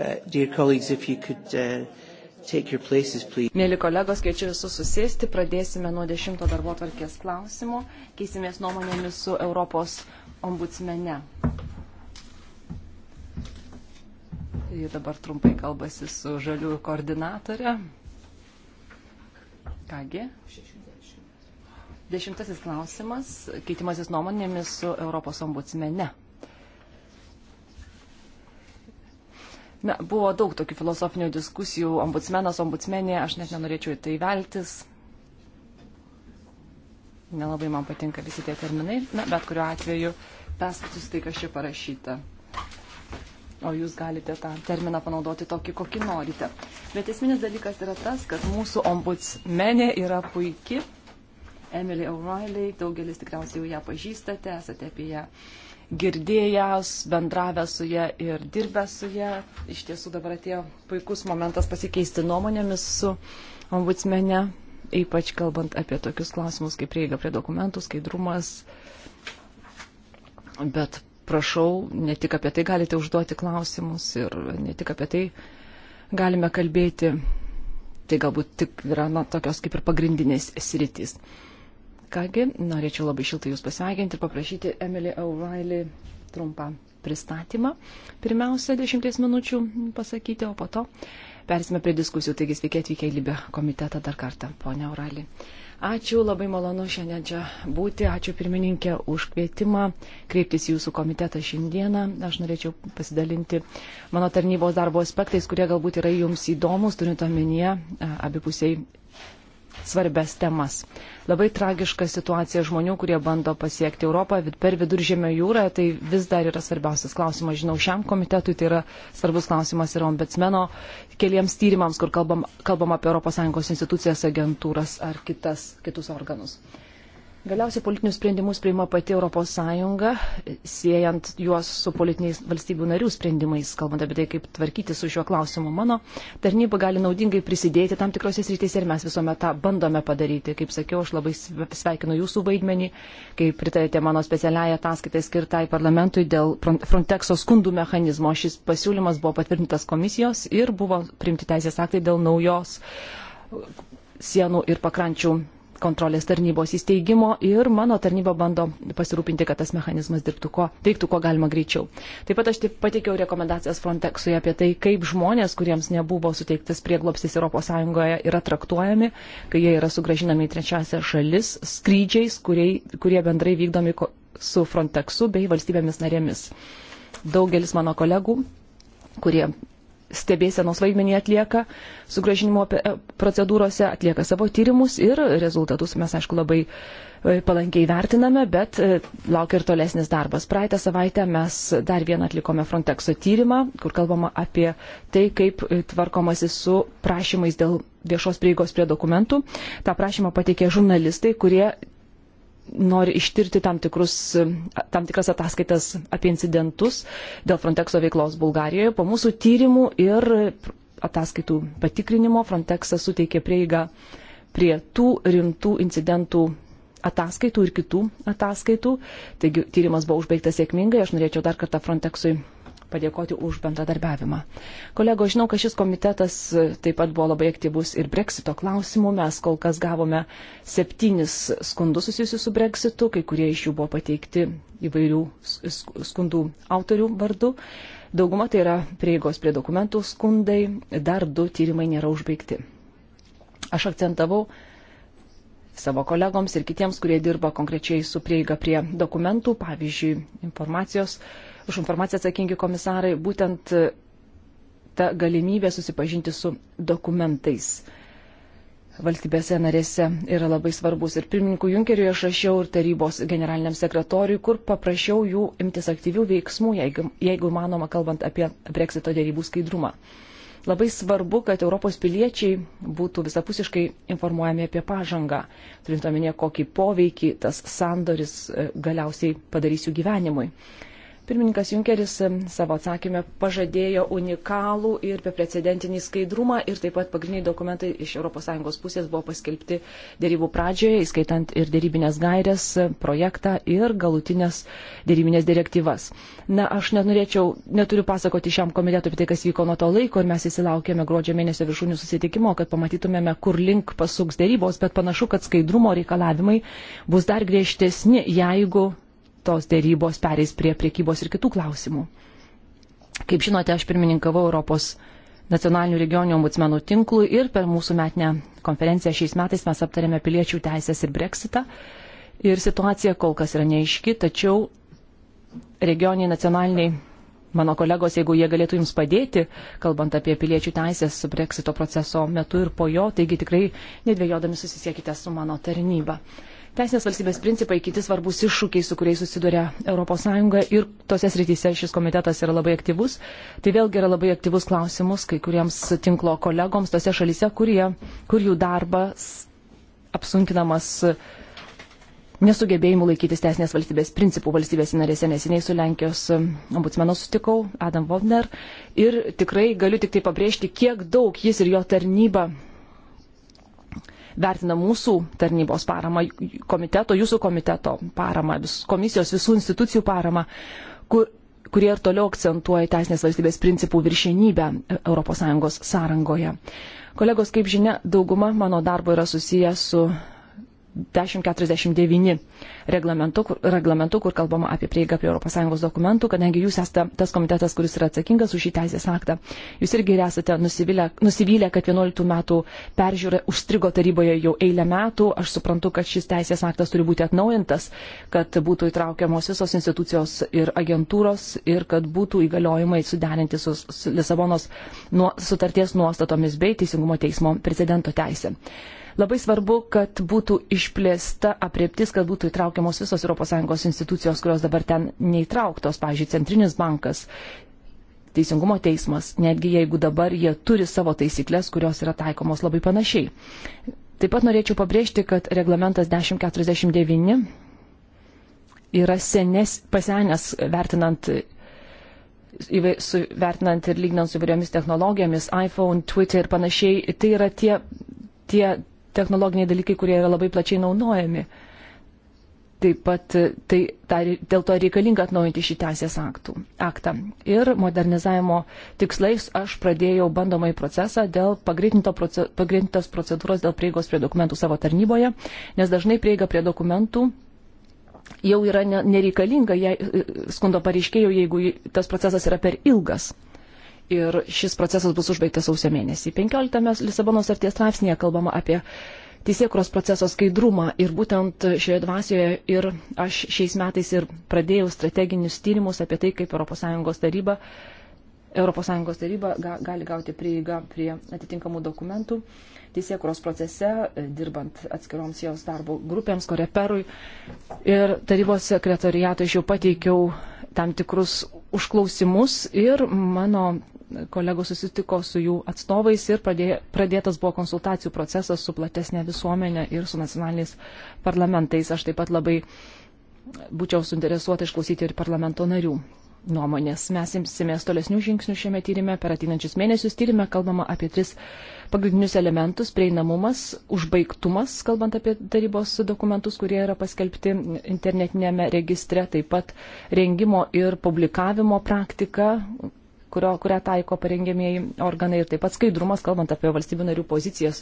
Uh, Mėly kolegos, kviečiu visus susėsti. Pradėsime nuo dešimto darbo tvarkės klausimų. Keisimės nuomonėmis su Europos ombudsmene. Ji dabar trumpai kalbasi su žaliųjų koordinatorė. Kągi? Dešimtasis klausimas. Keitimasis nuomonėmis su Europos ombudsmene. Na, buvo daug tokių filosofinių diskusijų, ombudsmenas, ombudsmenė, aš net nenorėčiau į tai veltis. Nelabai man patinka visi tie terminai, na, bet kuriuo atveju perskaitysiu tai, kas čia parašyta. O jūs galite tą terminą panaudoti tokį, kokį norite. Bet esminis dalykas yra tas, kad mūsų ombudsmenė yra puiki. Emily O'Reilly, daugelis tikriausiai jau ją pažįstate, esate apie ją girdėjęs, bendravęs su ją ir dirbęs su ją. Iš tiesų dabar atėjo puikus momentas pasikeisti nuomonėmis su ombudsmene, ypač kalbant apie tokius klausimus kaip prieiga prie dokumentų, skaidrumas. Bet prašau, ne tik apie tai galite užduoti klausimus ir ne tik apie tai galime kalbėti. Tai galbūt tik yra na, tokios kaip ir pagrindinės sritys. Kągi, norėčiau labai šiltai Jūs pasveikinti ir paprašyti Emily O'Reilly trumpą pristatymą. Pirmiausia, dešimties minučių pasakyti, o po to persime prie diskusijų. Taigi, sveiki atvykę į Libę komitetą dar kartą, ponia O'Reilly. Ačiū, labai malonu šiandien čia būti. Ačiū pirmininkė už kvietimą kreiptis į jūsų komitetą šiandieną. Aš norėčiau pasidalinti mano tarnybos darbo aspektais, kurie galbūt yra jums įdomus, turint omenyje abipusiai svarbes temas. Labai tragiška situacija žmonių, kurie bando pasiekti Europą per viduržėmio jūrą, tai vis dar yra svarbiausias klausimas. Žinau, šiam komitetui tai yra svarbus klausimas ir ombudsmeno keliems tyrimams, kur kalbam, kalbam apie ES institucijas, agentūras ar kitas, kitus organus. Galiausiai politinius sprendimus priima pati ES, siejant juos su politiniais valstybių narių sprendimais, kalbant apie tai, kaip tvarkyti su šiuo klausimu. Mano tarnyba gali naudingai prisidėti tam tikrose srityse ir mes visuomet tą bandome padaryti. Kaip sakiau, aš labai sveikinu jūsų vaidmenį, kai pritarėte mano specialiai ataskaitai skirtai parlamentui dėl Frontexo skundų mechanizmo. Šis pasiūlymas buvo patvirtintas komisijos ir buvo priimti teisės aktai dėl naujos sienų ir pakrančių kontrolės tarnybos įsteigimo ir mano tarnyba bando pasirūpinti, kad tas mechanizmas dirbtų ko, veiktų kuo galima greičiau. Taip pat aš taip pateikiau rekomendacijas Frontexui apie tai, kaip žmonės, kuriems nebuvo suteiktas prieglopsis ES, yra traktuojami, kai jie yra sugražinami į trečiąsią šalis skrydžiais, kurie, kurie bendrai vykdomi su Frontexu bei valstybėmis narėmis. Daugelis mano kolegų kurie stebėsenos vaidmenį atlieka sugražinimo procedūrose, atlieka savo tyrimus ir rezultatus mes, aišku, labai e, palankiai vertiname, bet e, laukia ir tolesnis darbas. Praeitą savaitę mes dar vieną atlikome Frontexo tyrimą, kur kalbama apie tai, kaip e, tvarkomasi su prašymais dėl viešos prieigos prie dokumentų. Ta prašymą pateikė žurnalistai, kurie nori ištirti tam, tikrus, tam tikras ataskaitas apie incidentus dėl Frontexo veiklos Bulgarijoje. Po mūsų tyrimų ir ataskaitų patikrinimo Frontexas suteikė prieigą prie tų rimtų incidentų ataskaitų ir kitų ataskaitų. Taigi tyrimas buvo užbaigtas sėkmingai. Aš norėčiau dar kartą Frontexui padėkoti už bendradarbiavimą. Kolego, žinau, kad šis komitetas e, taip pat buvo labai aktyvus ir breksito klausimų. Mes kol kas gavome septynis skundus susijusius su breksitu, kai kurie iš jų buvo pateikti įvairių skundų autorių vardu. Dauguma tai yra prieigos prie dokumentų skundai, dar du tyrimai nėra užbaigti. Aš akcentavau, savo kolegoms ir kitiems, kurie dirba konkrečiai su prieiga prie dokumentų, pavyzdžiui, informacijos už informaciją atsakingi komisarai, būtent e, ta galimybė susipažinti su dokumentais valstybėse narėse yra labai svarbus. Ir pirmininkų Junkeriui aš rašiau ir tarybos generaliniam sekretoriui, kur paprašiau jų imtis aktyvių veiksmų, jeigu, jeigu manoma, kalbant apie breksito dėrybų skaidrumą. Labai svarbu, kad Europos piliečiai būtų visapusiškai informuojami apie pažangą, turint omenyje, kokį poveikį tas sandoris e, galiausiai padarys jų gyvenimui. Pirmininkas Junkeris savo atsakymę pažadėjo unikalų ir beprecedentinį skaidrumą ir taip pat pagrindiniai dokumentai iš ES pusės buvo paskelbti dėrybų pradžioje, įskaitant ir dėrybinės gairės, projektą ir galutinės dėrybinės direktyvas. Na, aš nenorėčiau, neturiu pasakoti šiam komitetui apie tai, kas vyko nuo to laiko ir mes įsilaukėme gruodžio mėnesio viršūnių susitikimo, kad pamatytumėme, kur link pasuks dėrybos, bet panašu, kad skaidrumo reikalavimai bus dar griežtesni, jeigu tos dėrybos pereis prie priekybos ir kitų klausimų. Kaip žinote, aš pirmininkavau Europos nacionalinių regionių ombudsmenų tinklui ir per mūsų metinę konferenciją šiais metais mes aptarėme piliečių teisės ir breksitą. Ir situacija kol kas yra neaiški, tačiau regioniai nacionaliniai mano kolegos, jeigu jie galėtų jums padėti, kalbant apie piliečių teisės su breksito proceso metu ir po jo, taigi tikrai nedvėjodami susisiekite su mano tarnyba. Teisinės valstybės principai, kiti svarbus iššūkiai, su kuriais susiduria ES ir tose srityse šis komitetas yra labai aktyvus. Tai vėlgi yra labai aktyvus klausimus kai kuriems tinklo kolegoms tose šalyse, kurie, kur jų darbas apsunkinamas nesugebėjimu laikytis teisinės valstybės principų valstybės narėse. Neseniai su Lenkijos ombudsmenu sutikau, Adam Vodner, ir tikrai galiu tik tai pabrėžti, kiek daug jis ir jo tarnyba vertina mūsų tarnybos paramą, komiteto, jūsų komiteto paramą, vis, komisijos visų institucijų paramą, kur, kurie ir toliau akcentuoja teisinės valstybės principų viršienybę ES sąrangoje. Kolegos, kaip žinia, dauguma mano darbo yra susijęs su 1049 reglamentu, kur, reglamentu, kur kalbama apie prieigą prie ES dokumentų, kadangi jūs esate tas komitetas, kuris yra atsakingas už šį teisės aktą. Jūs irgi esate nusivylę, nusivylę kad 11 metų peržiūra užstrigo taryboje jau eilę metų. Aš suprantu, kad šis teisės aktas turi būti atnaujintas, kad būtų įtraukiamos visos institucijos ir agentūros ir kad būtų įgaliojimai suderinti su, su Lisabonos nuo, sutarties nuostatomis bei Teisingumo teismo prezidento teisė. Labai svarbu, kad būtų išplėsta apriptis, kad būtų įtraukiamos visos ES institucijos, kurios dabar ten neįtrauktos, pavyzdžiui, Centrinis bankas, Teisingumo teismas, netgi jeigu dabar jie turi savo taisyklės, kurios yra taikomos labai panašiai. Taip pat norėčiau pabrėžti, kad reglamentas 1049 yra senes, pasenęs vertinant, su, vertinant ir lygnant su įvairiomis technologijomis, iPhone, Twitter ir panašiai. Tai yra tie, tie technologiniai dalykai, kurie yra labai plačiai naudojami. Taip pat e, tai, ta, dėl to reikalinga atnaujinti šį teisės aktų, aktą. Ir modernizavimo tikslais aš pradėjau bandomąjį procesą dėl pagreitintos procedūros dėl prieigos prie dokumentų savo tarnyboje, nes dažnai prieiga prie dokumentų jau yra nereikalinga jei, e, e, skundo pareiškėjų, jeigu tas procesas yra per ilgas ir šis procesas bus užbaigtas sausio mėnesį. 15 Lisabono sarties straipsnėje kalbama apie teisėkuros proceso skaidrumą ir būtent šioje dvasioje ir aš šiais metais ir pradėjau strateginius tyrimus apie tai, kaip ES taryba, ES taryba ga, gali gauti prieigą prie atitinkamų dokumentų teisėkuros procese, e, dirbant atskiroms jos darbo grupėms, koreperui. Ir tarybos sekretariatui aš jau pateikiau tam tikrus užklausimus ir mano kolegos susitiko su jų atstovais ir pradė, pradėtas buvo konsultacijų procesas su platesnė visuomenė ir su nacionaliniais parlamentais. Aš taip pat labai būčiau suinteresuota išklausyti ir parlamento narių nuomonės. Mes imsimės tolesnių žingsnių šiame tyrimė. Per ateinančius mėnesius tyrimė kalbama apie tris pagrindinius elementus - prieinamumas, užbaigtumas, kalbant apie tarybos dokumentus, kurie yra paskelbti internetinėme registre, taip pat rengimo ir publikavimo praktika, kurio, kurią taiko parengėmėjai organai ir taip pat skaidrumas, kalbant apie valstybių narių pozicijas,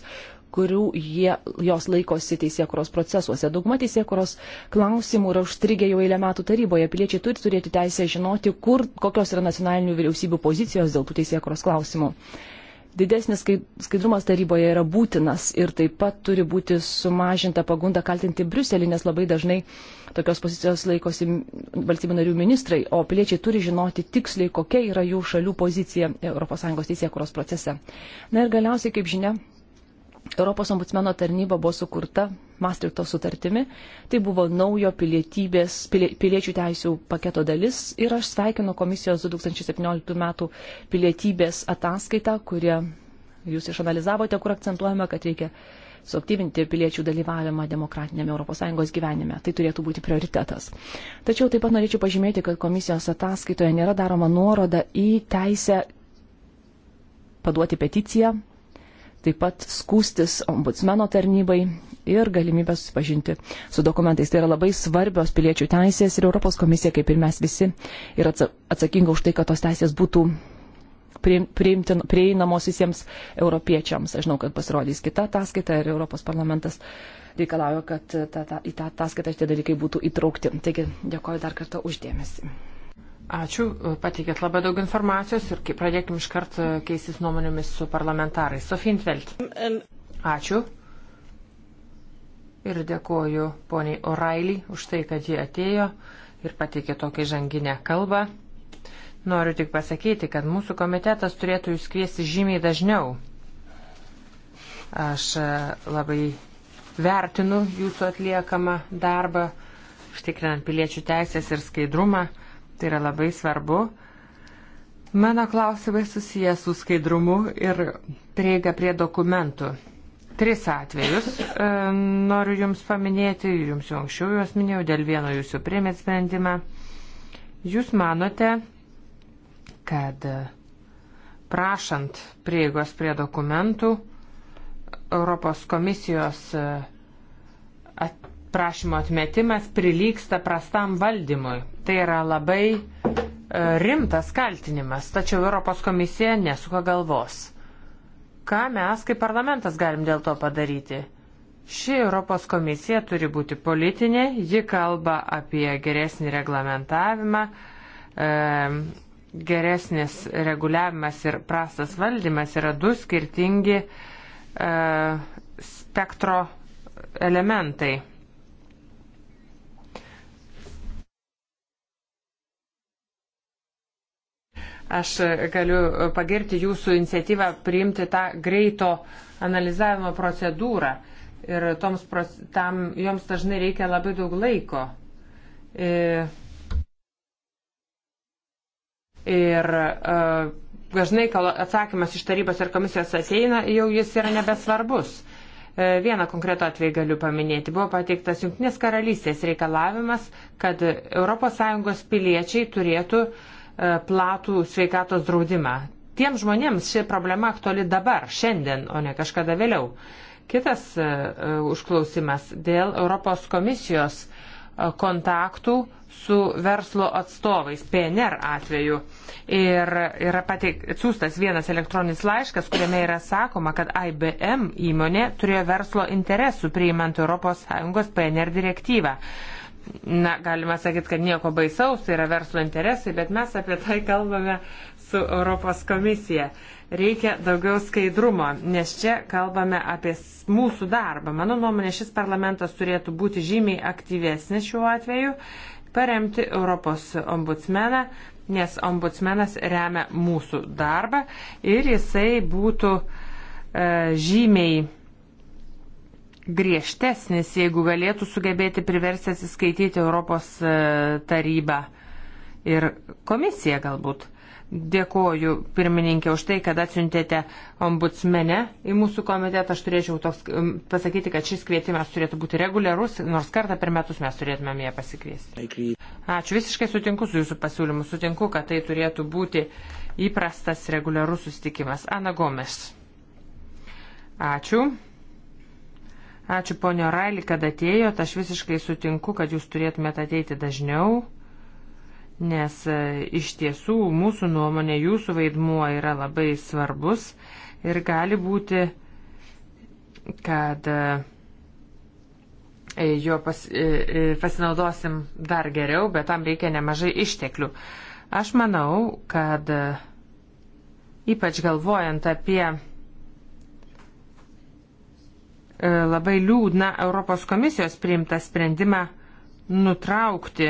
kurių jie, jos laikosi teisėkuros procesuose. Dauguma teisėkuros klausimų yra užstrigę jau eilę metų taryboje. Piliečiai turi turėti teisę žinoti, kur, kokios yra nacionalinių vyriausybių pozicijos dėl tų teisėkuros klausimų. Didesnis skaidrumas taryboje yra būtinas ir taip pat turi būti sumažinta pagunda kaltinti Briuselį, nes labai dažnai tokios pozicijos laikosi valstybių narių ministrai, o piliečiai turi žinoti tiksliai, kokia yra jų šalių pozicija ES teisėkuros procese. Na ir galiausiai, kaip žinia, Europos ombudsmeno tarnyba buvo sukurta Maastrichto sutartimi. Tai buvo naujo pilietybės, pilie, piliečių teisų paketo dalis ir aš sveikinu komisijos 2017 metų pilietybės ataskaitą, kurią jūs išanalizavote, kur akcentuojame, kad reikia suaktyvinti piliečių dalyvavimą demokratinėme ES gyvenime. Tai turėtų būti prioritetas. Tačiau taip pat norėčiau pažymėti, kad komisijos ataskaitoje nėra daroma nuoroda į teisę paduoti peticiją taip pat skūstis ombudsmeno tarnybai ir galimybę susipažinti su dokumentais. Tai yra labai svarbios piliečių teisės ir Europos komisija, kaip ir mes visi, yra atsakinga už tai, kad tos teisės būtų priimtin, prieinamos visiems europiečiams. Aš žinau, kad pasirodys kita ataskaita ir Europos parlamentas reikalauja, kad ta, ta, į tą ataskaitą šitie dalykai būtų įtraukti. Taigi dėkoju dar kartą uždėmesi. Ačiū, pateikėt labai daug informacijos ir pradėkim iškart e, keistis nuomonėmis su parlamentarais. Sofintvelt. Ačiū. Ir dėkoju poniai O'Reilly už tai, kad ji atėjo ir pateikė tokią žanginę kalbą. Noriu tik pasakyti, kad mūsų komitetas turėtų jūs kviesti žymiai dažniau. Aš e, labai vertinu jūsų atliekamą darbą, užtikrinant piliečių teisės ir skaidrumą. Tai yra labai svarbu. Mano klausimai susijęs su skaidrumu ir prieiga prie dokumentų. Tris atvejus e, noriu Jums paminėti, Jums jau anksčiau juos minėjau, dėl vieno Jūs jau priemėt sprendimą. Jūs manote, kad e, prašant prieigos prie dokumentų, Europos komisijos e, prašymo atmetimas prilyksta prastam valdymui. Tai yra labai e, rimtas kaltinimas, tačiau Europos komisija nesuka galvos. Ką mes kaip parlamentas galim dėl to padaryti? Ši Europos komisija turi būti politinė, ji kalba apie geresnį reglamentavimą, e, geresnis reguliavimas ir prastas valdymas yra du skirtingi e, spektro elementai. Aš e, galiu e, pagirti jūsų iniciatyvą priimti tą greito analizavimo procedūrą. Ir toms, tam, joms dažnai reikia labai daug laiko. E, ir, ir dažnai, kol atsakymas iš tarybos ir komisijos ateina, jau jis yra nebesvarbus. Vieną konkretų atvejį galiu paminėti. Buvo pateiktas Junktinės karalystės reikalavimas, kad ES piliečiai turėtų uh, E, platų sveikatos draudimą. Tiem žmonėms ši problema aktuali dabar, šiandien, o ne kažkada vėliau. Kitas e, e, užklausimas dėl Europos komisijos kontaktų su verslo atstovais PNR atveju. Ir yra pateik, atsiųstas vienas elektroninis laiškas, kuriame yra sakoma, kad IBM įmonė turėjo verslo interesų priimant ES PNR direktyvą na, galima sakyti, kad nieko baisaus, tai yra verslo interesai, bet mes apie tai kalbame su Europos komisija. Reikia daugiau skaidrumo, nes čia kalbame apie mūsų darbą. Mano nuomonė, šis parlamentas turėtų būti žymiai aktyvesnis šiuo atveju, paremti Europos ombudsmeną, nes ombudsmenas remia mūsų darbą ir jisai būtų e, žymiai griežtesnis, jeigu galėtų sugebėti priversti atsiskaityti Europos e, tarybą ir komisiją galbūt. Dėkoju pirmininkė už tai, kad atsiuntėte ombudsmenę į mūsų komitetą. Aš turėčiau toks, pasakyti, kad šis kvietimas turėtų būti reguliarus, nors kartą per metus mes turėtumėm ją pasikviesti. Ačiū, visiškai sutinku su jūsų pasiūlymu. Sutinku, kad tai turėtų būti įprastas reguliarus susitikimas. Ana Gomes. Ačiū. Ačiū ponio Railį, kad atėjot. Aš visiškai sutinku, kad jūs turėtumėte ateiti dažniau, nes e, iš tiesų mūsų nuomonė, jūsų vaidmuo yra labai svarbus ir gali būti, kad e, e, jo pas, pasinaudosim dar geriau, bet tam reikia nemažai išteklių. Aš manau, kad ypač galvojant apie E, labai liūdną Europos komisijos priimtą sprendimą nutraukti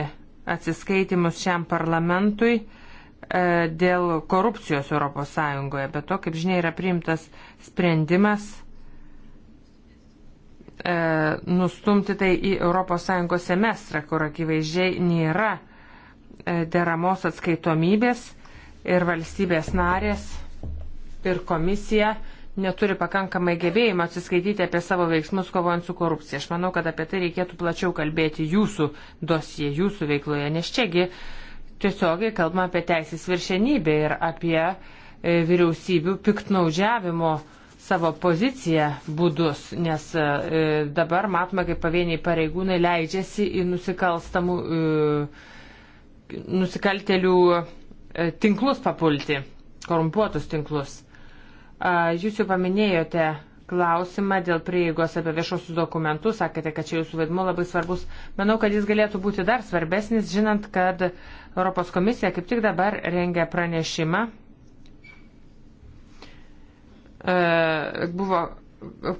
atsiskaitimus šiam parlamentui e, dėl korupcijos ES. Bet to, kaip žinia, yra priimtas sprendimas e, nustumti tai į ES semestrą, kur akivaizdžiai nėra deramos atskaitomybės ir valstybės narės ir komisija neturi pakankamai gebėjimą atsiskaityti apie savo veiksmus kovojant su korupcija. Aš manau, kad apie tai reikėtų plačiau kalbėti jūsų dosie, jūsų veikloje, nes čiagi tiesiogiai kalbama apie teisės viršenybę ir apie e, vyriausybių piktnaudžiavimo savo poziciją būdus, nes e, e, dabar matome, kaip pavieniai pareigūnai leidžiasi į nusikalstamų nusikaltelių tinklus papulti, korumpuotus tinklus. Jūs jau paminėjote klausimą dėl prieigos apie viešosius dokumentus, sakėte, kad čia jūsų vaidmuo labai svarbus. Manau, kad jis galėtų būti dar svarbesnis, žinant, kad Europos komisija kaip tik dabar rengia pranešimą. E, buvo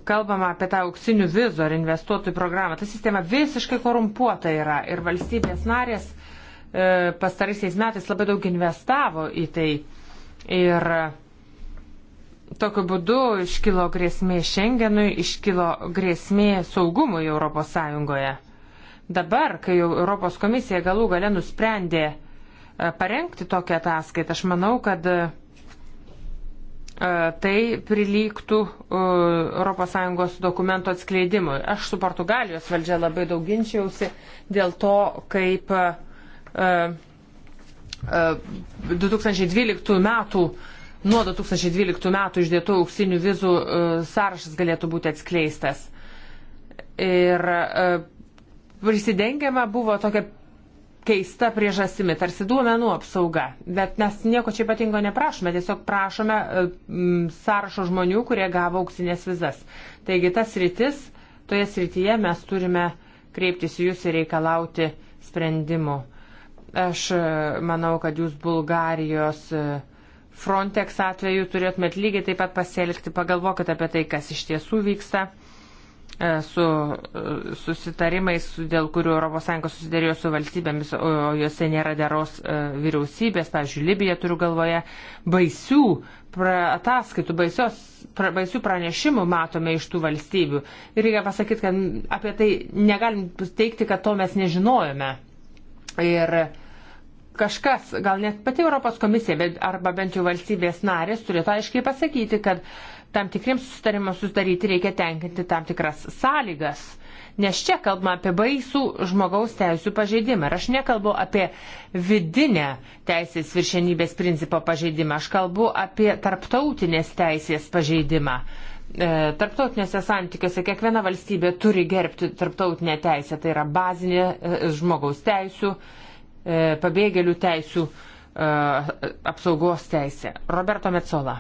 kalbama apie tą auksinių vizų ar investuotojų programą. Ta sistema visiškai korumpuota yra ir valstybės narės e, pastaraisiais metais labai daug investavo į tai. Ir uh, Tokiu būdu iškilo grėsmė Šengenui, iškilo grėsmė saugumui ES. Dabar, kai jau Europos komisija galų gale nusprendė e, parengti tokią ataskaitą, aš manau, kad e, tai prilygtų ES dokumento atskleidimui. Aš su Portugalijos valdžia labai daug ginčiausi dėl to, kaip 2012 e, metų nuo 2012 metų išdėtų auksinių vizų e, sąrašas galėtų būti atskleistas. Ir e, prisidengiama buvo tokia keista priežastimi, tarsi duomenų apsauga. Bet mes nieko čia ypatingo neprašome, tiesiog prašome e, sąrašo žmonių, kurie gavo auksinės vizas. Taigi tas rytis, toje srityje mes turime kreiptis į jūs ir reikalauti sprendimų. Aš manau, kad jūs Bulgarijos uh, Frontex atveju turėtumėt lygiai taip pat pasielgti, pagalvokit apie tai, kas iš tiesų vyksta e, su e, susitarimais, dėl kurių ES susidėrėjo su valstybėmis, o juose nėra deros e, vyriausybės, pavyzdžiui, Libija turiu galvoje, baisių ataskaitų, baisios, pra, baisių pranešimų matome iš tų valstybių. Ir reikia pasakyti, kad apie tai negalim teikti, kad to mes nežinojome. Ir uh, kažkas, gal net pati Europos komisija, bet, arba bent jau valstybės narės turėtų aiškiai pasakyti, kad tam tikriems sustarimams sudaryti reikia tenkinti tam tikras sąlygas. Nes čia kalbama apie baisų žmogaus teisų pažeidimą. Ir aš nekalbu apie vidinę teisės viršenybės principo pažeidimą, aš kalbu apie tarptautinės teisės pažeidimą. E, Tarptautinėse santykiuose kiekviena valstybė turi gerbti tarptautinę teisę, tai yra bazinė e, žmogaus teisų E, pabėgėlių teisų e, apsaugos teisė. Roberto Metzola.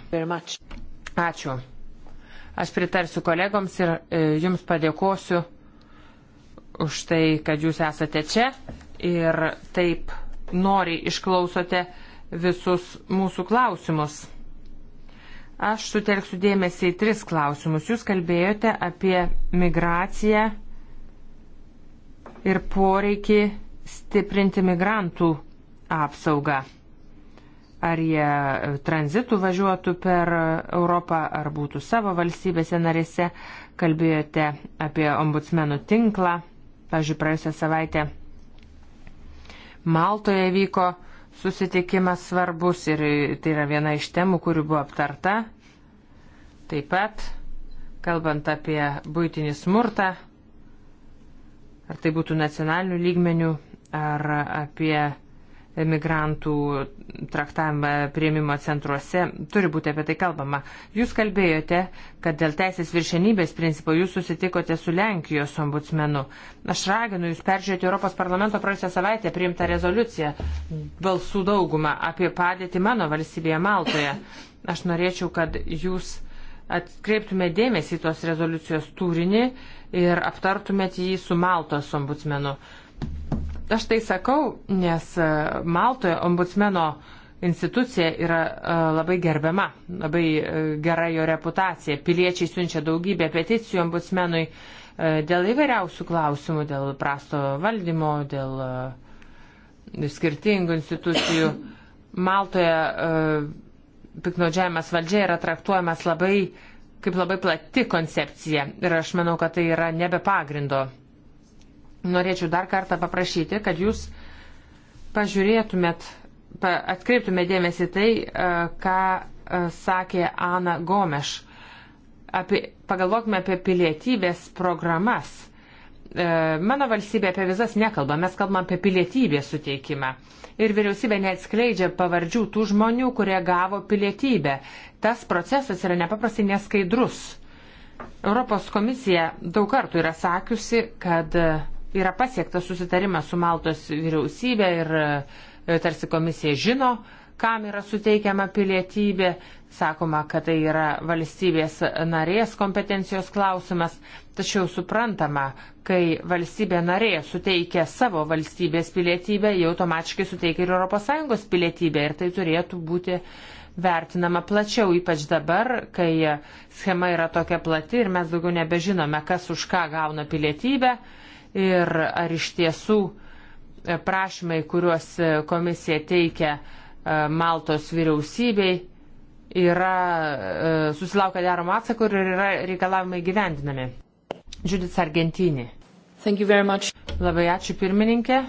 Ačiū. Aš pritarsiu kolegoms ir e, jums padėkosiu už tai, kad jūs esate čia ir taip nori išklausote visus mūsų klausimus. Aš sutelksiu dėmesį į tris klausimus. Jūs kalbėjote apie migraciją ir poreikį stiprinti migrantų apsaugą. Ar jie e, tranzitų važiuotų per Europą, ar būtų savo valstybėse narėse. Kalbėjote apie ombudsmenų tinklą. Pavyzdžiui, praėjusią savaitę Maltoje vyko susitikimas svarbus ir tai yra viena iš temų, kuri buvo aptarta. Taip pat, kalbant apie būtinį smurtą, ar tai būtų nacionalinių lygmenių ar apie migrantų traktavimą prieimimo centruose. Turi būti apie tai kalbama. Jūs kalbėjote, kad dėl teisės viršenybės principo jūs susitikote su Lenkijos ombudsmenu. Aš raginu jūs peržiūrėti Europos parlamento praėjusią savaitę priimtą rezoliuciją balsų daugumą apie padėtį mano valstybėje Maltoje. Aš norėčiau, kad jūs atkreiptume dėmesį į tos rezoliucijos turinį ir aptartumėt jį su Maltos ombudsmenu. Aš tai sakau, nes e, Maltoje ombudsmeno institucija yra e, labai gerbiama, labai e, gera jo reputacija. Piliečiai siunčia daugybę peticijų ombudsmenui dėl įvairiausių klausimų, dėl prasto valdymo, dėl skirtingų institucijų. Maltoje piknaudžiavimas valdžia yra traktuojamas labai, kaip labai plati koncepcija ir aš manau, kad tai yra nebe pagrindo. Norėčiau dar kartą paprašyti, kad jūs pažiūrėtumėt, atkreiptumėt dėmesį tai, e, ką e, sakė Ana Gomeš. Apie, pagalvokime apie pilietybės programas. E, mano valstybė apie vizas nekalba, mes kalbam apie pilietybės suteikimą ir vyriausybė neatskleidžia pavardžių tų žmonių, kurie gavo pilietybę. Tas procesas yra nepaprastai neskaidrus. Europos komisija daug kartų yra sakiusi, kad uh, yra pasiektas susitarimas su Maltos vyriausybė ir e, tarsi komisija žino, kam yra suteikiama pilietybė. Sakoma, kad tai yra valstybės narės kompetencijos klausimas, tačiau suprantama, kai valstybė narė suteikia savo valstybės pilietybę, jau automatiškai suteikia ir ES pilietybę ir tai turėtų būti vertinama plačiau, ypač dabar, kai schema yra tokia plati ir mes daugiau nebežinome, kas už ką gauna pilietybę. Uh, ir ar iš tiesų e, prašymai, kuriuos e, komisija teikia e, Maltos vyriausybei, yra susilaukia deramą atsakų ir yra reikalavimai gyvendinami. Judith Argentinį. Labai ačiū pirmininkė.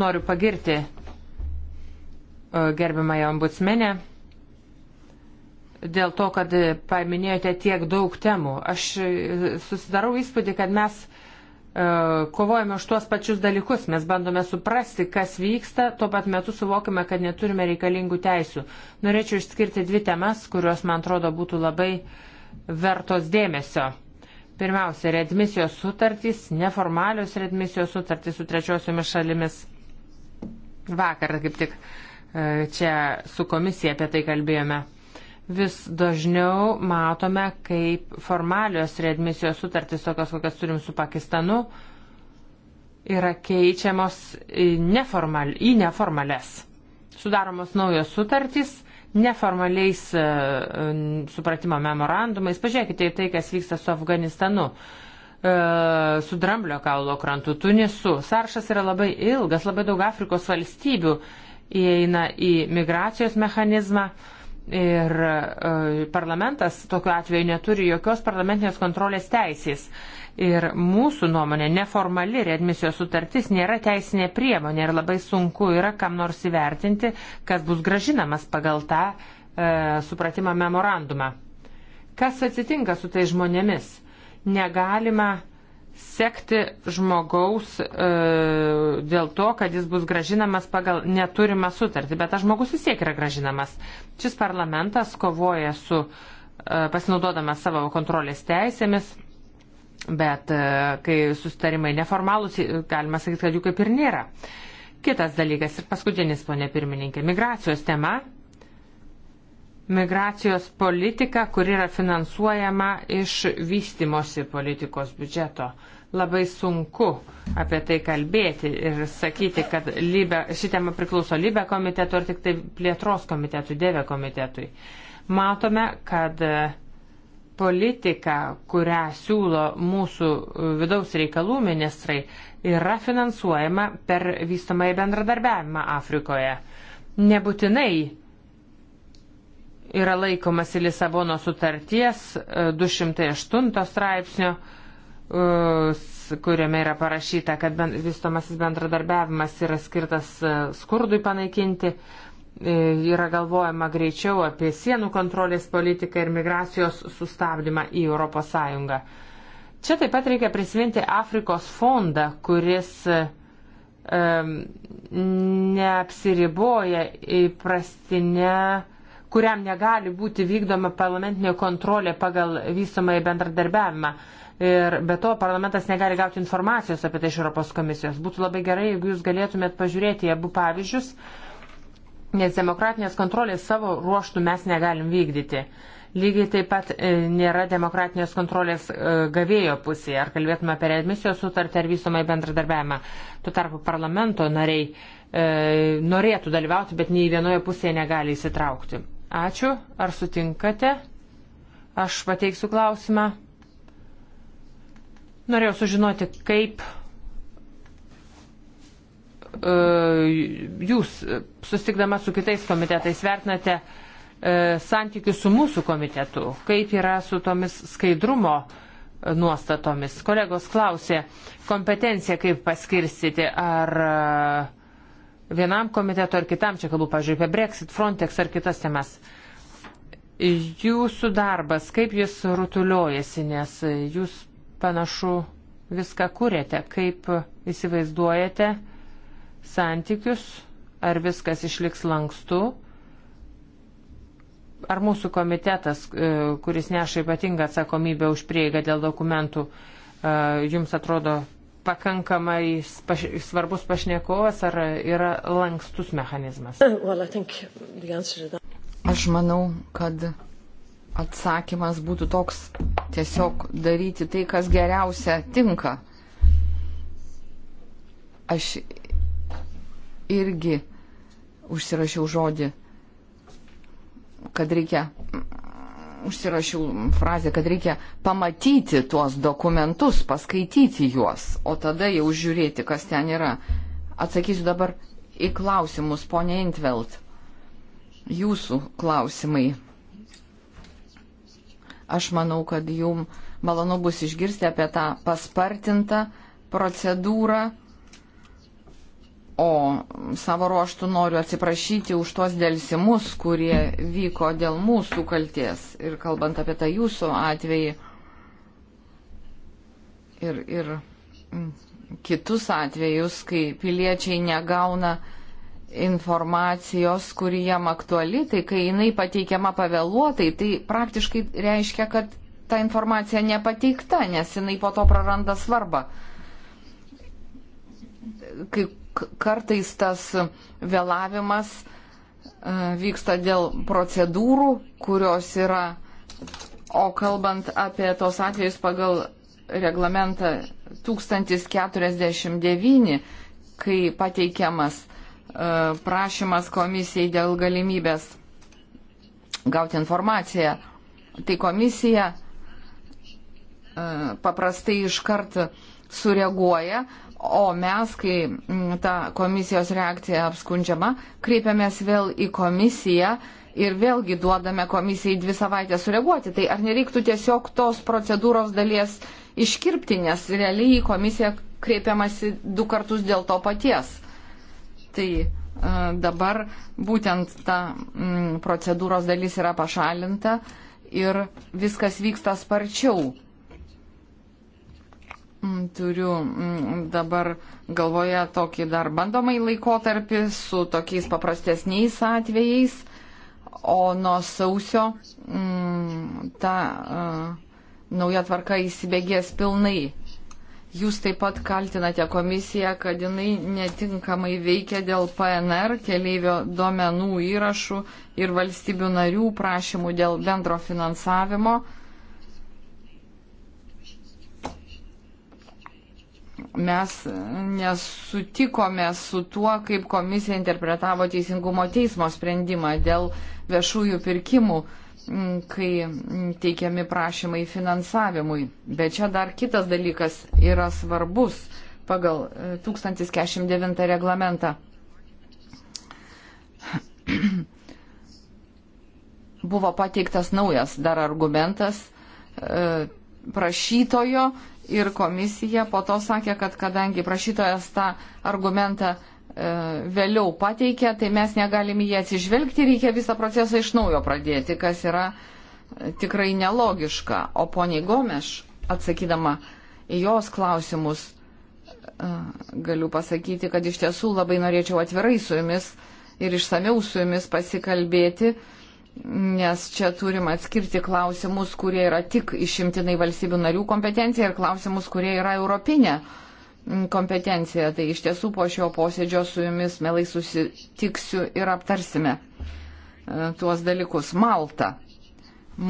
Noriu pagirti gerbiamąją ombudsmenę dėl to, kad paminėjote tiek daug temų. Aš susidarau įspūdį, kad mes E, kovojame už tuos pačius dalykus, mes bandome suprasti, kas vyksta, tuo pat metu suvokime, kad neturime reikalingų teisių. Norėčiau išskirti dvi temas, kurios, man atrodo, būtų labai vertos dėmesio. Pirmiausia, redmisijos sutartys, neformalios redmisijos sutartys su trečiosiomis šalimis. Vakar kaip tik e, čia su komisija apie tai kalbėjome vis dažniau matome, kaip formalios readmisijos sutartys, tokios kokias turim su Pakistanu, yra keičiamos į, neformal, į neformales. Sudaromos naujos sutartys neformaliais uh, supratimo memorandumais. Pažiūrėkite į tai, kas vyksta su Afganistanu, uh, su Dramblio kaulo krantu, Tunisu. Saršas yra labai ilgas, labai daug Afrikos valstybių įeina į migracijos mechanizmą. Uh, Ir e, parlamentas tokiu atveju neturi jokios parlamentinės kontrolės teisės. Ir mūsų nuomonė, neformali readmisijos sutartis nėra teisinė priemonė ir labai sunku yra kam nors įvertinti, kas bus gražinamas pagal tą e, supratimą memorandumą. Kas atsitinka su tai žmonėmis? Negalima sekti žmogaus e, dėl to, kad jis bus gražinamas pagal neturimą sutartį, bet tas žmogus vis tiek yra gražinamas. Šis parlamentas kovoja su, e, pasinaudodamas savo kontrolės teisėmis, bet e, kai sustarimai neformalūs, galima sakyti, kad jų kaip ir nėra. Kitas dalykas ir paskutinis, ponė pirmininkė, migracijos tema migracijos politiką, kuri yra finansuojama iš vystimosi politikos biudžeto. Labai sunku apie tai kalbėti ir sakyti, kad lybe, ši tema priklauso lybe komitetu ar tik tai plėtros komitetui, dėvė komitetui. Matome, kad e, politika, kurią siūlo mūsų e, vidaus reikalų ministrai, yra finansuojama per vystomąjį bendradarbiavimą Afrikoje. Nebūtinai yra laikomasi Lisabono sutarties 208 e, straipsnio, e, kuriame yra parašyta, kad vystomasis bendradarbiavimas yra skirtas e, skurdui panaikinti. Yra galvojama greičiau apie sienų kontrolės politiką ir migracijos sustabdymą į ES. Čia taip pat reikia prisiminti Afrikos fondą, kuris neapsiriboja įprastinę kuriam negali būti vykdoma parlamentinė kontrolė pagal vystomąjį bendradarbiavimą. Ir be to parlamentas negali gauti informacijos apie tai iš Europos komisijos. Būtų labai gerai, jeigu jūs galėtumėt pažiūrėti abu pavyzdžius, nes demokratinės kontrolės savo ruoštų mes negalim vykdyti. Lygiai taip pat e, nėra demokratinės kontrolės e, gavėjo pusėje, ar kalbėtume apie readmisijos sutartį ar visomai bendradarbiavimą. Tuo tarpu parlamento nariai e, norėtų dalyvauti, bet nei vienoje pusėje negali įsitraukti. Ačiū. Ar sutinkate? Aš pateiksiu klausimą. Norėjau sužinoti, kaip e, jūs, e, sustikdama su kitais komitetais, vertinate e, santykius su mūsų komitetu, kaip yra su tomis skaidrumo nuostatomis. Kolegos klausė, kompetenciją kaip paskirstyti, ar vienam komiteto ar kitam, čia kalbu, pažiūrėjau, apie Brexit, Frontex ar kitas temas. Jūsų darbas, kaip jis rutuliojasi, nes jūs panašu viską kūrėte, kaip įsivaizduojate santykius, ar viskas išliks lankstu, ar mūsų komitetas, e, kuris neša ypatingą atsakomybę už prieigą dėl dokumentų, e, jums atrodo pakankamai paš, svarbus pašnekovas ar yra lankstus mechanizmas? Oh, well, Aš manau, kad atsakymas būtų toks tiesiog daryti tai, kas geriausia tinka. Aš irgi užsirašiau žodį, kad reikia užsirašiau frazę, kad reikia pamatyti tuos dokumentus, paskaityti juos, o tada jau žiūrėti, kas ten yra. Atsakysiu dabar į klausimus, ponė Intveld. Jūsų klausimai. Aš manau, kad jum malonu bus išgirsti apie tą paspartintą procedūrą O savo ruoštų noriu atsiprašyti už tuos dėlsimus, kurie vyko dėl mūsų kalties. Ir kalbant apie tą jūsų atvejį ir, ir kitus atvejus, kai piliečiai negauna informacijos, kuri jam aktuali, tai kai jinai pateikiama pavėluotai, tai praktiškai reiškia, kad ta informacija nepateikta, nes jinai po to praranda svarbą. Kai kartais tas vėlavimas e, vyksta dėl procedūrų, kurios yra, o kalbant apie tos atvejus pagal reglamentą 1049, kai pateikiamas e, prašymas komisijai dėl galimybės gauti informaciją, tai komisija e, paprastai iškart sureaguoja, O mes, kai mm, ta komisijos reakcija apskundžiama, kreipiamės vėl į komisiją ir vėlgi duodame komisijai dvi savaitės sureaguoti. Tai ar nereiktų tiesiog tos procedūros dalies iškirpti, nes realiai į komisiją kreipiamasi du kartus dėl to paties. Tai e, dabar būtent ta mm, procedūros dalis yra pašalinta ir viskas vyksta sparčiau Mm, turiu mm, dabar galvoje tokį dar bandomai laikotarpį su tokiais paprastesniais atvejais, o nuo sausio mm, ta e, nauja tvarka įsibėgės pilnai. Jūs taip pat kaltinate komisiją, kad jinai netinkamai veikia dėl PNR, keleivio duomenų įrašų ir valstybių narių prašymų dėl bendro finansavimo. mes nesutikome su tuo, kaip komisija interpretavo Teisingumo teismo sprendimą dėl viešųjų pirkimų, mm, kai teikiami prašymai finansavimui. Bet čia dar kitas dalykas yra svarbus pagal 1049 e, reglamentą. Buvo pateiktas naujas dar argumentas e, prašytojo ir komisija po to sakė, kad kadangi prašytojas tą argumentą e, vėliau pateikė, tai mes negalim į jį atsižvelgti, reikia visą procesą iš naujo pradėti, kas yra e, tikrai nelogiška. O poniai Gomeš, atsakydama į jos klausimus, e, galiu pasakyti, kad iš tiesų labai norėčiau atvirai su jumis ir išsameu su jumis pasikalbėti. E, nes čia turim atskirti klausimus, kurie yra tik išimtinai valstybių narių kompetencija ir klausimus, kurie yra europinė mm, kompetencija. Tai iš tiesų po šio posėdžio su jumis melai susitiksiu ir aptarsime e, tuos dalykus. Malta.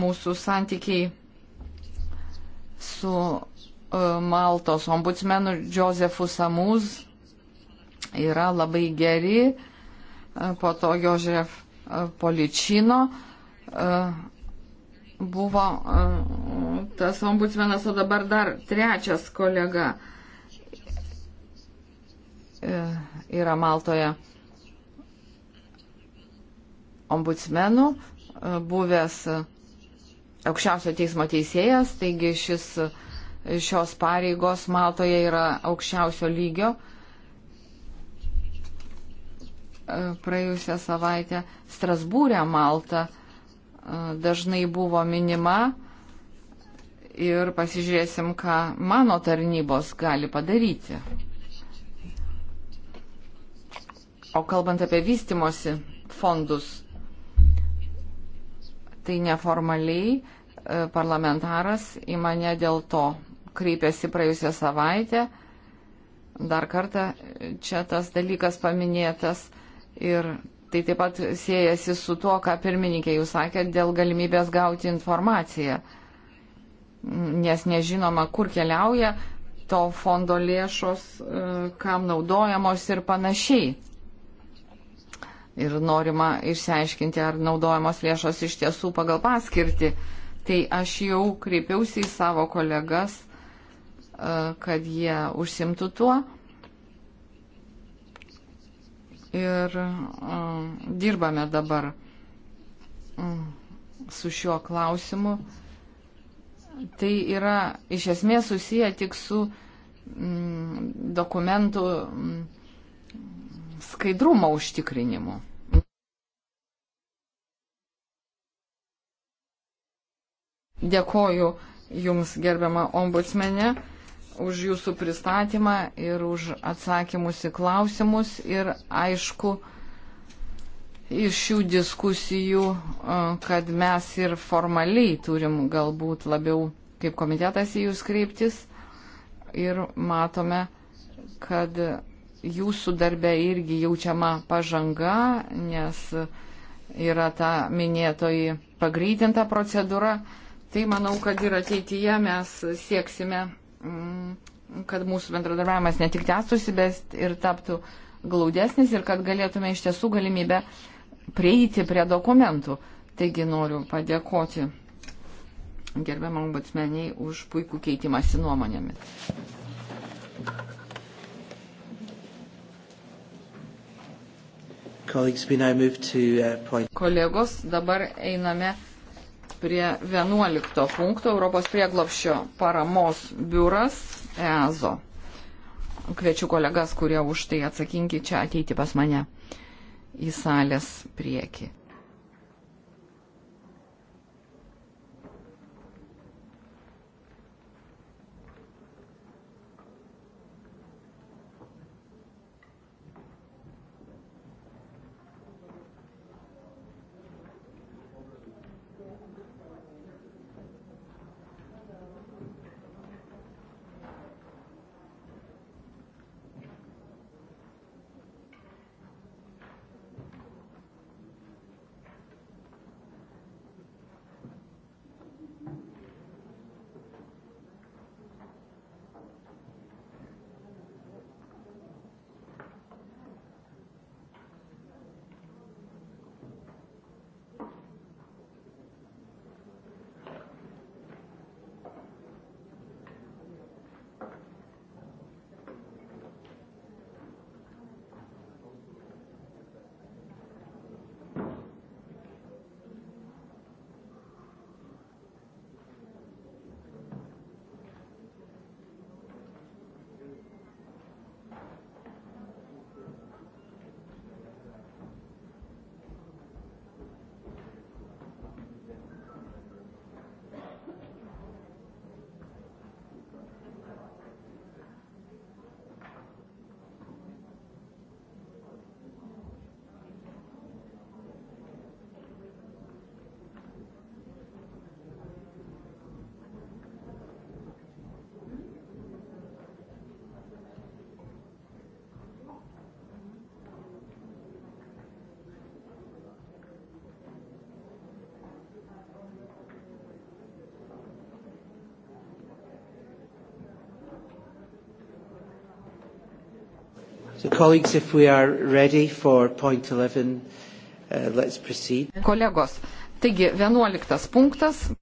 Mūsų santykiai su e, Maltos ombudsmenu Josefu Samuz yra labai geri. E, po to Jožef Poličino e, buvo e, tas ombudsmenas, o dabar dar trečias kolega e, yra Maltoje ombudsmenų, buvęs aukščiausio teismo teisėjas, taigi šis, šios pareigos Maltoje yra aukščiausio lygio praėjusią savaitę Strasbūrė Malta e, dažnai buvo minima ir pasižiūrėsim, ką mano tarnybos gali padaryti. O kalbant apie vystimosi fondus, tai neformaliai e, parlamentaras į mane dėl to kreipėsi praėjusią savaitę. Dar kartą čia tas dalykas paminėtas Ir tai taip pat siejasi su tuo, ką pirmininkė jūs sakė, dėl galimybės gauti informaciją. Nes nežinoma, kur keliauja to fondo lėšos, e, kam naudojamos ir panašiai. Ir norima išsiaiškinti, ar naudojamos lėšos iš tiesų pagal paskirti. Tai aš jau kreipiausi į savo kolegas, e, kad jie užsimtų tuo ir dirbame dabar su šiuo klausimu. Tai yra iš esmės susiję tik su dokumentų skaidrumo užtikrinimu. Dėkoju Jums, gerbiama ombudsmenė už jūsų pristatymą ir už atsakymus į klausimus. Ir aišku, iš šių diskusijų, kad mes ir formaliai turim galbūt labiau kaip komitetas į jūs kreiptis. Ir matome, kad jūsų darbe irgi jaučiama pažanga, nes yra ta minėtoji pagreitinta procedūra. Tai manau, kad ir ateityje mes sieksime Mm, kad mūsų bendradarbiavimas ne tik tęstųsi, bet ir taptų glaudesnis ir kad galėtume iš tiesų galimybę prieiti prie dokumentų. Taigi noriu padėkoti gerbiamam ombudsmeniai už puikų keitimąsi nuomonėmis. Uh, Kolegos, dabar einame prie 11 punkto Europos prieglopščio paramos biuras EASO. Kviečiu kolegas, kurie už tai atsakingi, čia ateiti pas mane į salės priekį. So colleagues, if we are ready for point 11, uh, let's proceed. Kolegos, taigi 11 punktas.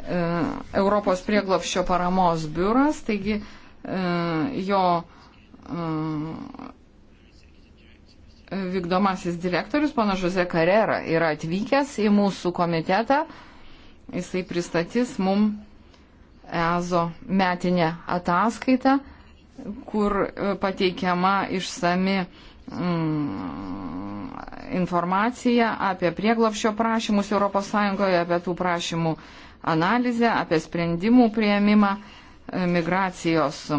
Uh, Europos prieglopščio paramos biuras, taigi uh, jo uh, vykdomasis direktorius, pana Žuze Karera, yra atvykęs į mūsų komitetą. Jisai pristatys mum EZO metinę ataskaitą kur e, pateikiama išsami mm, informacija apie prieglapšio prašymus ES, apie tų prašymų analizę, apie sprendimų prieimimą, e, migracijos e,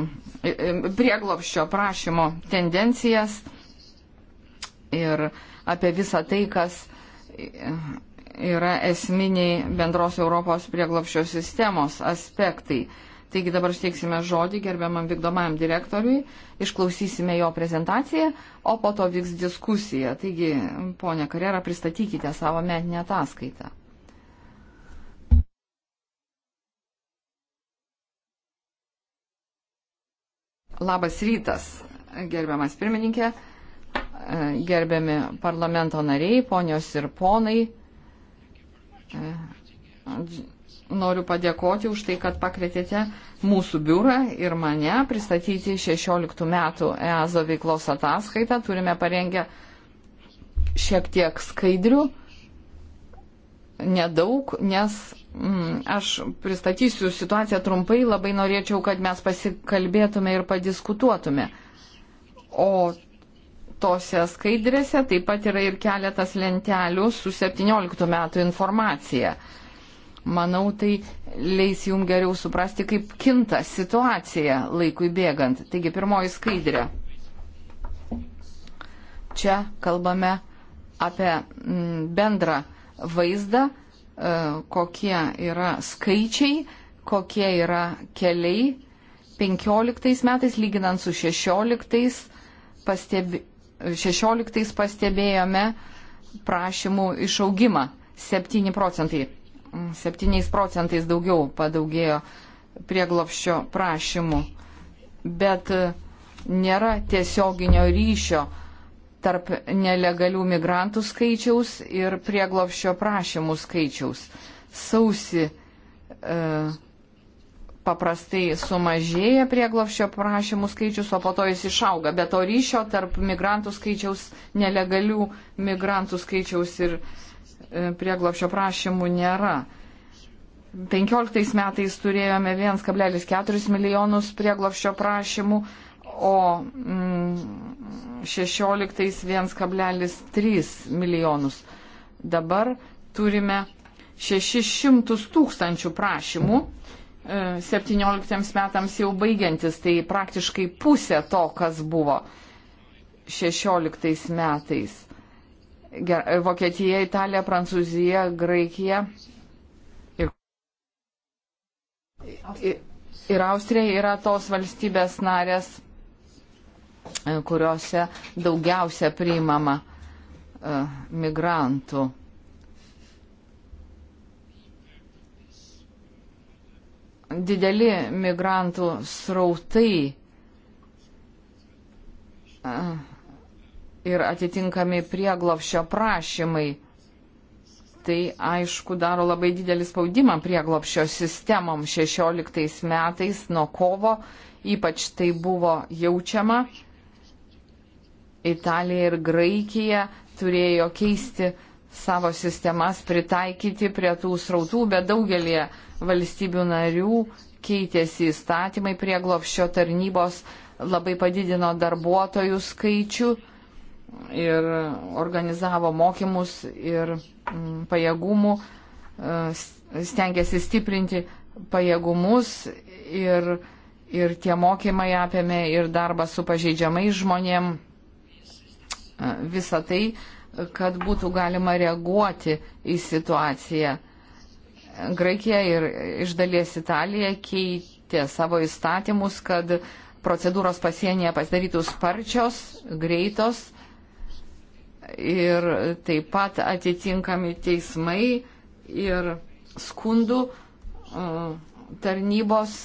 prieglopščio prašymo tendencijas ir apie visą tai, kas yra esminiai bendros Europos prieglopščio sistemos aspektai. Taigi dabar steiksime žodį gerbiamam vykdomajam direktoriui, išklausysime jo prezentaciją, o po to vyks diskusija. Taigi, ponė Karjera, pristatykite savo metinę ataskaitą. Labas rytas, gerbiamas pirmininkė, gerbiami parlamento nariai, ponios ir ponai noriu padėkoti už tai, kad pakvietėte mūsų biurą ir mane pristatyti 16 metų EASO veiklos ataskaitą. Turime parengę šiek tiek skaidrių, nedaug, nes mm, aš pristatysiu situaciją trumpai, labai norėčiau, kad mes pasikalbėtume ir padiskutuotume. O tose skaidrėse taip pat yra ir keletas lentelių su 17 metų informacija. Manau, tai leis jums geriau suprasti, kaip kinta situacija laikui bėgant. Taigi, pirmoji skaidrė. Čia kalbame apie mm, bendrą vaizdą, e, kokie yra skaičiai, kokie yra keliai 15 metais, lyginant su 16, pastebi, 16 pastebėjome prašymų išaugimą 7 procentai. 7 procentais daugiau padaugėjo prieglopščio prašymų, bet e, nėra tiesioginio ryšio tarp nelegalių migrantų skaičiaus ir prieglopščio prašymų skaičiaus. Sausi e, paprastai sumažėja prieglopščio prašymų skaičius, o po to jis išauga, bet to ryšio tarp migrantų skaičiaus, nelegalių migrantų skaičiaus ir e, E, prieglopšio prašymų nėra. 15 metais turėjome 1,4 milijonus prieglopščio prašymų, o mm, 16 1,3 milijonus. Dabar turime 600 tūkstančių prašymų, 17 e, metams jau baigiantis, tai praktiškai pusė to, kas buvo 16 metais. Vokietija, Italija, Prancūzija, Graikija ir, ir Austrija yra tos valstybės narės, e, kuriuose daugiausia priimama e, migrantų. Dideli migrantų srautai e, ir atitinkami prieglopšio prašymai. Tai aišku daro labai didelį spaudimą prieglopšio sistemom 16 metais nuo kovo, ypač tai buvo jaučiama. Italija ir Graikija turėjo keisti savo sistemas, pritaikyti prie tų srautų, bet daugelie valstybių narių keitėsi įstatymai prieglopščio tarnybos, labai padidino darbuotojų skaičių ir organizavo mokymus ir mm, pajėgumų, e, stengiasi stiprinti pajėgumus ir, ir tie mokymai apėmė ir darbą su pažeidžiamais žmonėm. E, Visą tai, kad būtų galima reaguoti į situaciją. Graikija ir iš dalies Italija keitė savo įstatymus, kad procedūros pasienyje pasidarytų sparčios, greitos ir taip pat atitinkami teismai ir skundų e, tarnybos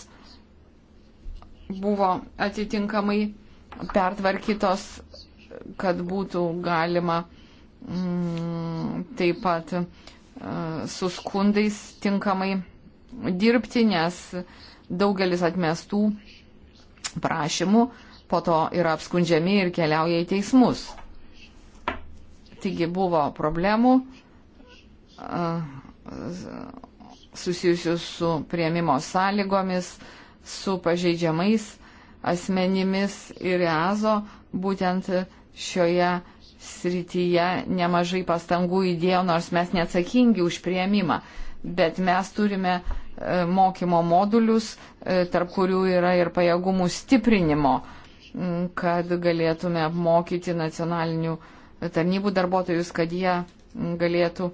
buvo atitinkamai pertvarkytos, kad būtų galima mm, taip pat e, su skundais tinkamai dirbti, nes daugelis atmestų prašymų po to yra apskundžiami ir keliauja į teismus. Taigi buvo problemų susijusių su prieimimo sąlygomis, su pažeidžiamais asmenimis ir EASO būtent šioje srityje nemažai pastangų įdėjo, nors mes neatsakingi už prieimimą, bet mes turime e, mokymo modulius, e, tarp kurių yra ir pajėgumų stiprinimo, kad galėtume apmokyti nacionalinių uh, tarnybų darbuotojus, kad jie galėtų,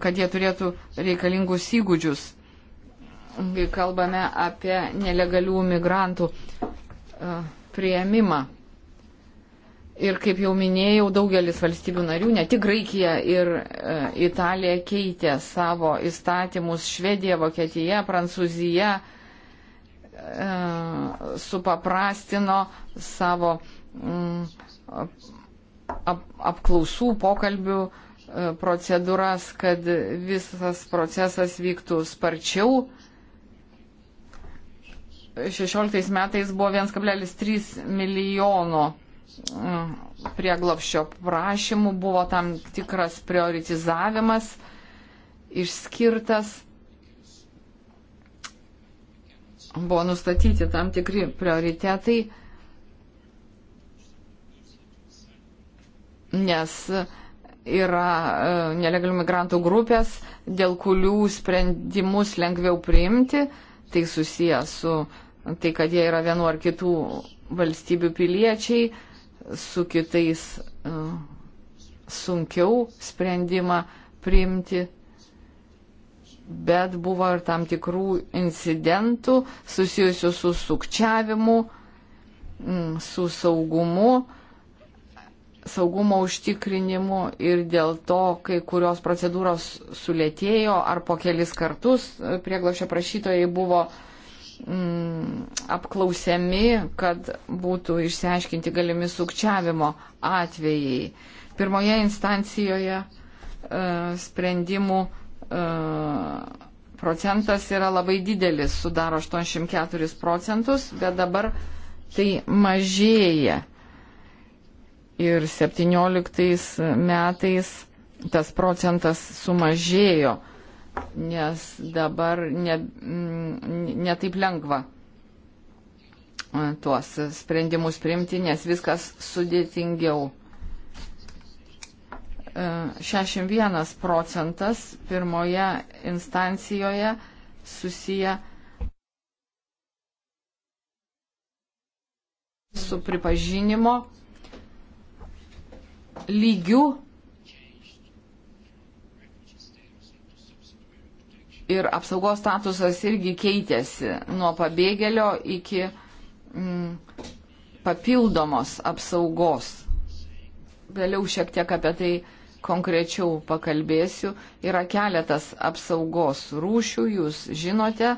kad jie turėtų reikalingus įgūdžius. Kai kalbame apie nelegalių migrantų e, prieimimą. Ir kaip jau minėjau, daugelis valstybių narių, ne tik Graikija ir e, Italija keitė savo įstatymus, Švedija, Vokietija, Prancūzija e, supaprastino savo mm, ap, apklausų, pokalbių e, procedūras, kad visas procesas vyktų sparčiau. 16 metais buvo 1,3 milijono e, prieglopščio prašymų, buvo tam tikras prioritizavimas išskirtas, buvo nustatyti tam tikri prioritetai. nes yra e, nelegalių migrantų grupės, dėl kurių sprendimus lengviau priimti, tai susiję su tai, kad jie yra vienu ar kitų valstybių piliečiai, su kitais e, sunkiau sprendimą priimti. Bet buvo ir tam tikrų incidentų susijusių su sukčiavimu, su saugumu, saugumo užtikrinimu ir dėl to, kai kurios procedūros sulėtėjo ar po kelis kartus prieglošio prašytojai buvo mm, apklausiami, kad būtų išsiaiškinti galimi sukčiavimo atvejai. Pirmoje instancijoje e, sprendimų e, procentas yra labai didelis, sudaro 84 procentus, bet dabar tai mažėja ir 17 metais tas procentas sumažėjo, nes dabar netaip ne, mm, ne lengva e, tuos sprendimus priimti, nes viskas sudėtingiau. 61 e, procentas pirmoje instancijoje susiję su pripažinimo lygių ir apsaugos statusas irgi keitėsi nuo pabėgėlio iki mm, papildomos apsaugos. Vėliau šiek tiek apie tai konkrečiau pakalbėsiu. Yra keletas apsaugos rūšių, jūs žinote.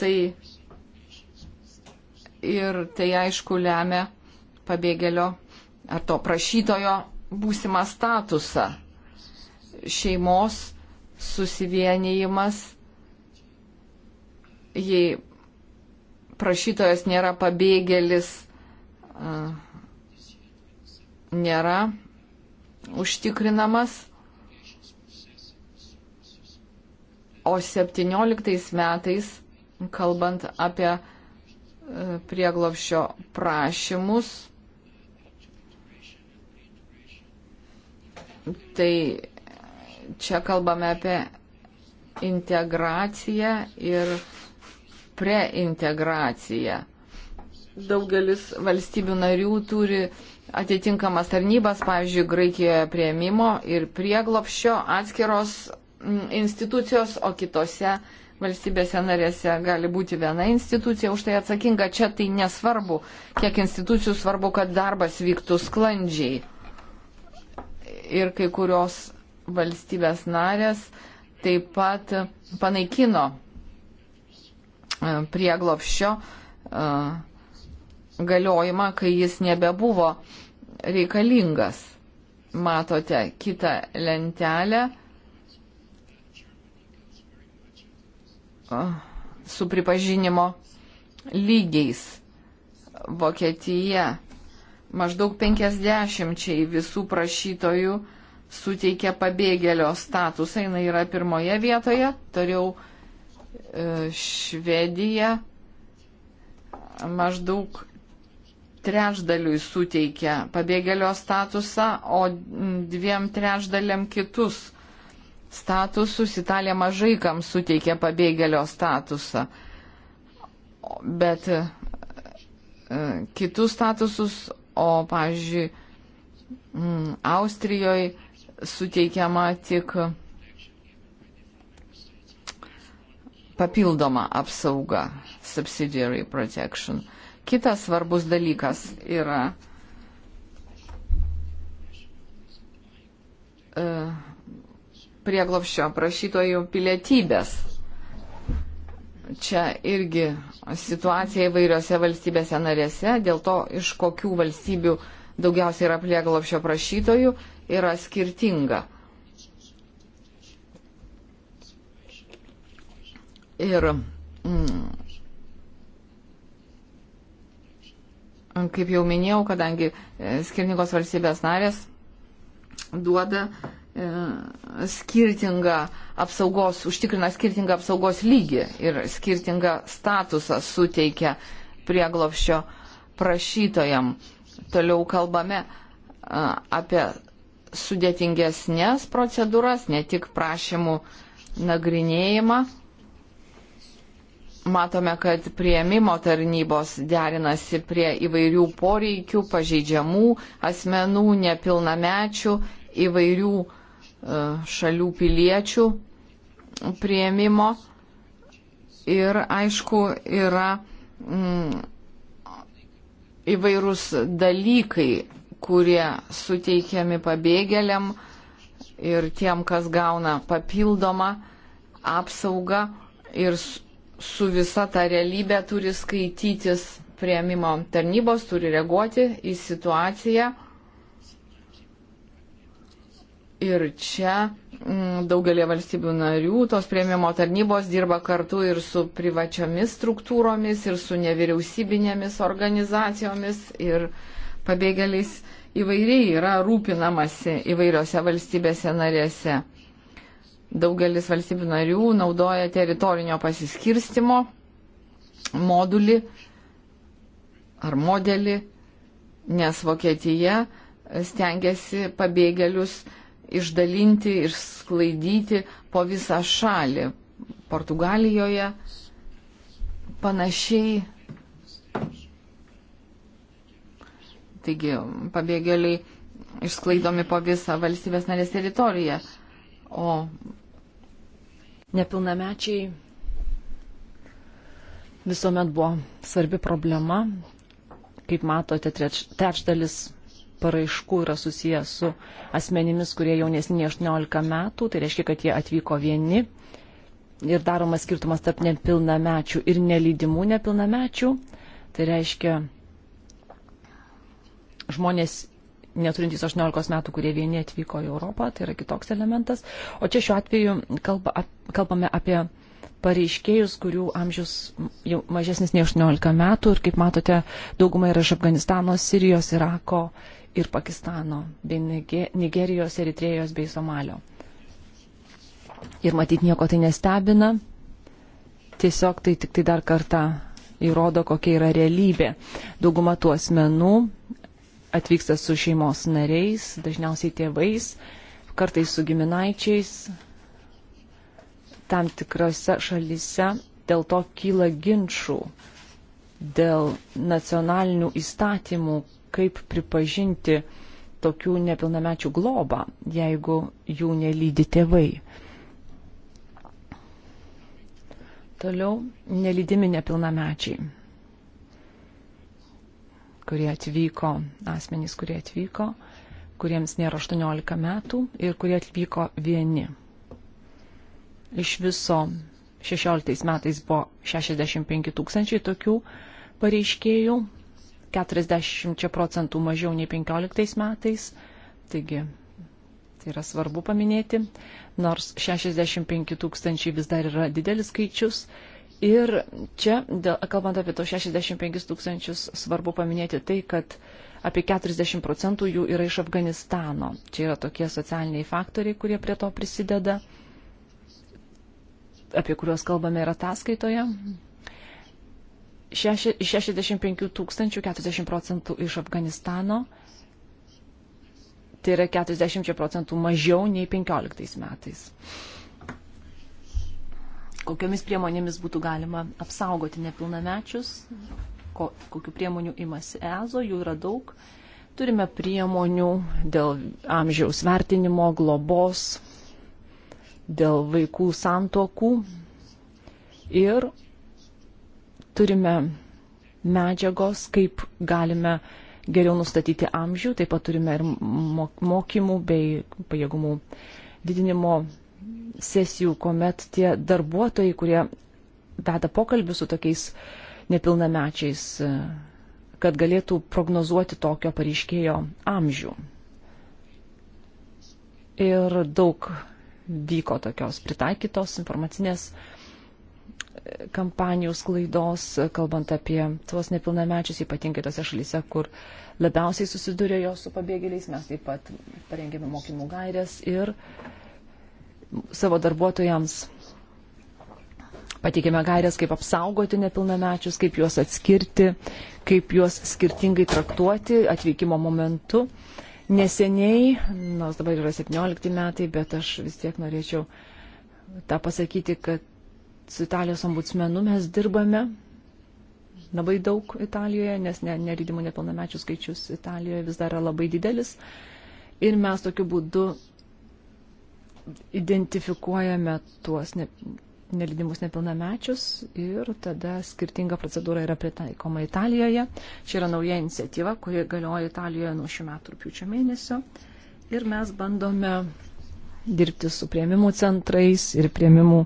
Tai ir tai aišku lemia pabėgėlio ar to prašytojo būsimą statusą. Šeimos susivienijimas, jei prašytojas nėra pabėgėlis, nėra užtikrinamas. O 17 metais, kalbant apie e, prieglopšio prašymus, Tai čia kalbame apie integraciją ir preintegraciją. Daugelis valstybių narių turi atitinkamas tarnybas, pavyzdžiui, Graikijoje prieimimo ir prieglopščio atskiros institucijos, o kitose valstybėse narėse gali būti viena institucija už tai atsakinga. Čia tai nesvarbu, kiek institucijų svarbu, kad darbas vyktų sklandžiai ir kai kurios valstybės narės taip pat panaikino e, prieglopščio e, galiojimą, kai jis nebebuvo reikalingas. Matote kitą lentelę e, su pripažinimo lygiais. Vokietija maždaug 50 visų prašytojų suteikia pabėgėlio statusą, jinai yra pirmoje vietoje, tariau e, Švedija maždaug trečdaliui suteikia pabėgėlio statusą, o dviem trečdaliam kitus statusus Italija mažai kam suteikia pabėgėlio statusą. Bet e, kitus statusus o, pavyzdžiui, mm, Austrijoje suteikiama tik papildoma apsauga, subsidiary protection. Kitas svarbus dalykas yra e, prieglopščio prašytojų pilietybės čia irgi situacija įvairiose valstybėse narėse, dėl to iš kokių valstybių daugiausiai yra prieglopšio prašytojų, yra skirtinga. Ir mm, kaip jau minėjau, kadangi e, skirtingos valstybės narės duoda E, skirtingą apsaugos, užtikrina skirtingą apsaugos lygį ir skirtingą statusą suteikia prieglopščio prašytojam. Toliau kalbame e, apie sudėtingesnės procedūras, ne tik prašymų nagrinėjimą. Matome, kad prieimimo tarnybos derinasi prie įvairių poreikių, pažeidžiamų asmenų, nepilnamečių, įvairių uh, E, šalių piliečių prieimimo. Ir aišku, yra mm, įvairūs dalykai, kurie suteikiami pabėgėliam ir tiem, kas gauna papildomą apsaugą ir su visa ta realybė turi skaitytis prieimimo tarnybos, turi reaguoti į situaciją Ir čia mm, daugelie valstybių narių tos prieimimo tarnybos dirba kartu ir su privačiomis struktūromis, ir su nevyriausybinėmis organizacijomis, ir pabėgėliais įvairiai yra rūpinamasi įvairiose valstybėse narėse. Daugelis valstybių narių naudoja teritorinio pasiskirstimo modulį ar modelį, nes Vokietija stengiasi pabėgėlius išdalinti ir sklaidyti po visą šalį. Portugalijoje panašiai. Taigi pabėgėliai išsklaidomi po visą valstybės narės teritoriją. O nepilnamečiai visuomet buvo svarbi problema. Kaip matote, trečdalis paraiškų yra susijęs su asmenimis, kurie jaunesni 18 metų, tai reiškia, kad jie atvyko vieni ir daromas skirtumas tarp nepilnamečių ir nelydimų nepilnamečių. Tai reiškia, žmonės neturintys 18 metų, kurie vieni atvyko į Europą, tai yra kitoks elementas. O čia šiuo atveju kalba, kalbame apie pareiškėjus, kurių amžius jau mažesnis nei 18 metų ir kaip matote, dauguma yra iš Afganistano, Sirijos, Irako, ir Pakistano, bei Nigerijos, Eritrėjos bei Somalio. Ir matyt nieko tai nestebina, tiesiog tai tik tai dar kartą įrodo, kokia yra realybė. Dauguma tų asmenų atvyksta su šeimos nariais, dažniausiai tėvais, kartais su giminaičiais, tam tikrose šalise dėl to kyla ginčių dėl nacionalinių įstatymų, kaip pripažinti tokių nepilnamečių globą, jeigu jų nelydi tėvai. Toliau nelydimi nepilnamečiai, kurie atvyko, asmenys, kurie atvyko, kuriems nėra 18 metų ir kurie atvyko vieni. Iš viso 16 metais buvo 65 tūkstančiai tokių pareiškėjų, 40 procentų mažiau nei 15 metais. Taigi, tai yra svarbu paminėti, nors 65 tūkstančiai vis dar yra didelis skaičius. Ir čia, dėl, kalbant apie to 65 tūkstančius, svarbu paminėti tai, kad apie 40 procentų jų yra iš Afganistano. Čia yra tokie socialiniai faktoriai, kurie prie to prisideda, apie kuriuos kalbame ir ataskaitoje. 65 tūkstančių 40 procentų iš Afganistano. Tai yra 40 procentų mažiau nei 15 metais. Kokiomis priemonėmis būtų galima apsaugoti nepilnamečius, ko, kokiu priemonių imasi EZO, jų yra daug. Turime priemonių dėl amžiaus vertinimo, globos, dėl vaikų santokų ir Turime medžiagos, kaip galime geriau nustatyti amžių, taip pat turime ir mokymų bei pajėgumų didinimo sesijų, kuomet tie darbuotojai, kurie veda pokalbį su tokiais nepilnamečiais, kad galėtų prognozuoti tokio pareiškėjo amžių. Ir daug vyko tokios pritaikytos informacinės kampanijų sklaidos, kalbant apie tuos nepilnamečius, ypatingai tose šalyse, kur labiausiai susiduria jos su pabėgėliais. Mes taip pat parengėme mokymų gairias ir savo darbuotojams pateikėme gairias, kaip apsaugoti nepilnamečius, kaip juos atskirti, kaip juos skirtingai traktuoti atvykimo momentu. Neseniai, nors dabar yra 17 metai, bet aš vis tiek norėčiau tą pasakyti, kad su Italijos ombudsmenu mes dirbame labai daug Italijoje, nes nerydimų ne nepilnamečių skaičius Italijoje vis dar yra labai didelis. Ir mes tokiu būdu identifikuojame tuos ne, nelydimus nepilnamečius ir tada skirtinga procedūra yra pritaikoma Italijoje. Čia yra nauja iniciatyva, kuri galioja Italijoje nuo šių metų rūpiučio mėnesio. Ir mes bandome dirbti su prieimimų centrais ir prieimimų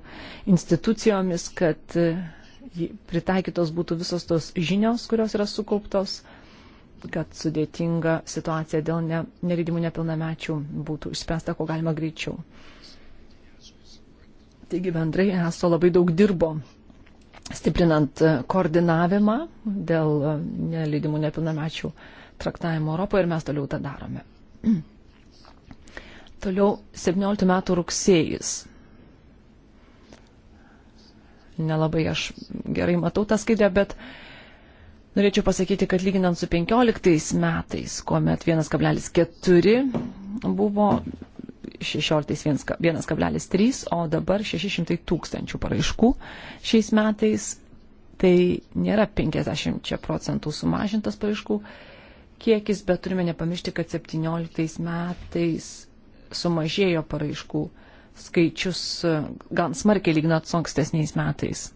institucijomis, kad e, pritaikytos būtų visos tos žinios, kurios yra sukauptos, kad sudėtinga situacija dėl ne, neridimų nepilnamečių būtų išspręsta, ko galima greičiau. Taigi bendrai ESO labai daug dirbo, stiprinant e, koordinavimą dėl e, nelydimų nepilnamečių traktavimo Europoje ir mes toliau tą darome. Toliau 17 metų rugsėjais. Nelabai aš gerai matau tą skaidrę, bet norėčiau pasakyti, kad lyginant su 15 metais, kuomet 1,4 buvo 16 1,3, o dabar 600 tūkstančių paraiškų šiais metais, tai nėra 50 procentų sumažintas paraiškų kiekis, bet turime nepamiršti, kad 17 metais sumažėjo paraiškų skaičius e, gan smarkiai lygnat su ankstesniais metais.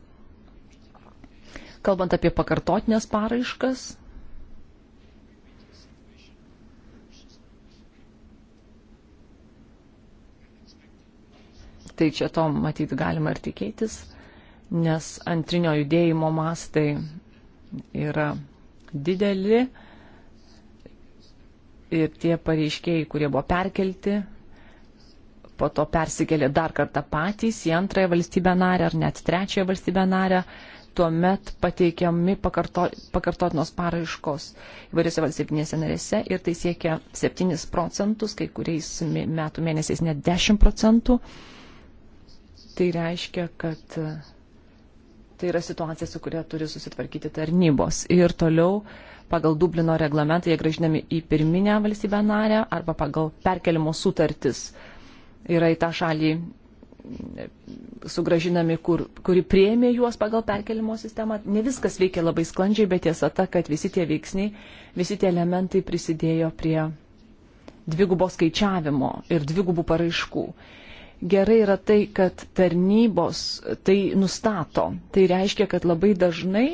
Kalbant apie pakartotinės paraiškas, tai čia to matyti galima ir tikėtis, nes antrinio judėjimo mastai yra dideli ir tie pareiškėjai, kurie buvo perkelti po to persikėlė dar kartą patys į antrąją valstybę narę ar net trečiąją valstybę narę, tuomet pateikiami pakarto, pakartotinos paraiškos įvairiose valstybinėse narėse ir tai siekia 7 procentus, kai kuriais metų mėnesiais net 10 procentų. Tai reiškia, kad tai yra situacija, su kuria turi susitvarkyti tarnybos. Ir toliau pagal Dublino reglamentą jie gražinami į pirminę valstybę narę arba pagal perkelimo sutartis yra į tą šalį sugražinami, kur, kuri priemė juos pagal perkelimo sistemą. Ne viskas veikia labai sklandžiai, bet tiesa ta, kad visi tie veiksniai, visi tie elementai prisidėjo prie dvigubo skaičiavimo ir dvigubų paraiškų. Gerai yra tai, kad tarnybos tai nustato. Tai reiškia, kad labai dažnai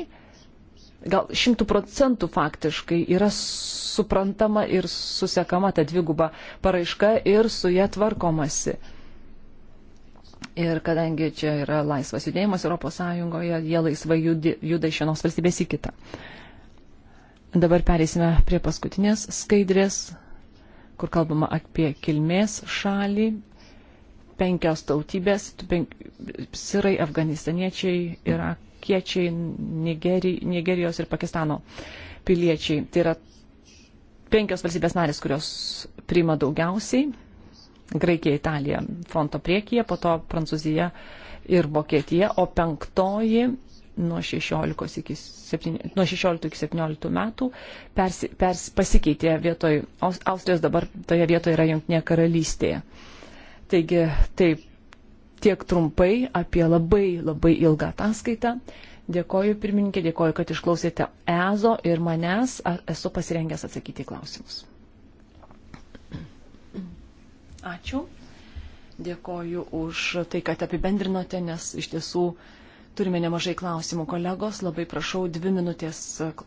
gal šimtų procentų faktiškai yra suprantama ir susekama ta dviguba paraiška ir su ją tvarkomasi. Ir kadangi čia yra laisvas judėjimas ES, jie laisvai juda iš vienos valstybės į kitą. Dabar pereisime prie paskutinės skaidrės, kur kalbama apie kilmės šalį. Penkios tautybės, penk, sirai, afganistaniečiai, Irak, marokiečiai, Nigeri, Nigerijos ir Pakistano piliečiai. Tai yra penkios valstybės narės, kurios priima daugiausiai. Graikija, Italija fronto priekyje, po to Prancūzija ir Vokietija, o penktoji nuo 16 iki 17, nuo 16 iki 17 metų pers, pers, pasikeitė vietoj, Austrijos dabar toje vietoje yra Junktinė karalystėje. Taigi taip tiek trumpai apie labai labai ilgą ataskaitą. Dėkoju pirmininkė, dėkoju, kad išklausėte EZO ir manęs. Esu pasirengęs atsakyti klausimus. Ačiū. Dėkoju už tai, kad apibendrinote, nes iš tiesų turime nemažai klausimų. Kolegos, labai prašau dvi minutės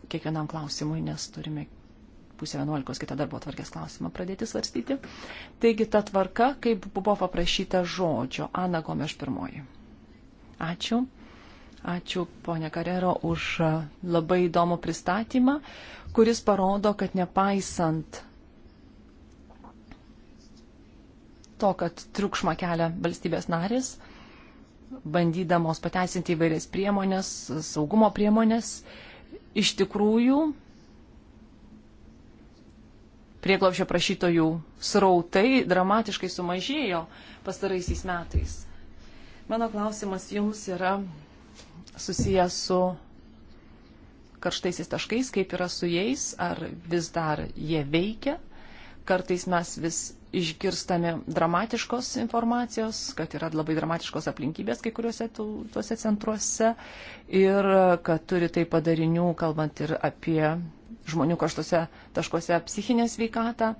kiekvienam klausimui, nes turime pusę 11 kitą darbo tvarkės klausimą pradėti svarstyti. Taigi ta tvarka, kaip buvo paprašyta žodžio, Ana Gomeš pirmoji. Ačiū. Ačiū, ponė Karero, už labai įdomų pristatymą, kuris parodo, kad nepaisant to, kad triukšmą kelia valstybės narės, bandydamos pateisinti įvairias priemonės, saugumo priemonės, iš tikrųjų prieglobšio prašytojų srautai dramatiškai sumažėjo pastaraisiais metais. Mano klausimas jums yra susijęs su karštaisiais taškais, kaip yra su jais, ar vis dar jie veikia kartais mes vis išgirstame dramatiškos informacijos, kad yra labai dramatiškos aplinkybės kai kuriuose tu, tuose centruose ir kad turi tai padarinių, kalbant ir apie žmonių karštuose taškuose psichinę sveikatą.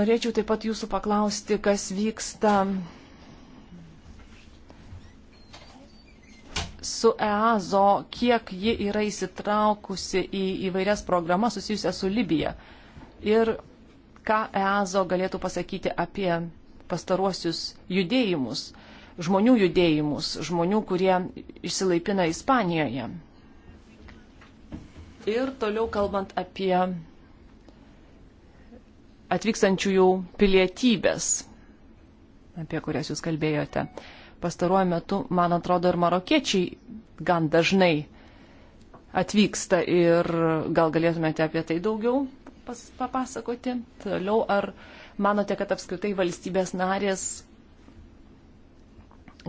Norėčiau taip pat jūsų paklausti, kas vyksta su EASO, kiek ji yra įsitraukusi į įvairias programas susijusias su Libija. Ir ką EASO galėtų pasakyti apie pastaruosius judėjimus, žmonių judėjimus, žmonių, kurie išsilaipina Ispanijoje. Ir toliau kalbant apie atvykstančiųjų pilietybės, apie kurias jūs kalbėjote. Pastaruoju metu, man atrodo, ir marokiečiai gan dažnai atvyksta ir gal galėtumėte apie tai daugiau pas, papasakoti? Toliau, ar manote, kad apskritai valstybės narės,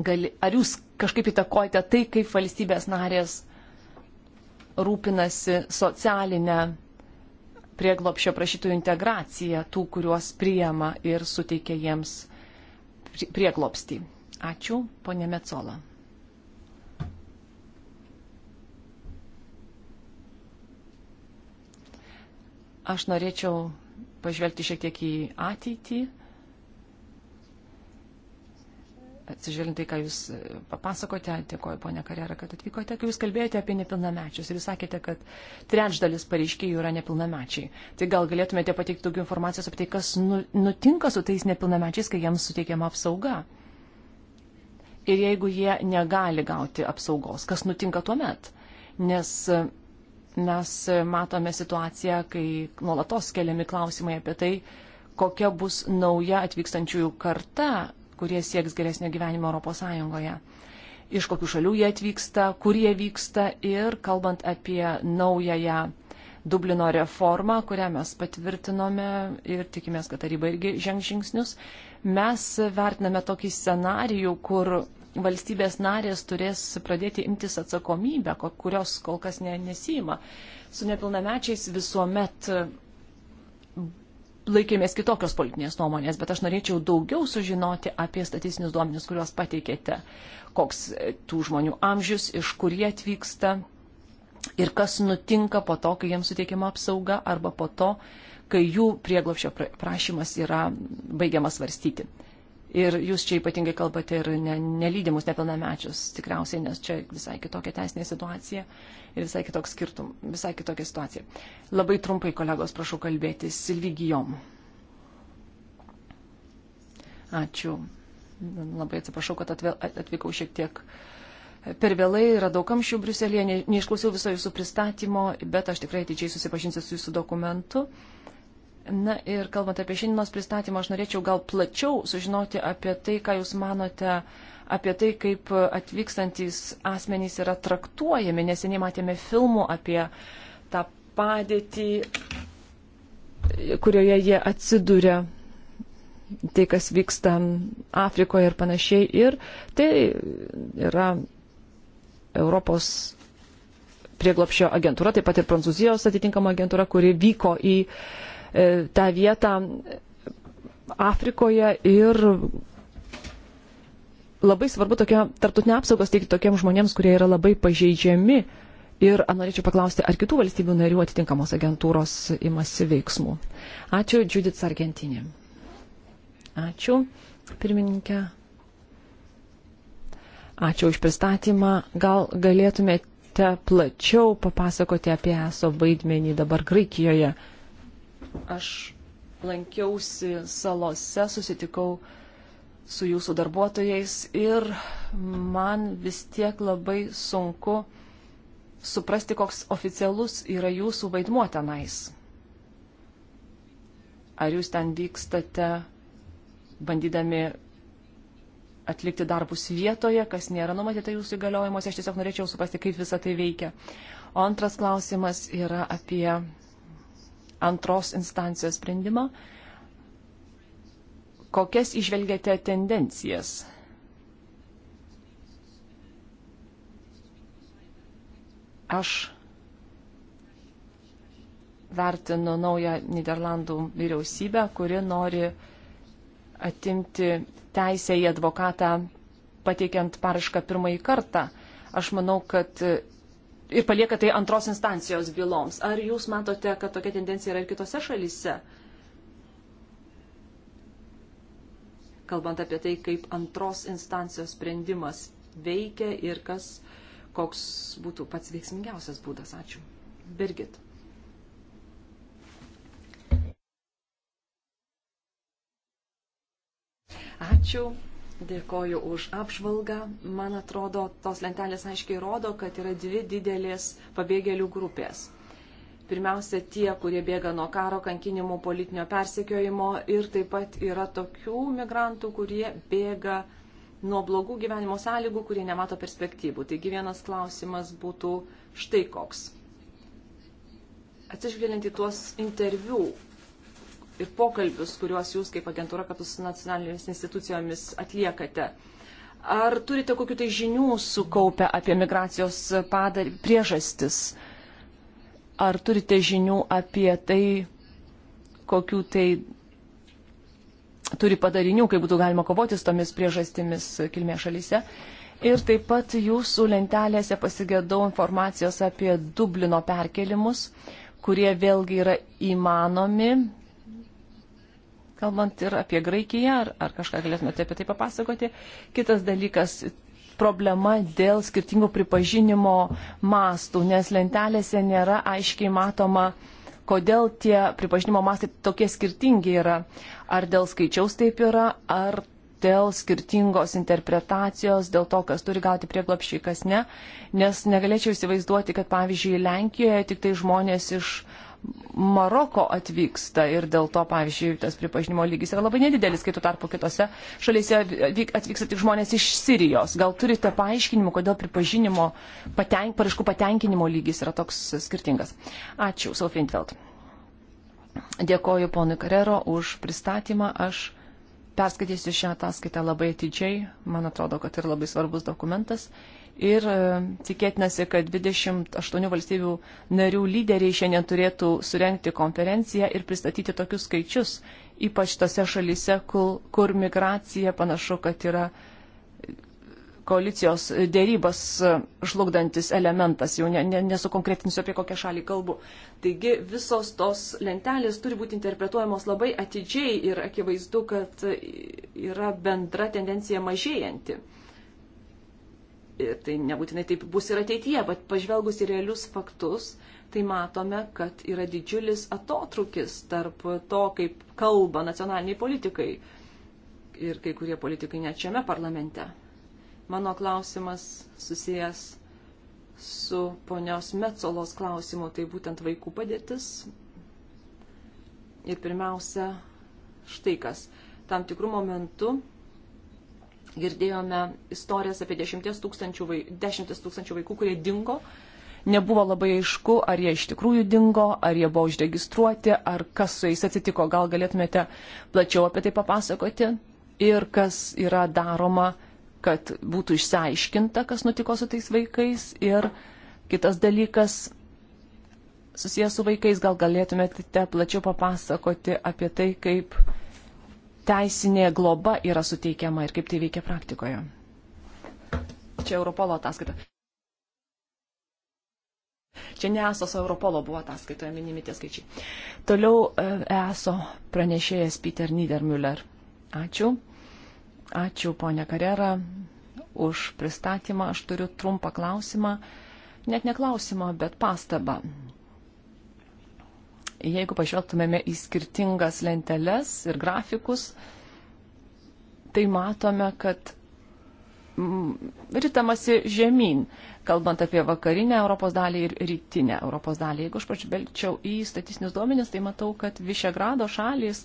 gali, ar jūs kažkaip įtakojate tai, kaip valstybės narės rūpinasi socialinę prieglopšio prašytojų integraciją tų, kuriuos priema ir suteikia jiems prieglopstį? Ačiū, ponė Metzola. Aš norėčiau pažvelgti šiek tiek į ateitį. Atsižvelgiant tai, ką Jūs papasakote, dėkoju ponia Karjera, kad atvykote, kai Jūs kalbėjote apie nepilnamečius ir Jūs sakėte, kad trečdalis pareiškėjų yra nepilnamečiai. Tai gal galėtumėte pateikti daugiau informacijos apie tai, kas nu, nutinka su tais nepilnamečiais, kai jiems suteikiama apsauga. Ir jeigu jie negali gauti apsaugos, kas nutinka tuomet? Nes mes matome situaciją, kai nuolatos keliami klausimai apie tai, kokia bus nauja atvykstančiųjų karta, kurie sieks geresnio gyvenimo ES iš kokių šalių jie atvyksta, kur jie vyksta ir kalbant apie naująją Dublino reformą, kurią mes patvirtinome ir tikimės, kad taryba irgi žengs žingsnius, mes vertiname tokį scenarijų, kur valstybės narės turės pradėti imtis atsakomybę, kurios kol kas ne, nesima. Su nepilnamečiais visuomet e, laikėmės kitokios politinės nuomonės, bet aš norėčiau daugiau sužinoti apie statistinius duomenis, kuriuos pateikėte, koks e, tų žmonių amžius, iš kur jie atvyksta ir kas nutinka po to, kai jiems suteikiama apsauga arba po to, kai jų prieglopšio prašymas yra baigiamas svarstyti. Ir jūs čia ypatingai kalbate ir ne, nelydimus nepilnamečius, tikriausiai, nes čia visai kitokia teisinė situacija ir visai, skirtum, visai kitokia situacija. Labai trumpai, kolegos, prašau kalbėti Silvigijom. Ačiū. Labai atsiprašau, kad atvykau šiek tiek per vėlai, radau kamščių Briuselėje, neišklausiau viso jūsų pristatymo, bet aš tikrai ateičiai susipažinsiu su jūsų dokumentu. Uh, Na ir kalbant apie šiandienos pristatymą, aš norėčiau gal plačiau sužinoti apie tai, ką Jūs manote, apie tai, kaip atvykstantis asmenys yra traktuojami. Neseniai matėme filmų apie tą padėtį, kurioje jie atsiduria, tai, kas vyksta Afrikoje ir panašiai. Ir tai yra Europos prieglopšio agentūra, taip pat ir Prancūzijos atitinkama agentūra, kuri vyko į uh, E, tą vietą Afrikoje ir labai svarbu tokia tarptautinė apsaugos teikti tokiems žmonėms, kurie yra labai pažeidžiami. Ir norėčiau paklausti, ar kitų valstybių narių atitinkamos agentūros imasi veiksmų. Ačiū, Judith Sargentinė. Ačiū, pirmininkė. Ačiū už pristatymą. Gal galėtumėte plačiau papasakoti apie ESO vaidmenį dabar Graikijoje? Aš lankiausi salose, susitikau su jūsų darbuotojais ir man vis tiek labai sunku suprasti, koks oficialus yra jūsų vaidmuo tenais. Ar jūs ten vykstate bandydami atlikti darbus vietoje, kas nėra numatyta jūsų įgaliojimuose, aš tiesiog norėčiau suprasti, kaip visa tai veikia. O antras klausimas yra apie antros instancijos sprendimą. Kokias išvelgiate tendencijas? Aš vertinu naują Niderlandų vyriausybę, kuri nori atimti teisę į advokatą pateikiant parašką pirmąjį kartą. Aš manau, kad ir palieka tai antros instancijos byloms. Ar jūs matote, kad tokia tendencija yra ir kitose šalyse? Kalbant apie tai, kaip antros instancijos sprendimas veikia ir kas, koks būtų pats veiksmingiausias būdas. Ačiū. Birgit. Ačiū. Dėkoju už apžvalgą. Man atrodo, tos lentelės aiškiai rodo, kad yra dvi didelės pabėgėlių grupės. Pirmiausia, tie, kurie bėga nuo karo, kankinimų, politinio persekiojimo ir taip pat yra tokių migrantų, kurie bėga nuo blogų gyvenimo sąlygų, kurie nemato perspektyvų. Taigi vienas klausimas būtų štai koks. Atsižvelgiant į tuos interviu, ir pokalbius, kuriuos jūs kaip agentūra kartu su nacionalinėmis institucijomis atliekate. Ar turite kokiu tai žinių sukaupę apie migracijos padar, priežastis? Ar turite žinių apie tai, kokiu tai turi padarinių, kaip būtų galima kovoti su tomis priežastimis kilmės šalyse? Ir taip pat jūsų lentelėse pasigėdau informacijos apie Dublino perkelimus, kurie vėlgi yra įmanomi kalbant ir apie Graikiją, ar, ar kažką galėtumėte apie tai papasakoti. Kitas dalykas - problema dėl skirtingų pripažinimo mastų, nes lentelėse nėra aiškiai matoma, kodėl tie pripažinimo mastai tokie skirtingi yra. Ar dėl skaičiaus taip yra, ar dėl skirtingos interpretacijos, dėl to, kas turi gauti prieglopšį, kas ne. Nes negalėčiau įsivaizduoti, kad pavyzdžiui, Lenkijoje tik tai žmonės iš Maroko atvyksta ir dėl to, pavyzdžiui, tas pripažinimo lygis yra labai nedidelis, kai tuo tarpu kitose šalyse atvyksta tik žmonės iš Sirijos. Gal turite paaiškinimų, kodėl pripažinimo patenk, paraškų patenkinimo lygis yra toks skirtingas? Ačiū, Sofintveld. Dėkoju ponui Karero už pristatymą. Aš perskaitysiu šią ataskaitą labai atidžiai. Man atrodo, kad tai yra labai svarbus dokumentas ir e, tikėtinasi, kad 28 valstybių narių lyderiai šiandien turėtų surenkti konferenciją ir pristatyti tokius skaičius, ypač tose šalyse, kur, kur migracija panašu, kad yra e, koalicijos dėrybas e, žlugdantis elementas, jau ne, ne, nesukonkretinsiu apie kokią šalį kalbu. Taigi visos tos lentelės turi būti interpretuojamos labai atidžiai ir akivaizdu, kad yra bendra tendencija mažėjanti. E, tai nebūtinai taip bus ir ateityje, bet pažvelgus į realius faktus, tai matome, kad yra didžiulis atotrukis tarp to, kaip kalba nacionaliniai politikai ir kai kurie politikai net šiame parlamente. Mano klausimas susijęs su ponios Metsolos klausimu, tai būtent vaikų padėtis. Ir pirmiausia, štai kas. Tam tikrų momentų Girdėjome istorijas apie dešimties tūkstančių, vaikų, dešimtis tūkstančių vaikų, kurie dingo. Nebuvo labai aišku, ar jie iš tikrųjų dingo, ar jie buvo užregistruoti, ar kas su jais atsitiko. Gal galėtumėte plačiau apie tai papasakoti ir kas yra daroma, kad būtų išsiaiškinta, kas nutiko su tais vaikais. Ir kitas dalykas, susijęs su vaikais, gal galėtumėte plačiau papasakoti apie tai, kaip teisinė globa yra suteikiama ir kaip tai veikia praktikoje. Čia Europolo ataskaita. Čia ne ESOS, o Europolo buvo ataskaitoje minimi tie skaičiai. Toliau e, ESO pranešėjas Peter Niedermüller. Ačiū. Ačiū, ponia Karjera, už pristatymą. Aš turiu trumpą klausimą. Net ne klausimą, bet pastabą. Jeigu pažvelgtumėme į skirtingas lenteles ir grafikus, tai matome, kad mm, ritamasi žemyn, kalbant apie vakarinę Europos dalį ir rytinę Europos dalį. Jeigu aš pažvelgčiau į statistinius duomenis, tai matau, kad Višegrado šalis,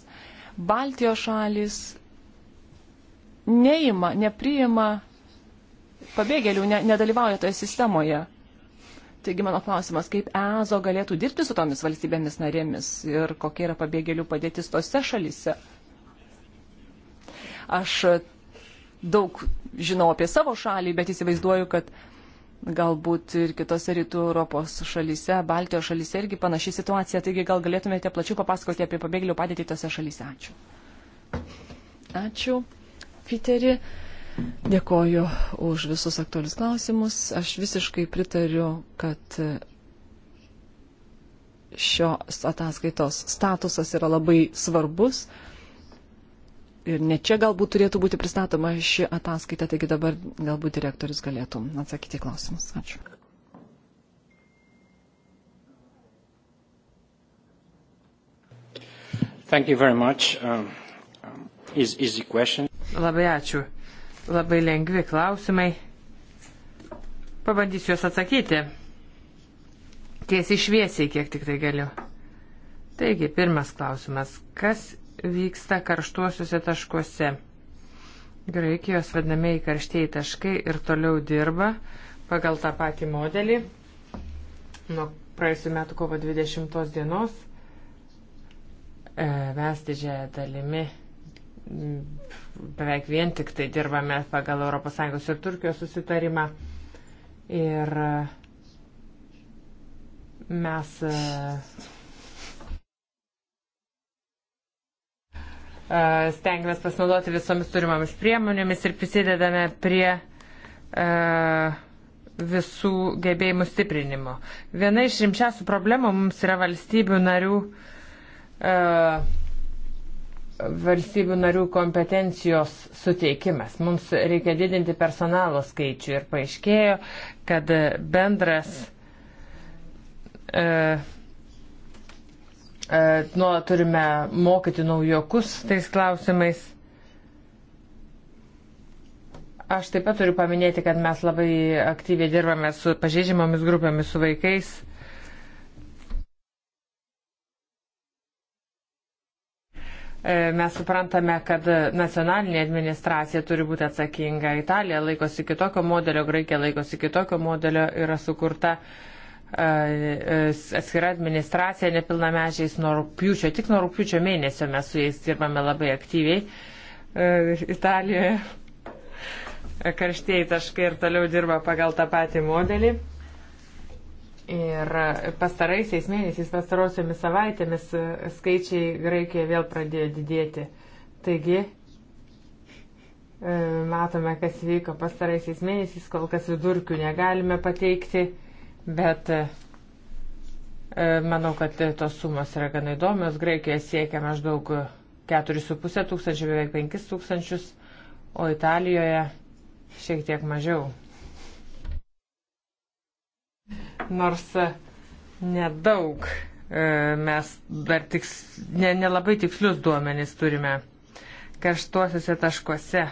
Baltijos šalis neima, nepriima pabėgėlių, ne, nedalyvauja toje sistemoje. Taigi mano klausimas, kaip EZO galėtų dirbti su tomis valstybėmis narėmis ir kokia yra pabėgėlių padėtis tose šalise? Aš daug žinau apie savo šalį, bet įsivaizduoju, kad galbūt ir kitose rytų Europos šalyse, Baltijos šalyse irgi panaši situacija. Taigi gal galėtumėte plačiau papasakoti apie pabėgėlių padėtį tose šalyse. Ačiū. Ačiū, Piteri. Dėkoju už visus aktualius klausimus. Aš visiškai pritariu, kad šios ataskaitos statusas yra labai svarbus. Ir ne čia galbūt turėtų būti pristatoma ši ataskaita, taigi dabar galbūt direktorius galėtų atsakyti klausimus. Ačiū. Thank you very much. Um, um, easy question. Labai ačiū. Labai lengvi klausimai. Pabandysiu juos atsakyti. Tiesiai šviesiai, kiek tik tai galiu. Taigi, pirmas klausimas. Kas vyksta karštuosiuose taškuose? Graikijos vadinamieji karštieji taškai ir toliau dirba pagal tą patį modelį nuo praėjusiu metu kovo 20 dienos. E, mes didžiąją dalimi beveik vien tik tai dirbame pagal ES ir Turkijos susitarimą. Ir e, mes e, e, stengiamės pasinaudoti visomis turimomis priemonėmis ir prisidedame prie visų gebėjimų stiprinimo. Viena iš rimčiausių problemų mums yra valstybių narių uh, valstybių narių kompetencijos suteikimas. Mums reikia didinti personalo skaičių ir paaiškėjo, kad bendras e, e, nuo turime mokyti naujokus tais klausimais. Aš taip pat turiu paminėti, kad mes labai aktyviai dirbame su pažeidžiamomis grupėmis, su vaikais E, mes suprantame, kad nacionalinė administracija turi būti atsakinga. Italija laikosi kitokio modelio, Graikija laikosi kitokio modelio, yra sukurta e, e, atskira administracija nepilnamečiais nuo rūpiučio. Tik nuo rūpiučio mėnesio mes su jais dirbame labai aktyviai Italijoje. Karštieji taškai ir toliau dirba pagal tą patį modelį. Ir pastaraisiais mėnesiais, pastarosiomis savaitėmis skaičiai Graikijoje vėl pradėjo didėti. Taigi, e, matome, kas vyko pastaraisiais mėnesiais, kol kas vidurkių negalime pateikti, bet e, manau, kad tos sumos yra gana įdomios. Graikijoje siekia maždaug 4,5 tūkstančių, beveik 5 tūkstančius, o Italijoje šiek tiek mažiau nors e, nedaug e, mes dar tiks, ne, nelabai tikslius duomenys turime. Karštuosiuose taškuose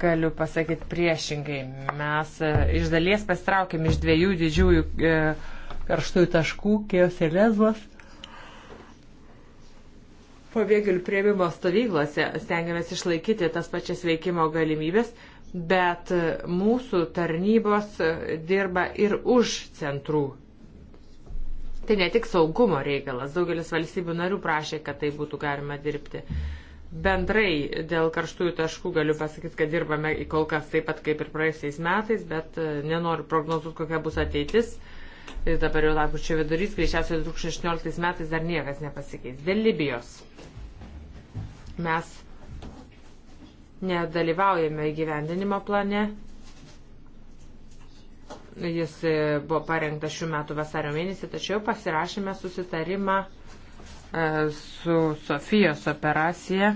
galiu pasakyti priešingai. Mes e, iš dalies pastraukėm iš dviejų didžiųjų karštųjų taškų, Kijos ir Lesbos. Pabėgėlių prieimimo stovyklose stengiamės išlaikyti tas pačias veikimo galimybės, bet mūsų tarnybos dirba ir už centrų. Tai ne tik saugumo reikalas, daugelis valstybių narių prašė, kad tai būtų galima dirbti. Bendrai dėl karštųjų taškų galiu pasakyti, kad dirbame kol kas taip pat kaip ir praėjusiais metais, bet e, nenoriu prognozuoti, kokia bus ateitis. Ir dabar jau lapkričio vidurys, greičiausiai 2016 metais dar niekas nepasikeis. Dėl Libijos mes nedalyvaujame įgyvendinimo plane. Jis e, buvo parengtas šių metų vasario mėnesį, tačiau pasirašėme susitarimą e, su Sofijos operacija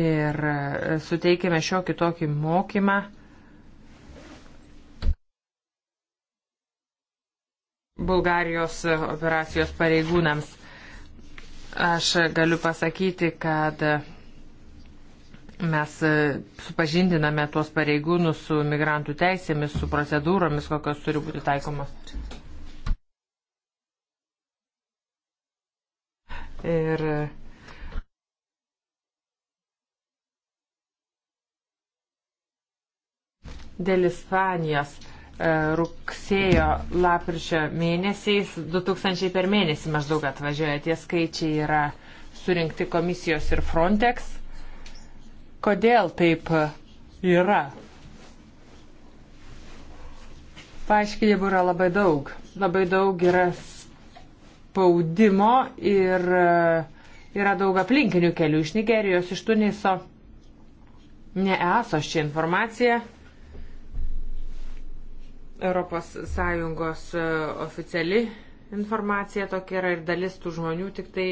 ir e, suteikėme šiokį tokį mokymą. Bulgarijos operacijos pareigūnams. Aš galiu pasakyti, kad Mes e, supažindiname tuos pareigūnus su migrantų teisėmis, su procedūromis, kokios turi būti taikomos. Ir dėl Ispanijos e, rugsėjo lapirčio mėnesiais 2000 per mėnesį maždaug atvažiuoja. Tie skaičiai yra surinkti komisijos ir Frontex. Kodėl taip yra? Paaiškinimų yra labai daug. Labai daug yra spaudimo ir e, yra daug aplinkinių kelių iš Nigerijos, iš Tuniso. Neeso ši informacija. ES e, oficiali informacija tokia yra ir dalis tų žmonių tik tai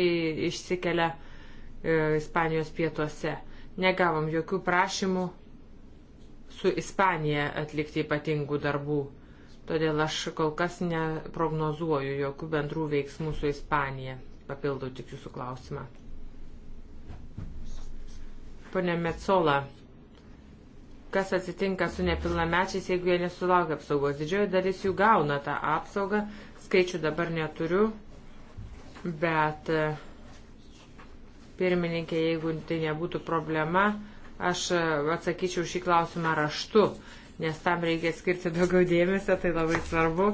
išsikelia e, Ispanijos pietuose. Negavom jokių prašymų su Ispanija atlikti ypatingų darbų. Todėl aš kol kas neprognozuoju jokių bendrų veiksmų su Ispanija. Papildau tik jūsų klausimą. Pone Metsola, kas atsitinka su nepilnamečiais, jeigu jie nesulaukia apsaugos? Didžioji dalis jų gauna tą apsaugą. Skaičių dabar neturiu, bet uh, Pirmininkė, jeigu tai nebūtų problema, aš atsakyčiau šį klausimą raštu, nes tam reikia skirti daugiau dėmesio, tai labai svarbu.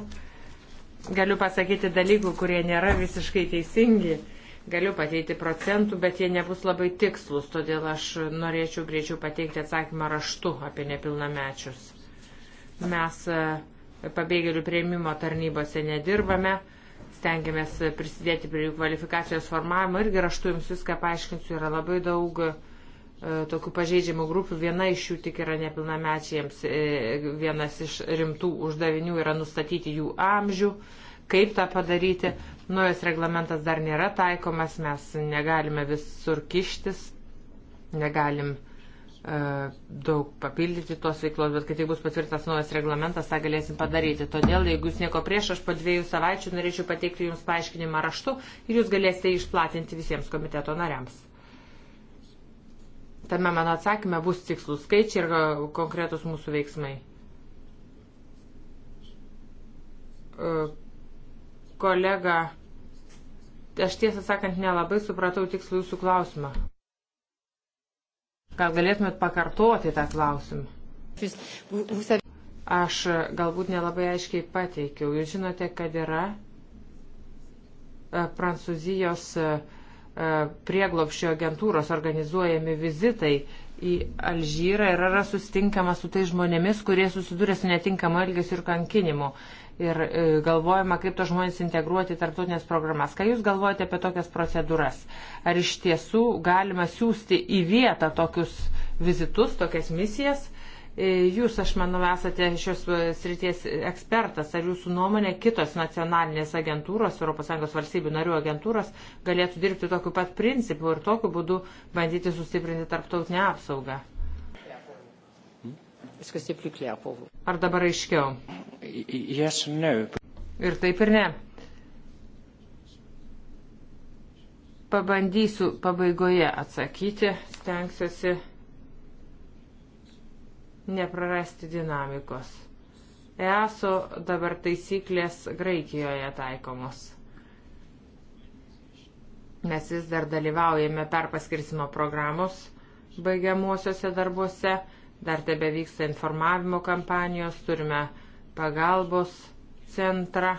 Galiu pasakyti dalykų, kurie nėra visiškai teisingi. Galiu pateikti procentų, bet jie nebus labai tikslus, todėl aš norėčiau greičiau pateikti atsakymą raštu apie nepilnamečius. Mes e, pabėgėlių prieimimo tarnybose nedirbame stengiamės prisidėti prie jų kvalifikacijos formavimo. Irgi raštu jums viską paaiškinsiu, yra labai daug e, tokių pažeidžiamų grupių. Viena iš jų tik yra nepilnamečiams. E, vienas iš rimtų uždavinių yra nustatyti jų amžių, kaip tą padaryti. Naujas reglamentas dar nėra taikomas, mes negalime visur kištis, negalim uh, E, daug papildyti tos veiklos, bet kai tik bus patvirtas naujas reglamentas, tą galėsim padaryti. Todėl, jeigu jūs nieko prieš, aš po dviejų savaičių norėčiau pateikti jums paaiškinimą raštu ir jūs galėsite išplatinti visiems komiteto nariams. Tame mano atsakyme bus tikslus skaičiai ir e, konkretus mūsų veiksmai. E, kolega, aš tiesą sakant nelabai supratau tikslų jūsų klausimą. Gal galėtumėt pakartoti tą klausimą? Aš galbūt nelabai aiškiai pateikiau. Jūs žinote, kad yra e, Prancūzijos e, e, prieglopščio agentūros organizuojami vizitai į Alžyrą ir yra sustinkama su tai žmonėmis, kurie susidūrė su netinkama elgesiu ir kankinimu ir e, galvojama, kaip to žmonės integruoti į tarptautinės programas. Ką Jūs galvojate apie tokias procedūras? Ar iš tiesų galima siūsti į vietą tokius vizitus, tokias misijas? E, jūs, aš manau, esate šios e, srities ekspertas. Ar jūsų nuomonė kitos nacionalinės agentūros, ES valstybių narių agentūros galėtų dirbti tokiu pat principu ir tokiu būdu bandyti sustiprinti tarptautinę apsaugą? Ar dabar aiškiau? Yes, no. Ir taip ir ne. Pabandysiu pabaigoje atsakyti, stengsiuosi neprarasti dinamikos. ESO dabar taisyklės Graikijoje taikomos. Mes vis dar dalyvaujame perpaskirsimo programos baigiamuosiuose darbuose dar tebe vyksta informavimo kampanijos, turime pagalbos centrą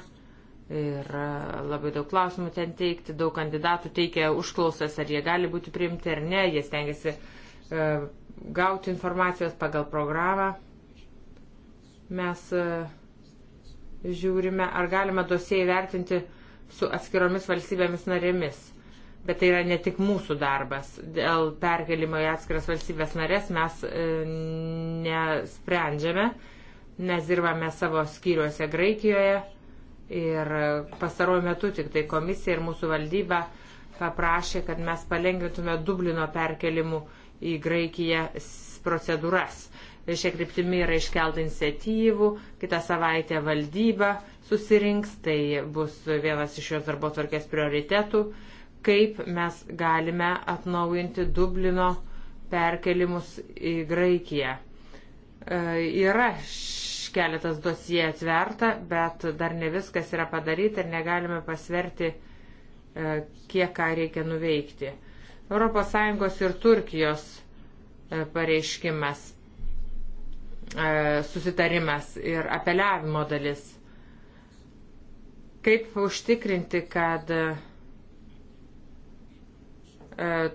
ir e, labai daug klausimų ten teikti, daug kandidatų teikia užklausas, ar jie gali būti priimti ar ne, jie stengiasi e, gauti informacijos pagal programą. Mes e, žiūrime, ar galima dosiją įvertinti su atskiromis valstybėmis narėmis. Bet tai yra ne tik mūsų darbas. Dėl perkelimo į atskiras valstybės narės mes e, nesprendžiame. Mes dirbame savo skyriuose Graikijoje ir pastaruoju metu tik tai komisija ir mūsų valdyba paprašė, kad mes palengvintume Dublino perkelimų į Graikiją procedūras. Šia kryptimi yra iškelta iniciatyvų, kitą savaitę valdyba susirinks, tai bus vienas iš jos darbo tvarkės prioritetų. E, kaip mes galime atnaujinti Dublino perkelimus į Graikiją. E, yra keletas dosie atverta, bet dar ne viskas yra padaryta ir negalime pasverti, e, kiek ką reikia nuveikti. ES ir Turkijos e, pareiškimas, susitarimas ir apeliavimo dalis. Kaip užtikrinti, kad E,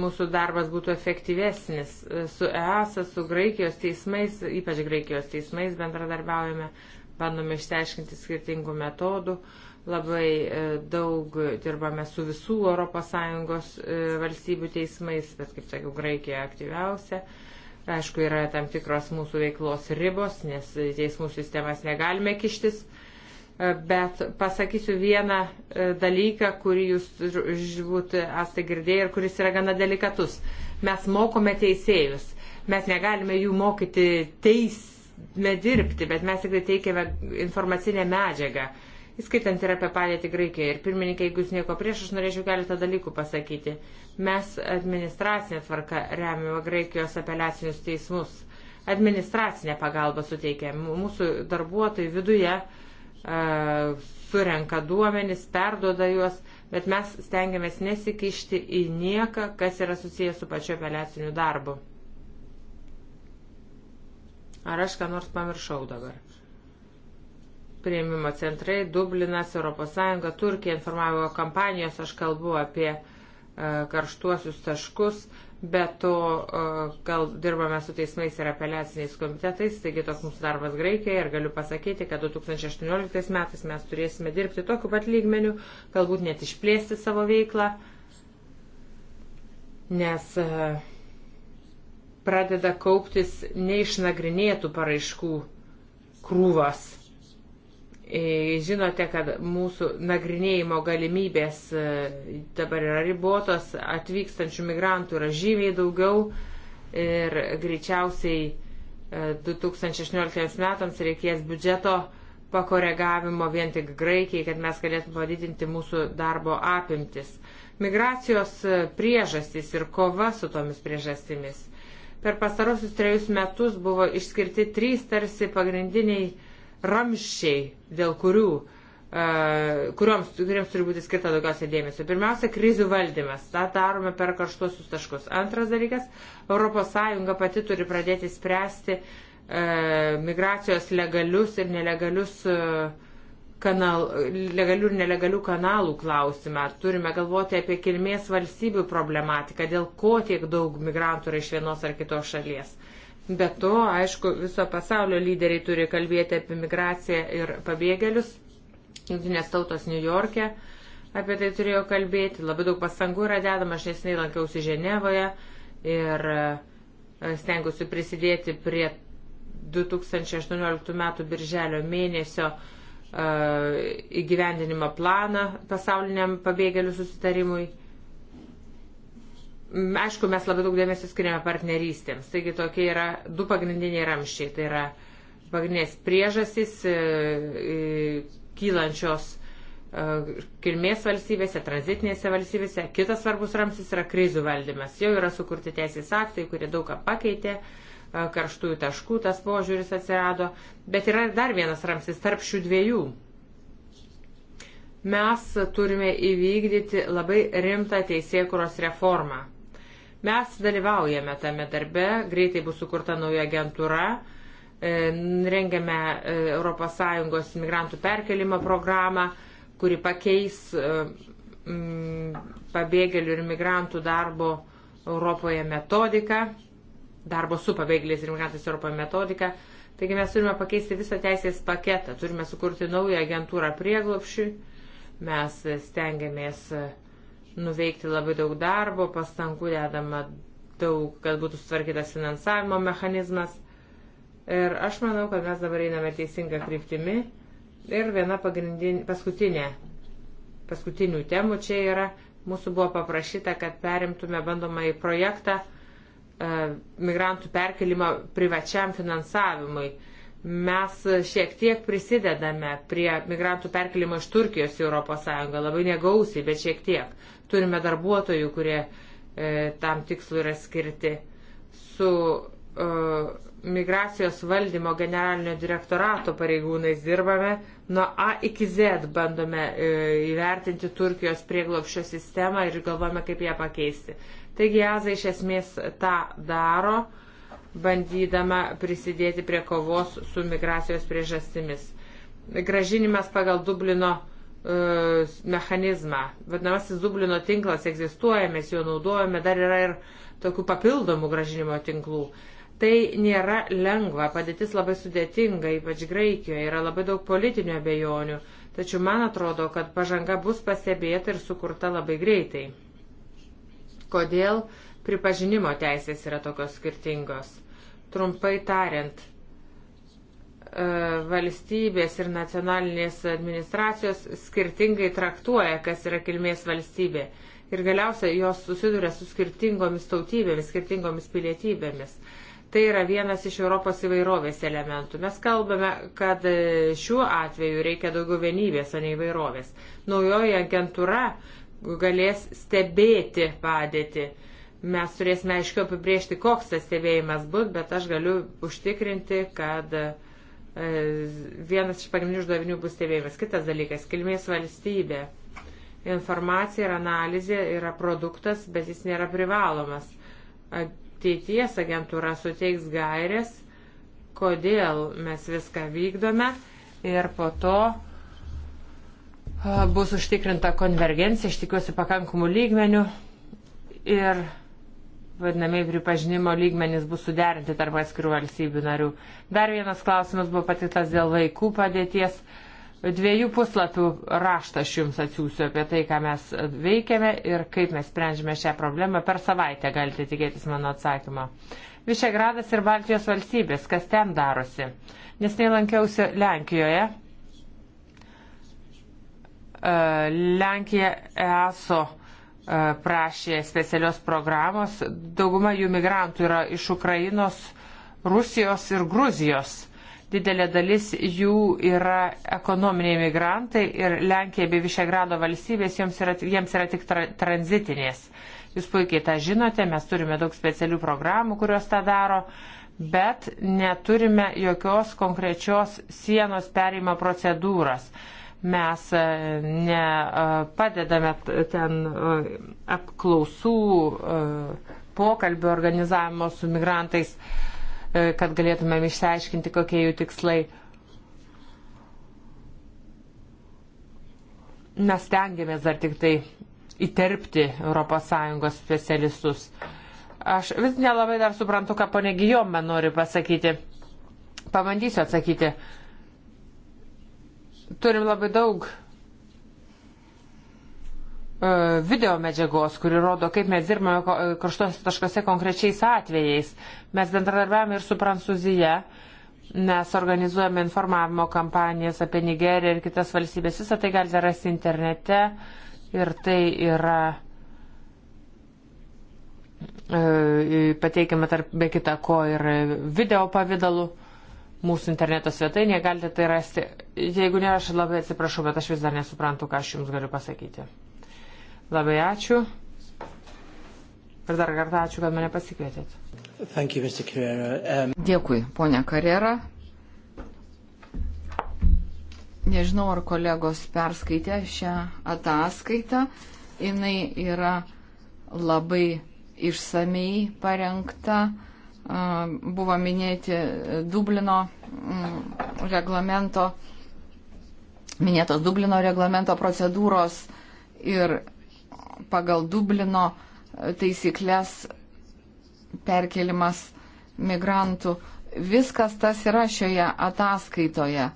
mūsų darbas būtų efektyvesnis. E, su EASA, su Graikijos teismais, ypač Graikijos teismais bendradarbiaujame, bandome išteiškinti skirtingų metodų, labai e, daug dirbame su visų ES valstybių teismais, bet kaip sakiau, Graikija aktyviausia. Aišku, yra tam tikros mūsų veiklos ribos, nes teismų sistemas negalime kištis bet pasakysiu vieną e, dalyką, kurį jūs žinot, esate girdėję ir kuris yra gana delikatus. Mes mokome teisėjus. Mes negalime jų mokyti teisme dirbti, bet mes tikrai teikiame informacinę medžiagą, įskaitant ir apie padėtį Graikijoje. Ir pirmininkai, jeigu jūs nieko prieš, aš norėčiau keletą dalykų pasakyti. Mes administracinė tvarka remiame Graikijos apeliacinius teismus. Administracinę pagalbą suteikiame mūsų darbuotojai viduje surenka duomenis, perdoda juos, bet mes stengiamės nesikišti į nieką, kas yra susijęs su pačiu apeliaciniu darbu. Ar aš ką nors pamiršau dabar? Prieimimo centrai, Dublinas, ES, Turkija informavo kampanijos, aš kalbu apie karštuosius taškus, Be to, e, gal dirbame su teismais ir apeliaciniais komitetais, taigi toks mūsų darbas Graikijoje ir galiu pasakyti, kad 2018 metais mes turėsime dirbti tokiu pat lygmeniu, galbūt net išplėsti savo veiklą, nes e, pradeda kauptis neišnagrinėtų paraiškų krūvas. E, žinote, kad mūsų nagrinėjimo galimybės e, dabar yra ribotos, atvykstančių migrantų yra žymiai daugiau ir greičiausiai 2016 e, metams reikės biudžeto pakoregavimo vien tik Graikijai, kad mes galėtume padidinti mūsų darbo apimtis. Migracijos priežastys ir kova su tomis priežastimis. Per pastarosius trejus metus buvo išskirti trys tarsi pagrindiniai ramščiai, dėl kurių, e, kurioms, kuriems turi būti skirta daugiausia dėmesio. Pirmiausia, krizių valdymas. Ta darome per karštuosius taškus. Antras dalykas, ES pati turi pradėti spręsti e, migracijos legalius ir nelegalius e, kanal, legalių ir nelegalių kanalų klausimą. Turime galvoti apie kilmės valstybių problematiką, dėl ko tiek daug migrantų yra iš vienos ar kitos šalies. Be to, aišku, viso pasaulio lyderiai turi kalbėti apie migraciją ir pabėgėlius. Jungtinės tautos New York'e apie tai turėjo kalbėti. Labai daug pastangų yra dedama. Aš nesiniai lankiausi Ženevoje ir e, stengiuosi prisidėti prie 2018 m. birželio mėnesio e, įgyvendinimo planą pasauliniam pabėgėlių susitarimui. Aišku, mes labai daug dėmesio skiriame partnerystėms. Taigi tokie yra du pagrindiniai ramščiai. Tai yra pagrindinės priežasys e, e, kylančios e, kilmės valstybėse, tranzitinėse valstybėse. Kitas svarbus ramsis yra krizių valdymas. Jau yra sukurti teisės aktai, kurie daug ką pakeitė, karštųjų taškų tas požiūris atsirado. Bet yra ir dar vienas ramsis tarp šių dviejų. Mes turime įvykdyti labai rimtą teisėkuros reformą. Mes dalyvaujame tame darbe, greitai bus sukurta nauja agentūra, e, rengiame ES imigrantų perkelimo programą, kuri pakeis e, mm, pabėgėlių ir imigrantų darbo Europoje metodiką, darbo su pabėgėliais ir imigrantais Europoje metodiką. Taigi mes turime pakeisti visą teisės paketą, turime sukurti naują agentūrą prieglopšiui, mes stengiamės uh, nuveikti labai daug darbo, pastangų dedama daug, kad būtų sutvarkytas finansavimo mechanizmas. Ir aš manau, kad mes dabar einame teisingą kryptimį. Ir viena paskutinė, paskutinių temų čia yra, mūsų buvo paprašyta, kad perimtume bandomąjį projektą e, migrantų perkelimą privačiam finansavimui. Mes šiek tiek prisidedame prie migrantų perkelimo iš Turkijos į ES, labai negausiai, bet šiek tiek. Turime darbuotojų, kurie e, tam tikslu yra skirti. Su e, migracijos valdymo generalinio direktorato pareigūnais dirbame. Nuo A iki Z bandome e, įvertinti Turkijos prieglopščio sistemą ir galvojame, kaip ją pakeisti. Taigi Aza iš esmės tą daro bandydama prisidėti prie kovos su migracijos priežastimis. Gražinimas pagal Dublino E, mechanizmą. Vadinamasis Dublino tinklas egzistuoja, mes jo naudojame, dar yra ir tokių papildomų gražinimo tinklų. Tai nėra lengva, padėtis labai sudėtinga, ypač Graikijoje, yra labai daug politinių abejonių, tačiau man atrodo, kad pažanga bus pastebėta ir sukurta labai greitai. Kodėl pripažinimo teisės yra tokios skirtingos? Trumpai tariant, E, valstybės ir nacionalinės administracijos skirtingai traktuoja, kas yra kilmės valstybė. Ir galiausiai jos susiduria su skirtingomis tautybėmis, skirtingomis pilietybėmis. Tai yra vienas iš Europos įvairovės elementų. Mes kalbame, kad e, šiuo atveju reikia daugiau vienybės, o ne įvairovės. Naujoji agentūra galės stebėti padėtį mes turėsime aiškiau apibriežti, koks tas stebėjimas bus, bet aš galiu užtikrinti, kad uh, E, vienas iš pagrindinių uždavinių bus stebėjimas. Kitas dalykas - kilmės valstybė. Informacija ir analizė yra produktas, bet jis nėra privalomas. Ateities agentūra suteiks gairės, kodėl mes viską vykdome ir po to bus užtikrinta konvergencija, iš tikiuosi, pakankamų lygmenių. Ir vadinamiai pripažinimo lygmenys bus suderinti tarp atskirų valstybių narių. Dar vienas klausimas buvo patiktas dėl vaikų padėties. Dviejų puslapių raštą aš jums atsiųsiu apie tai, ką mes veikiame ir kaip mes sprendžiame šią problemą. Per savaitę galite tikėtis mano atsakymo. Višegradas ir Baltijos valstybės, kas ten darosi. Nesnei lankiausi Lenkijoje. E, Lenkija ESO E, prašė specialios programos. Dauguma jų migrantų yra iš Ukrainos, Rusijos ir Gruzijos. Didelė dalis jų yra ekonominiai migrantai ir Lenkija bei Višegrado valstybės yra, jiems yra tik tra, tranzitinės. Jūs puikiai tą žinote, mes turime daug specialių programų, kurios tą daro, bet neturime jokios konkrečios sienos perėjimo procedūros. Mes e, nepadedame e, ten e, apklausų, pokalbių organizavimo su migrantais, kad galėtumėm išsiaiškinti, kokie jų tikslai. Mes tengiamės dar tik tai įterpti ES specialistus. Aš vis nelabai dar suprantu, ką ponė Gijoma nori pasakyti. Pabandysiu atsakyti. Uh, Turim labai daug e, video medžiagos, kuri rodo, kaip mes dirbame karštuose e, taškose konkrečiais atvejais. Mes bendradarbiavame ir su Prancūzija, mes organizuojame informavimo kampanijas apie Nigeriją ir kitas valstybės. Visą tai galite rasti internete ir tai yra e, pateikiama tarp be kita ko ir video pavydalu mūsų interneto svetainėje, galite tai rasti. Jeigu ne, aš labai atsiprašau, bet aš vis dar nesuprantu, ką aš jums galiu pasakyti. Labai ačiū. Ir dar kartą ačiū, kad mane pasikvietėt. Thank you, um... Dėkui, ponia Karjera. Nežinau, ar kolegos perskaitė šią ataskaitą. Jis yra labai išsamei parengta buvo minėti e, Dublino mm, reglamento, minėtos Dublino reglamento procedūros ir pagal Dublino e, taisyklės perkelimas migrantų. Viskas tas yra šioje ataskaitoje.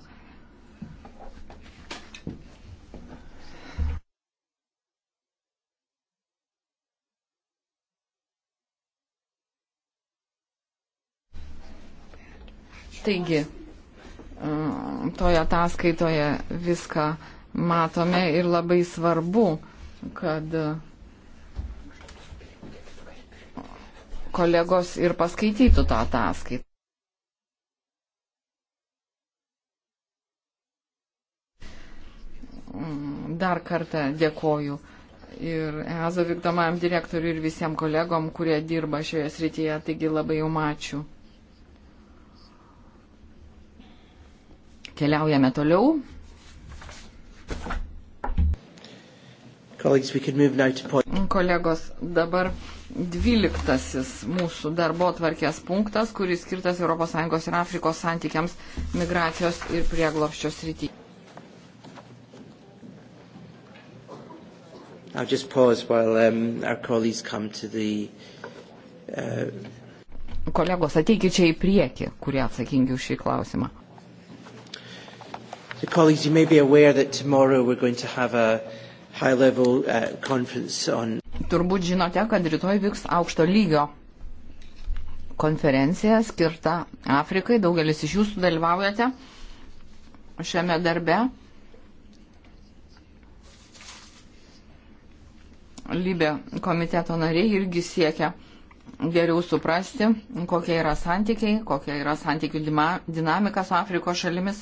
Taigi, toje ataskaitoje viską matome ir labai svarbu, kad kolegos ir paskaitytų tą ataskaitą. Dar kartą dėkoju ir EASO vykdomajam direktoriui ir visiems kolegom, kurie dirba šioje srityje, taigi labai jums ačiū. Keliaujame toliau. Kolegos, dabar dvyliktasis mūsų darbo tvarkės punktas, kuris skirtas ES ir Afrikos santykiams migracijos ir prieglopščios rytyje. I'll just pause while um, our colleagues come to the. Uh... Kolegos, ateikit čia į priekį, kurie atsakingi už šį klausimą. The colleagues, you may be aware that tomorrow we're going to have a high level uh, conference on. Turbūt žinote, kad rytoj vyks aukšto lygio konferencija skirta Afrikai. Daugelis iš jūsų dalyvaujate šiame darbe. Lybė komiteto nariai irgi siekia geriau suprasti, kokie yra santykiai, kokia yra santykių dinamika su Afrikos šalimis.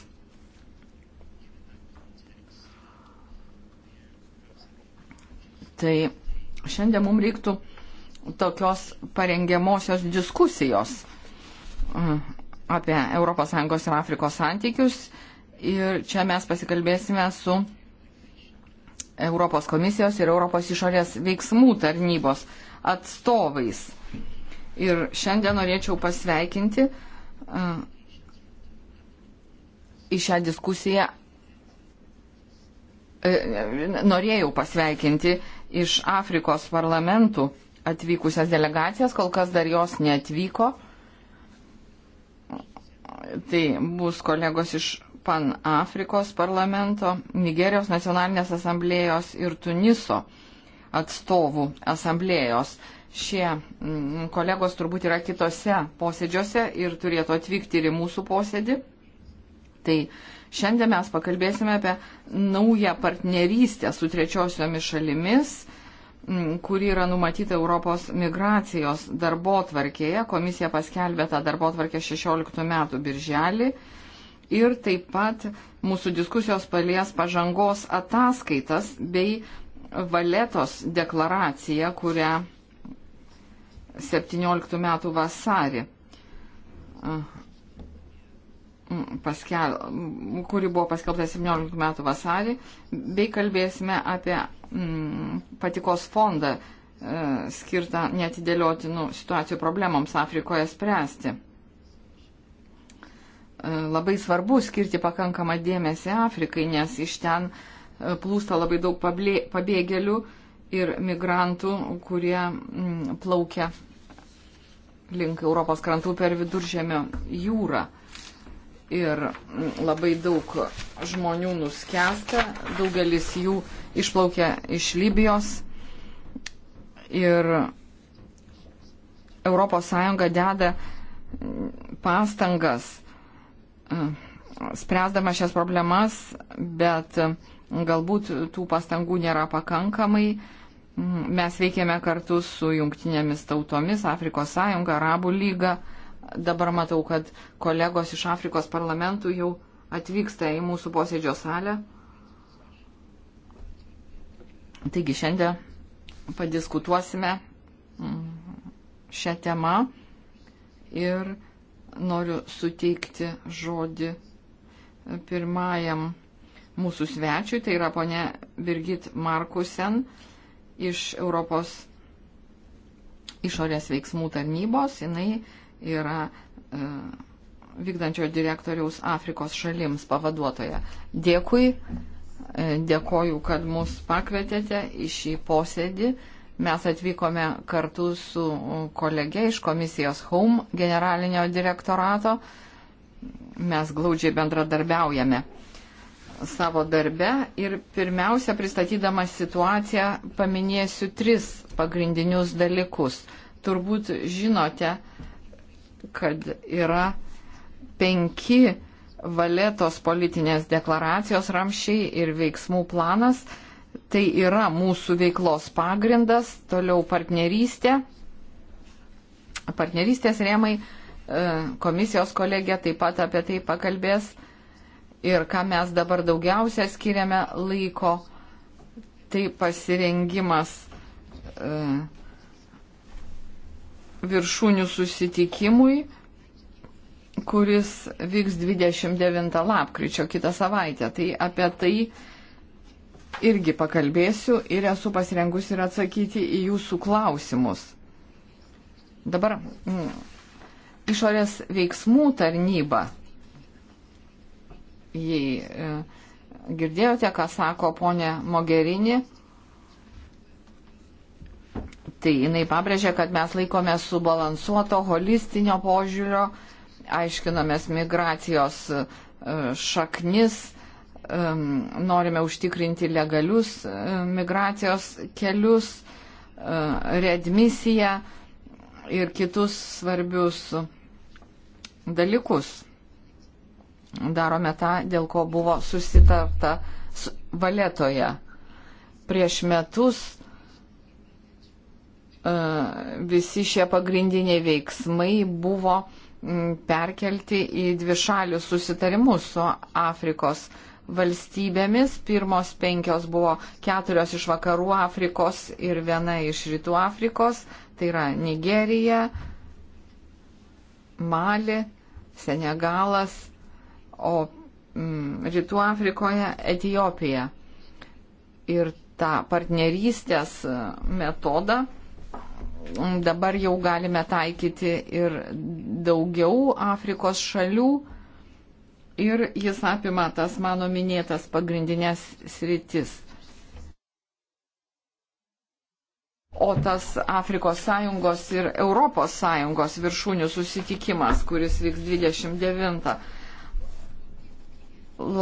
Tai šiandien mums reiktų tokios parengiamosios diskusijos uh, apie ES ir Afrikos santykius. Ir čia mes pasikalbėsime su Europos komisijos ir Europos išorės veiksmų tarnybos atstovais. Ir šiandien norėčiau pasveikinti uh, į šią diskusiją, uh, norėjau pasveikinti uh, iš Afrikos parlamentų atvykusias delegacijas, kol kas dar jos neatvyko. Tai bus kolegos iš Pan Afrikos parlamento, Nigerijos nacionalinės asamblėjos ir Tuniso atstovų asamblėjos. Šie m, mm, kolegos turbūt yra kitose posėdžiuose ir turėtų atvykti ir į mūsų posėdį. Tai uh, Šiandien mes pakalbėsime apie naują partnerystę su trečiosiomis šalimis, kuri yra numatyta Europos migracijos darbo tvarkėje. Komisija paskelbė tą darbo tvarkę 16 metų birželį. Ir taip pat mūsų diskusijos palies pažangos ataskaitas bei valetos deklaraciją, kurią 17 metų vasarį paskel, kuri buvo paskelbta 17 metų vasarį, bei kalbėsime apie mm, patikos fondą e, skirtą netidėliotinų situacijų problemams Afrikoje spręsti. E, labai svarbu skirti pakankamą dėmesį Afrikai, nes iš ten e, plūsta labai daug pablė, pabėgėlių ir migrantų, kurie mm, plaukia link Europos krantų per viduržėmio jūrą ir labai daug žmonių nuskęsta, daugelis jų išplaukia iš Libijos ir ES deda pastangas e, spręsdama šias problemas, bet galbūt tų pastangų nėra pakankamai. Mm, mes veikėme kartu su jungtinėmis tautomis, Afrikos sąjunga, Arabų lyga. Dabar matau, kad kolegos iš Afrikos parlamentų jau atvyksta į mūsų posėdžio salę. Taigi šiandien padiskutuosime mm, šią temą ir noriu suteikti žodį pirmajam mūsų svečiui, tai yra ponia Birgit Markusen iš Europos išorės veiksmų tarnybos. Jis yra e, vykdančio direktoriaus Afrikos šalims pavaduotoja. Dėkui, e, dėkoju, kad mus pakvietėte į šį posėdį. Mes atvykome kartu su kolege iš komisijos HOME generalinio direktorato. Mes glaudžiai bendradarbiaujame savo darbe ir pirmiausia, pristatydama situaciją, paminėsiu tris pagrindinius dalykus. Turbūt žinote, kad yra penki valėtos politinės deklaracijos ramšiai ir veiksmų planas. Tai yra mūsų veiklos pagrindas, toliau partnerystė, partnerystės rėmai, e, komisijos kolegė taip pat apie tai pakalbės ir ką mes dabar daugiausia skiriame laiko, tai pasirengimas e, viršūnių susitikimui, kuris vyks 29 lapkričio kitą savaitę. Tai apie tai irgi pakalbėsiu ir esu pasirengusi ir atsakyti į jūsų klausimus. Dabar mm, išorės veiksmų tarnyba. Jei e, girdėjote, ką sako ponė Mogerini, Tai jinai pabrėžė, kad mes laikome subalansuoto, holistinio požiūrio, aiškinomės migracijos e, šaknis, e, norime užtikrinti legalius e, migracijos kelius, readmisiją ir kitus svarbius dalykus. Darome tą, dėl ko buvo susitarta valetoje. Prieš metus E, visi šie pagrindiniai veiksmai buvo perkelti į dvišalius susitarimus su Afrikos valstybėmis. Pirmos penkios buvo keturios iš vakarų Afrikos ir viena iš rytų Afrikos, tai yra Nigerija, Mali, Senegalas, o mm, rytų Afrikoje Etijopija. Ir tą partnerystės metodą dabar jau galime taikyti ir daugiau Afrikos šalių. Ir jis apima tas mano minėtas pagrindinės sritis. O tas Afrikos sąjungos ir Europos sąjungos viršūnių susitikimas, kuris vyks 29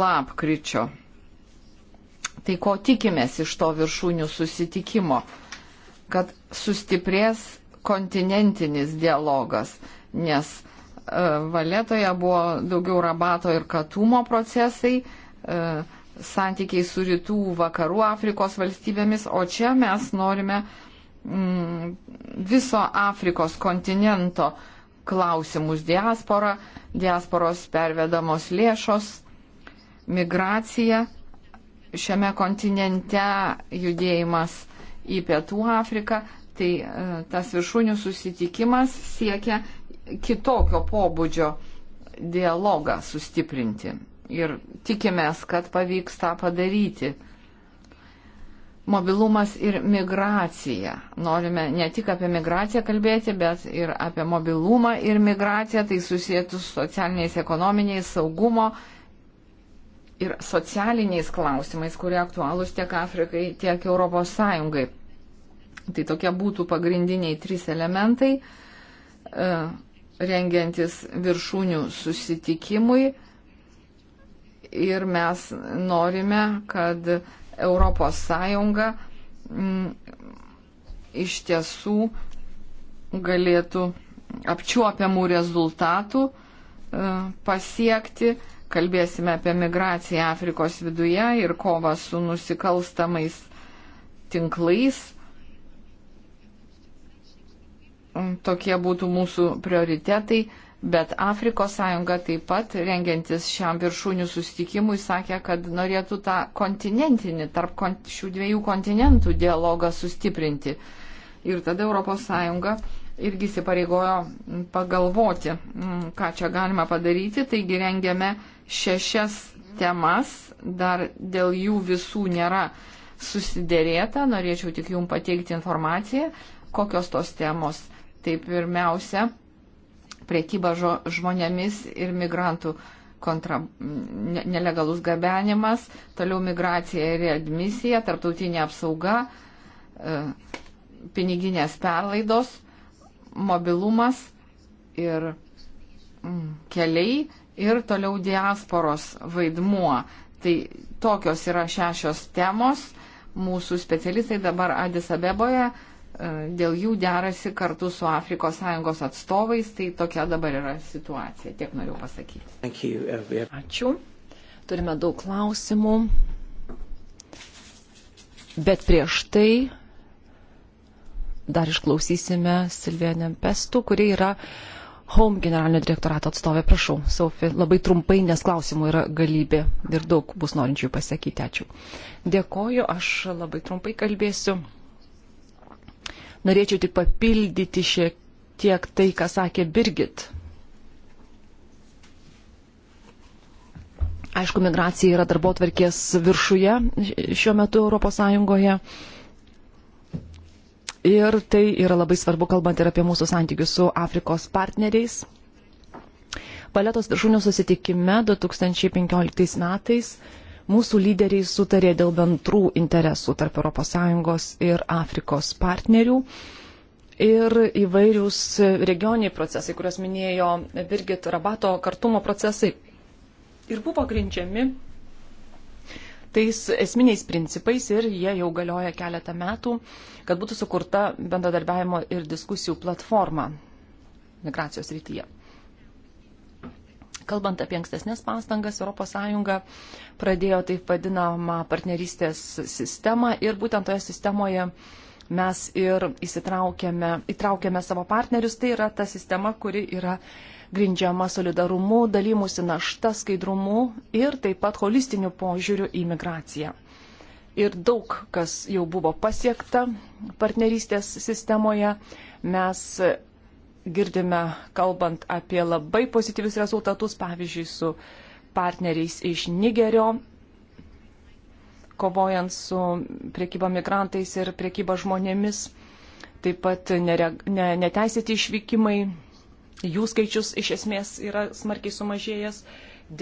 lapkričio. Tai ko tikimės iš to viršūnių susitikimo? kad sustiprės kontinentinis dialogas, nes e, Valetoje buvo daugiau rabato ir katumo procesai, e, santykiai su rytų vakarų Afrikos valstybėmis, o čia mes norime mm, viso Afrikos kontinento klausimus diaspora, diasporos pervedamos lėšos, migracija šiame kontinente judėjimas į Pietų Afriką, tai e, tas viršūnių susitikimas siekia kitokio pobūdžio dialogą sustiprinti. Ir tikimės, kad pavyks tą padaryti. Mobilumas ir migracija. Norime ne tik apie migraciją kalbėti, bet ir apie mobilumą ir migraciją, tai susijęs su socialiniais, ekonominiais, saugumo ir socialiniais klausimais, kurie aktualūs tiek Afrikai, tiek Europos Sąjungai. Tai tokie būtų pagrindiniai trys elementai e, rengiantis viršūnių susitikimui. Ir mes norime, kad Europos Sąjunga m, iš tiesų galėtų apčiuopiamų rezultatų e, pasiekti kalbėsime apie migraciją Afrikos viduje ir kovą su nusikalstamais tinklais. Mm, tokie būtų mūsų prioritetai, bet Afrikos sąjunga taip pat, rengiantis šiam viršūnių sustikimui, sakė, kad norėtų tą kontinentinį, tarp šių dviejų kontinentų dialogą sustiprinti. Ir tada Europos sąjunga irgi įsipareigojo pagalvoti, mm, ką čia galima padaryti. Taigi rengiame šešias temas, dar dėl jų visų nėra susidėrėta. Norėčiau tik jum pateikti informaciją, kokios tos temos. Tai pirmiausia, priekyba žmonėmis ir migrantų kontra, ne, nelegalus gabenimas, toliau migracija ir admisija, tarptautinė apsauga, e, piniginės perlaidos mobilumas ir mm, keliai ir toliau diasporos vaidmuo. Tai tokios yra šešios temos. Mūsų specialistai dabar Adis Abeboje e, dėl jų derasi kartu su Afrikos Sąjungos atstovais. Tai tokia dabar yra situacija. Tiek noriu pasakyti. Ačiū. Turime daug klausimų. Bet prieš tai dar išklausysime Silviją Nempestų, kuri yra Home generalinio direktorato atstovė. Prašau, Sofi, labai trumpai, nes klausimų yra galybė ir daug bus norinčių pasakyti. Ačiū. Dėkoju, aš labai trumpai kalbėsiu. Norėčiau tik papildyti šiek tiek tai, ką sakė Birgit. Aišku, migracija yra darbo tvarkės viršuje šiuo metu ES Ir tai yra labai svarbu, kalbant ir apie mūsų santykius su Afrikos partneriais. Paletos viršūnių susitikime 2015 metais mūsų lyderiai sutarė dėl bendrų interesų tarp ES ir Afrikos partnerių. Ir įvairius regioniai procesai, kuriuos minėjo Virgit Rabato kartumo procesai, ir buvo grindžiami tais esminiais principais ir jie jau galioja keletą metų, kad būtų sukurta bendradarbiavimo ir diskusijų platforma migracijos rytyje. Kalbant apie ankstesnės pastangas, ES pradėjo taip vadinamą partnerystės sistemą ir būtent toje sistemoje mes ir įsitraukėme, įtraukėme savo partnerius. Tai yra ta sistema, kuri yra grindžiama solidarumu, dalymusi našta, skaidrumu ir taip pat holistiniu požiūriu į migraciją. Ir daug kas jau buvo pasiekta partnerystės sistemoje. Mes girdime, kalbant apie labai pozityvius rezultatus, pavyzdžiui, su partneriais iš Nigerio, kovojant su priekyba migrantais ir priekyba žmonėmis, taip pat nere, ne, neteisėti išvykimai jų skaičius iš esmės yra smarkiai sumažėjęs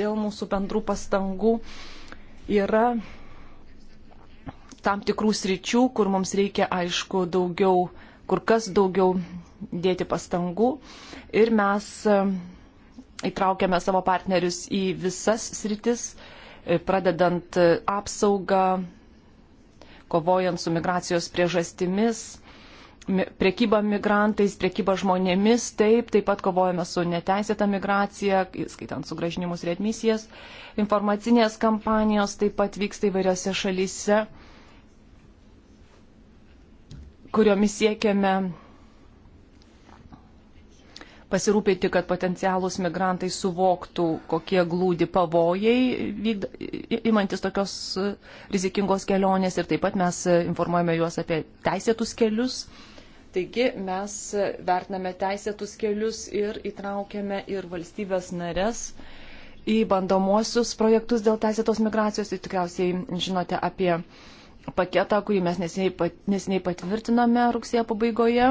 dėl mūsų bendrų pastangų. Yra tam tikrų sričių, kur mums reikia, aišku, daugiau, kur kas daugiau dėti pastangų ir mes e, įtraukiame savo partnerius į visas sritis, e, pradedant e, apsaugą, kovojant su migracijos priežastimis, prekyba migrantais, prekyba žmonėmis, taip, taip pat kovojame su neteisėta migracija, skaitant sugražinimus ir admisijas, informacinės kampanijos taip pat vyksta įvairiose šalyse, kuriomis siekiame pasirūpinti, kad potencialūs migrantai suvoktų, kokie glūdi pavojai, vykd, imantis tokios e, rizikingos kelionės ir taip pat mes e, informuojame juos apie teisėtus kelius Taigi mes vertiname teisėtus kelius ir įtraukiame ir valstybės nares į bandomuosius projektus dėl teisėtos migracijos. Tai tikriausiai žinote apie paketą, kurį mes nesiniai patvirtinome rugsėjo pabaigoje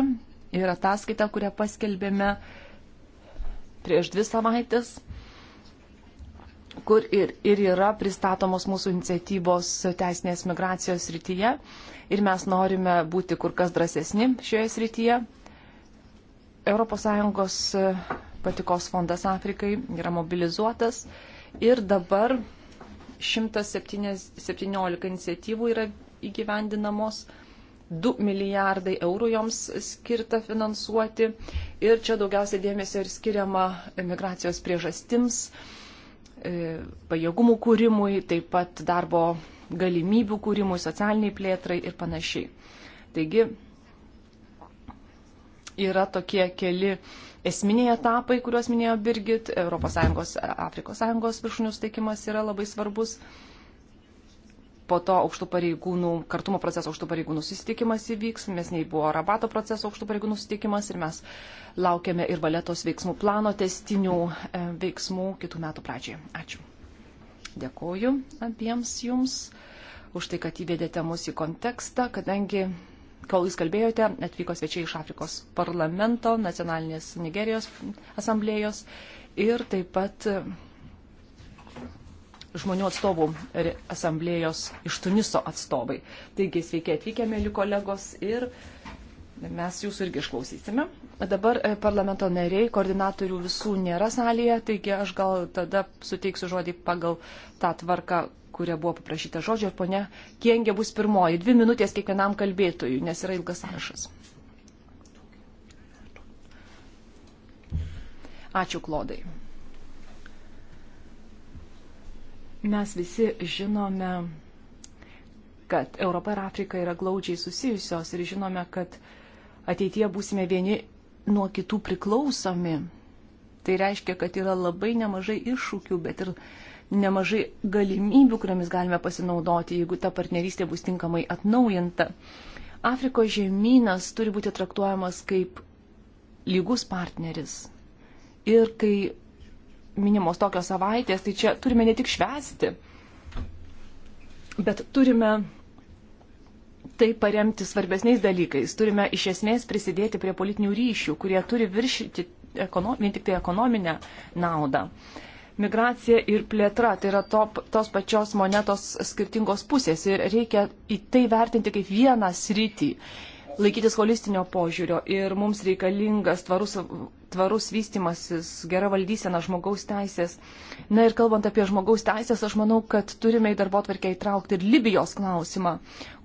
ir ataskaitą, kurią paskelbėme prieš dvi savaitės, kur ir, ir yra pristatomos mūsų iniciatyvos teisinės migracijos rytyje ir mes norime būti kur kas drąsesni šioje srityje. ES e, patikos fondas Afrikai yra mobilizuotas ir dabar 117 iniciatyvų yra įgyvendinamos. 2 milijardai eurų joms skirta finansuoti ir čia daugiausia dėmesio ir skiriama migracijos priežastims, e, pajėgumų kūrimui, taip pat darbo galimybių kūrimui, socialiniai plėtrai ir panašiai. Taigi yra tokie keli esminiai etapai, kuriuos minėjo Birgit. ES, Afrikos Sąjungos viršūnių steikimas yra labai svarbus. Po to aukštų pareigūnų, kartumo proceso aukštų pareigūnų susitikimas įvyks, mes nei buvo rabato proceso aukštų pareigūnų susitikimas ir mes laukiame ir valetos veiksmų plano, testinių e, veiksmų kitų metų pradžioje. Ačiū. Dėkoju abiems jums už tai, kad įvedėte mus į kontekstą, kadangi, kol jūs kalbėjote, atvyko svečiai iš Afrikos parlamento, nacionalinės Nigerijos asamblėjos ir taip pat žmonių atstovų asamblėjos iš Tuniso atstovai. Taigi sveiki atvykę, mėly kolegos, ir Mes jūsų irgi išklausysime. Dabar e, parlamento nariai, koordinatorių visų nėra salėje, taigi aš gal tada suteiksiu žodį pagal tą tvarką, kuria buvo paprašyta žodžio ir ponia Kiengė bus pirmoji. Dvi minutės kiekvienam kalbėtojui, nes yra ilgas sąrašas. Ačiū, Klodai. Mes visi žinome, kad Europa ir Afrika yra glaudžiai susijusios ir žinome, kad uh, ateityje būsime vieni nuo kitų priklausomi. Tai reiškia, kad yra labai nemažai iššūkių, bet ir nemažai galimybių, kuriomis galime pasinaudoti, jeigu ta partnerystė bus tinkamai atnaujinta. Afrikos žemynas turi būti traktuojamas kaip lygus partneris. Ir kai minimos tokios savaitės, tai čia turime ne tik švęsti, bet turime tai paremti svarbesniais dalykais. Turime iš esmės prisidėti prie politinių ryšių, kurie turi viršyti ekonom, vien tik tai ekonominę naudą. Migracija ir plėtra tai yra to, tos pačios monetos skirtingos pusės ir reikia į tai vertinti kaip vieną sritį, laikytis holistinio požiūrio ir mums reikalingas tvarus tvarus vystimasis, gera valdysena, žmogaus teisės. Na ir kalbant apie žmogaus teisės, aš manau, kad turime į darbo tvarkę įtraukti ir Libijos klausimą,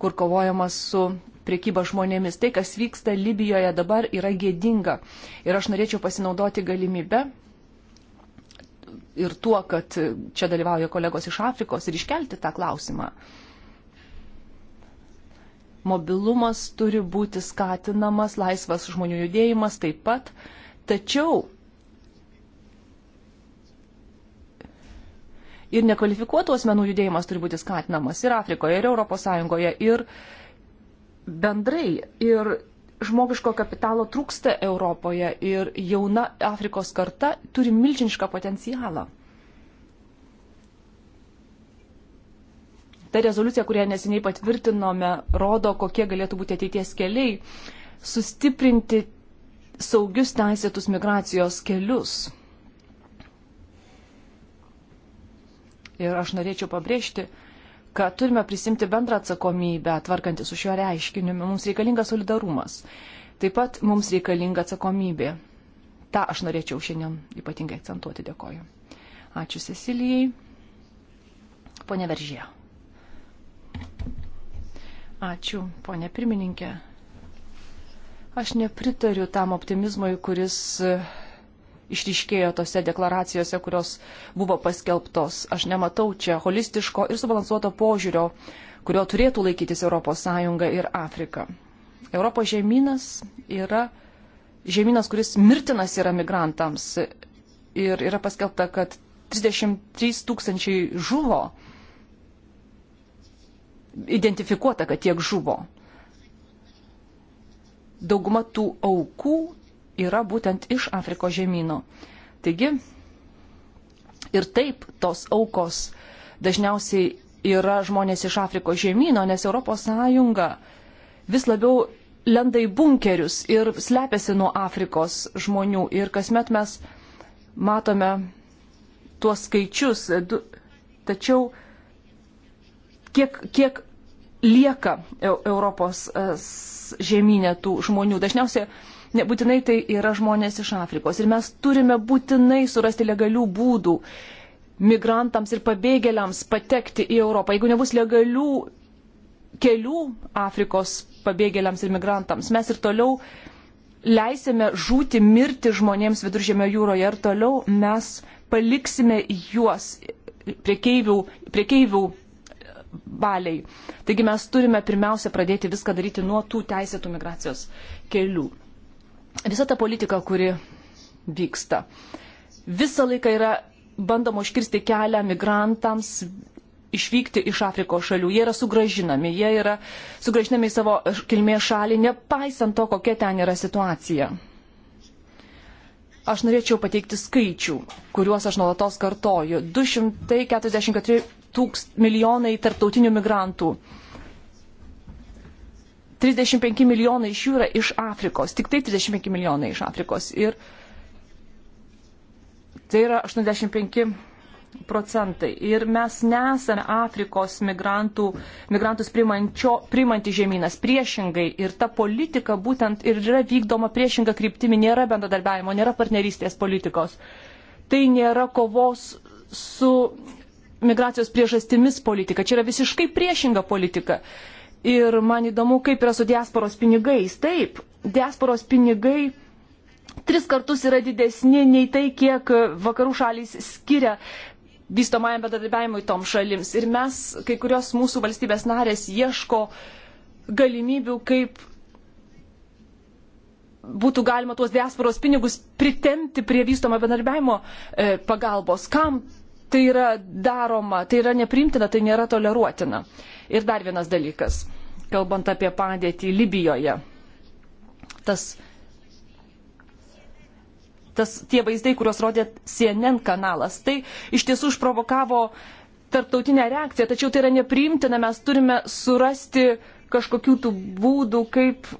kur kovojama su priekyba žmonėmis. Tai, kas vyksta Libijoje dabar, yra gėdinga. Ir aš norėčiau pasinaudoti galimybę ir tuo, kad čia dalyvauja kolegos iš Afrikos ir iškelti tą klausimą mobilumas turi būti skatinamas, laisvas žmonių judėjimas taip pat. Tačiau ir nekvalifikuotų asmenų judėjimas turi būti skatinamas ir Afrikoje, ir ES, ir bendrai. Ir žmogiško kapitalo trūksta Europoje ir jauna Afrikos karta turi milžinišką potencialą. Ta rezoliucija, kurią neseniai patvirtinome, rodo, kokie galėtų būti ateities keliai sustiprinti saugius teisėtus migracijos kelius. Ir aš norėčiau pabrėžti, kad turime prisimti bendrą atsakomybę, tvarkantį su šiuo reiškiniu. Mums reikalingas solidarumas. Taip pat mums reikalinga atsakomybė. Ta aš norėčiau šiandien ypatingai akcentuoti. Dėkoju. Ačiū Cecilijai. Pone Veržė. Ačiū, ponė pirmininkė. Aš nepritariu tam optimizmui, kuris e, išryškėjo tose deklaracijose, kurios buvo paskelbtos. Aš nematau čia holistiško ir subalansuoto požiūrio, kurio turėtų laikytis ES ir Afrika. Europos žemynas yra žemynas, kuris mirtinas yra migrantams. Ir yra paskelbta, kad 33 tūkstančiai žuvo. Identifikuota, kad tiek žuvo dauguma tų aukų yra būtent iš Afrikos žemynų. Taigi ir taip tos aukos dažniausiai yra žmonės iš Afrikos žemynų, nes ES vis labiau lenda į bunkerius ir slepiasi nuo Afrikos žmonių. Ir kasmet mes matome tuos skaičius, du, tačiau kiek, kiek lieka Europos e, žemynė tų žmonių. Dažniausiai nebūtinai tai yra žmonės iš Afrikos. Ir mes turime būtinai surasti legalių būdų migrantams ir pabėgėliams patekti į Europą. Jeigu nebus legalių kelių Afrikos pabėgėliams ir migrantams, mes ir toliau leisime žūti, mirti žmonėms viduržėmio jūroje ir toliau mes paliksime juos priekeivių, priekeivių valiai. Taigi mes turime pirmiausia pradėti viską daryti nuo tų teisėtų migracijos kelių. Visa ta politika, kuri vyksta, visą laiką yra bandoma užkirsti kelią migrantams išvykti iš Afrikos šalių. Jie yra sugražinami, jie yra sugražinami į savo kilmės šalį, nepaisant to, kokia ten yra situacija. Aš norėčiau pateikti skaičių, kuriuos aš nuolatos kartoju. 244 tūkst, milijonai tarptautinių migrantų. 35 milijonai iš jų yra iš Afrikos, tik tai 35 milijonai iš Afrikos. Ir tai yra 85 procentai. Ir mes nesame Afrikos migrantų, migrantus primanti žemynas priešingai. Ir ta politika būtent ir yra vykdoma priešinga kryptimi, nėra bendradarbiavimo, nėra partnerystės politikos. Tai nėra kovos su migracijos priežastimis politika. Čia yra visiškai priešinga politika. Ir man įdomu, kaip yra su diasporos pinigais. Taip, diasporos pinigai tris kartus yra didesni nei tai, kiek vakarų šalys skiria vystomajam bedarbiavimui tom šalims. Ir mes, kai kurios mūsų valstybės narės, ieško galimybių, kaip būtų galima tuos diasporos pinigus pritemti prie vystomo bendarbiavimo e, pagalbos. Kam tai yra daroma, tai yra neprimtina, tai nėra toleruotina. Ir dar vienas dalykas, kalbant apie padėtį Libijoje. Tas tas, tie vaizdai, kuriuos rodė CNN kanalas. Tai iš tiesų išprovokavo tarptautinę reakciją, tačiau tai yra nepriimtina, mes turime surasti kažkokių tų būdų, kaip,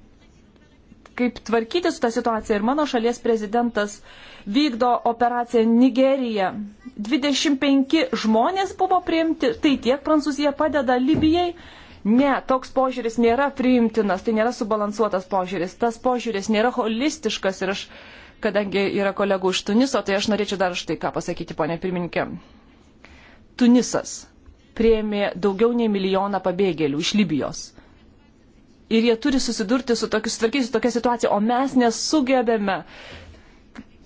kaip tvarkyti su tą situaciją. Ir mano šalies prezidentas uh, vykdo operaciją Nigerija. 25 žmonės buvo priimti, tai tiek Prancūzija padeda Libijai. Ne, toks požiūris nėra priimtinas, tai nėra subalansuotas požiūris, tas požiūris nėra holistiškas ir aš, kadangi yra kolegų iš Tuniso, tai aš norėčiau dar štai ką pasakyti, ponė pirmininkė. Tunisas prieimė daugiau nei milijoną pabėgėlių iš Libijos ir jie turi susidurti su tokiu sutvarkiai su tokia situacija, o mes nesugebėme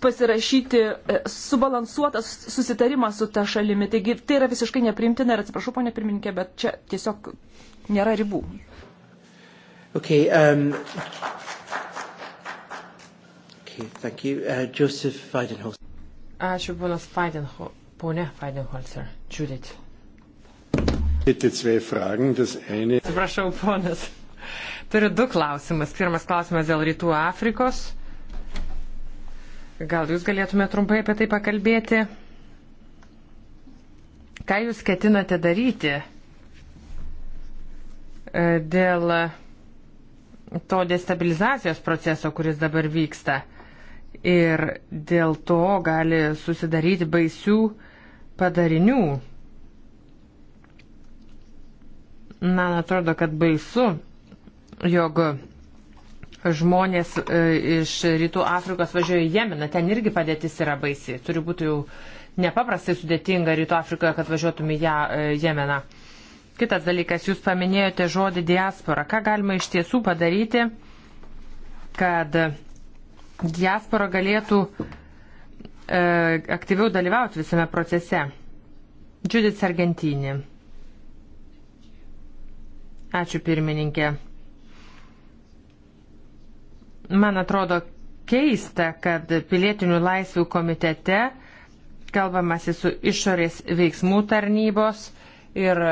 pasirašyti e, subalansuotą susitarimą su ta šalimi. Taigi tai yra visiškai neprimtina ir atsiprašau, ponė pirmininkė, bet čia tiesiog nėra ribų. Okay, um... okay, thank you. Uh, Joseph Weidenholzer. Ačiū, ponas Weidenholzer. Pone Weidenholzer, Judith. Atsiprašau, ponas. Turiu du klausimus. Pirmas klausimas dėl Rytų Afrikos Gal jūs galėtume trumpai apie tai pakalbėti? Ką jūs ketinate daryti e, dėl to destabilizacijos proceso, kuris dabar vyksta? Ir dėl to gali susidaryti baisių padarinių. Man atrodo, kad baisu, jog žmonės e, iš rytų Afrikos važiuoja į Jeminą, ten irgi padėtis yra baisi. Turi būti jau nepaprastai sudėtinga rytų Afrikoje, kad važiuotum į ją, e, Jemeną. Kitas dalykas, jūs paminėjote žodį diaspora. Ką galima iš tiesų padaryti, kad diaspora galėtų e, aktyviau dalyvauti visame procese? Judith Argentinį. Ačiū pirmininkė. Man atrodo keista, kad pilietinių laisvių komitete kalbamasi su išorės veiksmų tarnybos ir e,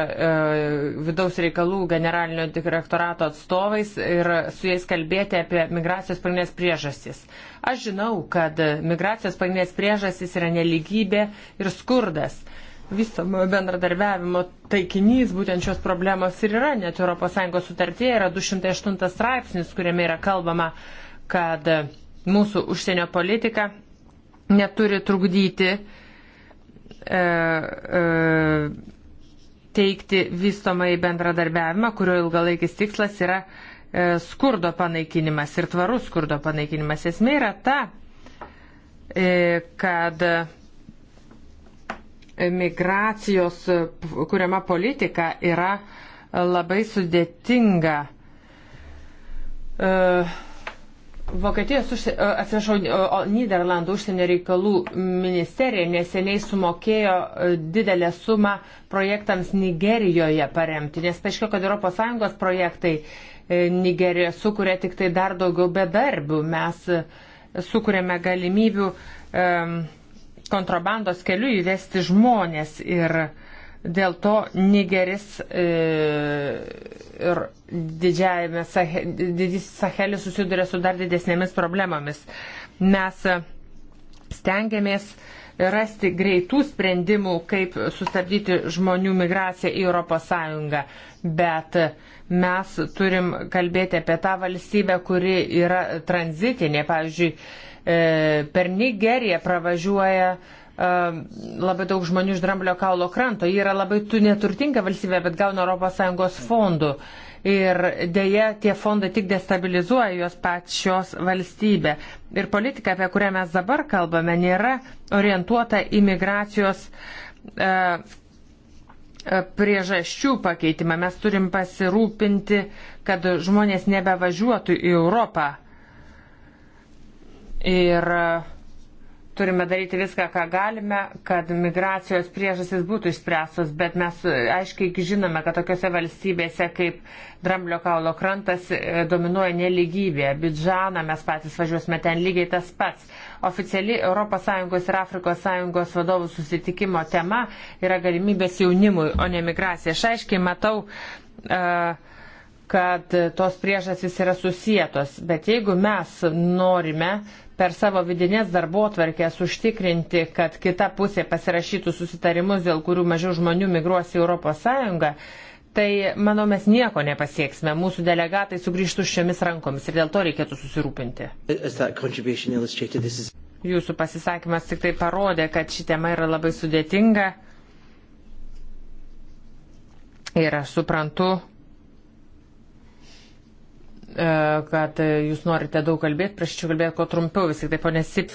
vidaus reikalų generalinio direktorato atstovais ir su jais kalbėti apie migracijos pagrindinės priežastis. Aš žinau, kad migracijos pagrindinės priežastis yra neligybė ir skurdas. Viso bendradarbiavimo taikinys būtent šios problemos ir yra, net ES sutartyje yra 208 straipsnis, kuriame yra kalbama kad mūsų užsienio politika neturi trukdyti e, e, teikti vystomai bendradarbiavimą, kurio ilgalaikis tikslas yra e, skurdo panaikinimas ir tvarus skurdo panaikinimas. Esmė yra ta, e, kad migracijos kuriama politika yra labai sudėtinga. E, Vokietijos, užsien, atsiprašau, e, Niderlandų užsienio reikalų ministerija neseniai sumokėjo e, didelę sumą projektams Nigerijoje paremti, nes paaiškėjo, kad ES projektai e, Nigerijoje sukuria tik tai dar daugiau bedarbių. Mes sukūrėme galimybių kontrabandos keliu įvesti žmonės ir uh, Dėl to Nigeris e, ir didžiajame didysis Sahelis susiduria su dar didesnėmis problemomis. Mes e, stengiamės rasti greitų sprendimų, kaip sustabdyti žmonių migraciją į ES. Bet e, mes turim kalbėti apie tą valstybę, kuri yra tranzitinė. Pavyzdžiui, per Nigeriją pravažiuoja Ehm, labai daug žmonių iš dramblio kaulo kranto. Ji yra labai neturtinga valstybė, bet gauna ES fondų. Ir dėja, tie fondai tik destabilizuoja jos pačios valstybę. Ir politika, apie kurią mes dabar kalbame, nėra orientuota į migracijos e, e, priežasčių pakeitimą. Mes turim pasirūpinti, kad žmonės nebevažiuotų į Europą. Ir e, turime daryti viską, ką galime, kad migracijos priežasis būtų išspręstos, bet mes aiškiai žinome, kad tokiuose valstybėse kaip Dramblio kaulo krantas e, dominuoja neligybė. Bidžaną mes patys važiuosime ten lygiai tas pats. Oficiali ES ir AS vadovų susitikimo tema yra galimybės jaunimui, o ne migracija. Aš aiškiai matau. Uh, kad tos priežastys yra susijėtos. Bet jeigu mes norime per savo vidinės darbo tvarkės užtikrinti, kad kita pusė pasirašytų susitarimus, dėl kurių mažiau žmonių migruos į ES, tai manau mes nieko nepasieksime. Mūsų delegatai sugrįžtų šiomis rankomis ir dėl to reikėtų susirūpinti. Jūsų pasisakymas tik tai parodė, kad ši tema yra labai sudėtinga. Ir aš suprantu, E, kad jūs norite daug kalbėti, prašyčiau kalbėti kuo trumpiau, vis tik taip, ponė Sip.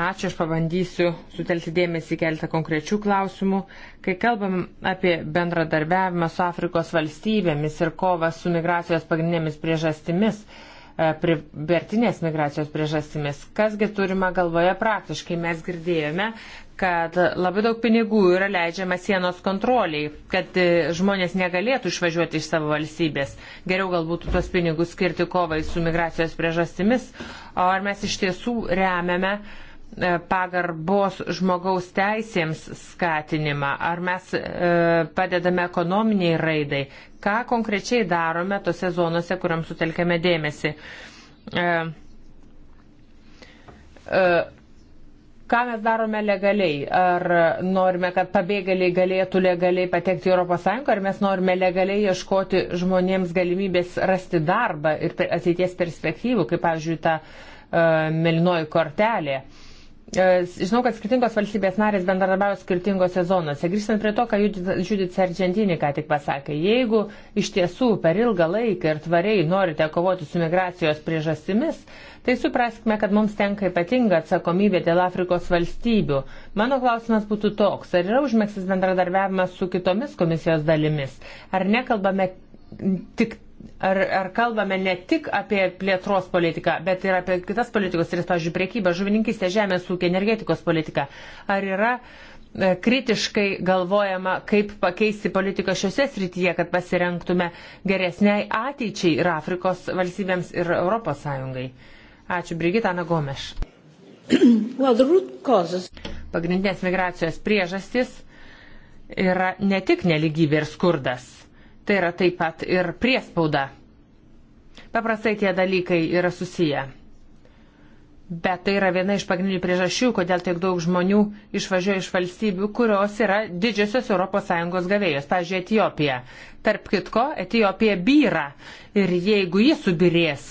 Ačiū, aš pabandysiu sutelkti dėmesį į keletą konkrečių klausimų. Kai kalbam apie bendradarbiavimą su Afrikos valstybėmis ir kovą su migracijos pagrindinėmis priežastimis, e, privertinės migracijos priežastimis. Kasgi turima galvoje praktiškai mes girdėjome, kad labai daug pinigų yra leidžiama sienos kontroliai, kad e, žmonės negalėtų išvažiuoti iš savo valstybės. Geriau galbūt tuos pinigus skirti kovai su migracijos priežastimis, o ar mes iš tiesų remiame e, pagarbos žmogaus teisėms skatinimą, ar mes e, padedame ekonominiai raidai, ką konkrečiai darome tose zonose, kuriam sutelkiame dėmesį. Uh, uh, Ką mes darome legaliai? Ar norime, kad pabėgėliai galėtų legaliai patekti į ES, ar mes norime legaliai ieškoti žmonėms galimybės rasti darbą ir ateities perspektyvų, kaip, pavyzdžiui, ta uh, e, melinoji kortelė. Uh, E, žinau, kad skirtingos valstybės narės bendradarbiavo skirtingose zonose. Grįžtant prie to, ką Judith Sargentinį ką tik pasakė, jeigu iš tiesų per ilgą laiką ir tvariai norite kovoti su migracijos priežastimis, tai supraskime, kad mums tenka ypatinga atsakomybė dėl Afrikos valstybių. Mano klausimas būtų toks, ar yra užmėgsis bendradarbiavimas su kitomis komisijos dalimis, ar nekalbame tik ar, ar kalbame ne tik apie plėtros politiką, bet ir apie kitas politikos, ir, tai pavyzdžiui, priekybą, žuvininkistę, žemės ūkį, energetikos politiką. Ar yra e, kritiškai galvojama, kaip pakeisti politiką šiuose srityje, kad pasirenktume geresniai ateičiai ir Afrikos valstybėms ir Europos Sąjungai. Ačiū, Brigita Nagomeš. Well, Pagrindinės migracijos priežastis yra ne tik neligybė ir skurdas Tai yra taip pat ir priespauda. Paprastai tie dalykai yra susiję. Bet tai yra viena iš pagrindinių priežasčių, kodėl tiek daug žmonių išvažiuoja iš valstybių, kurios yra didžiosios ES gavėjos, pavyzdžiui, Etijopija. Tarp kitko, Etijopija byra ir jeigu jis subirės,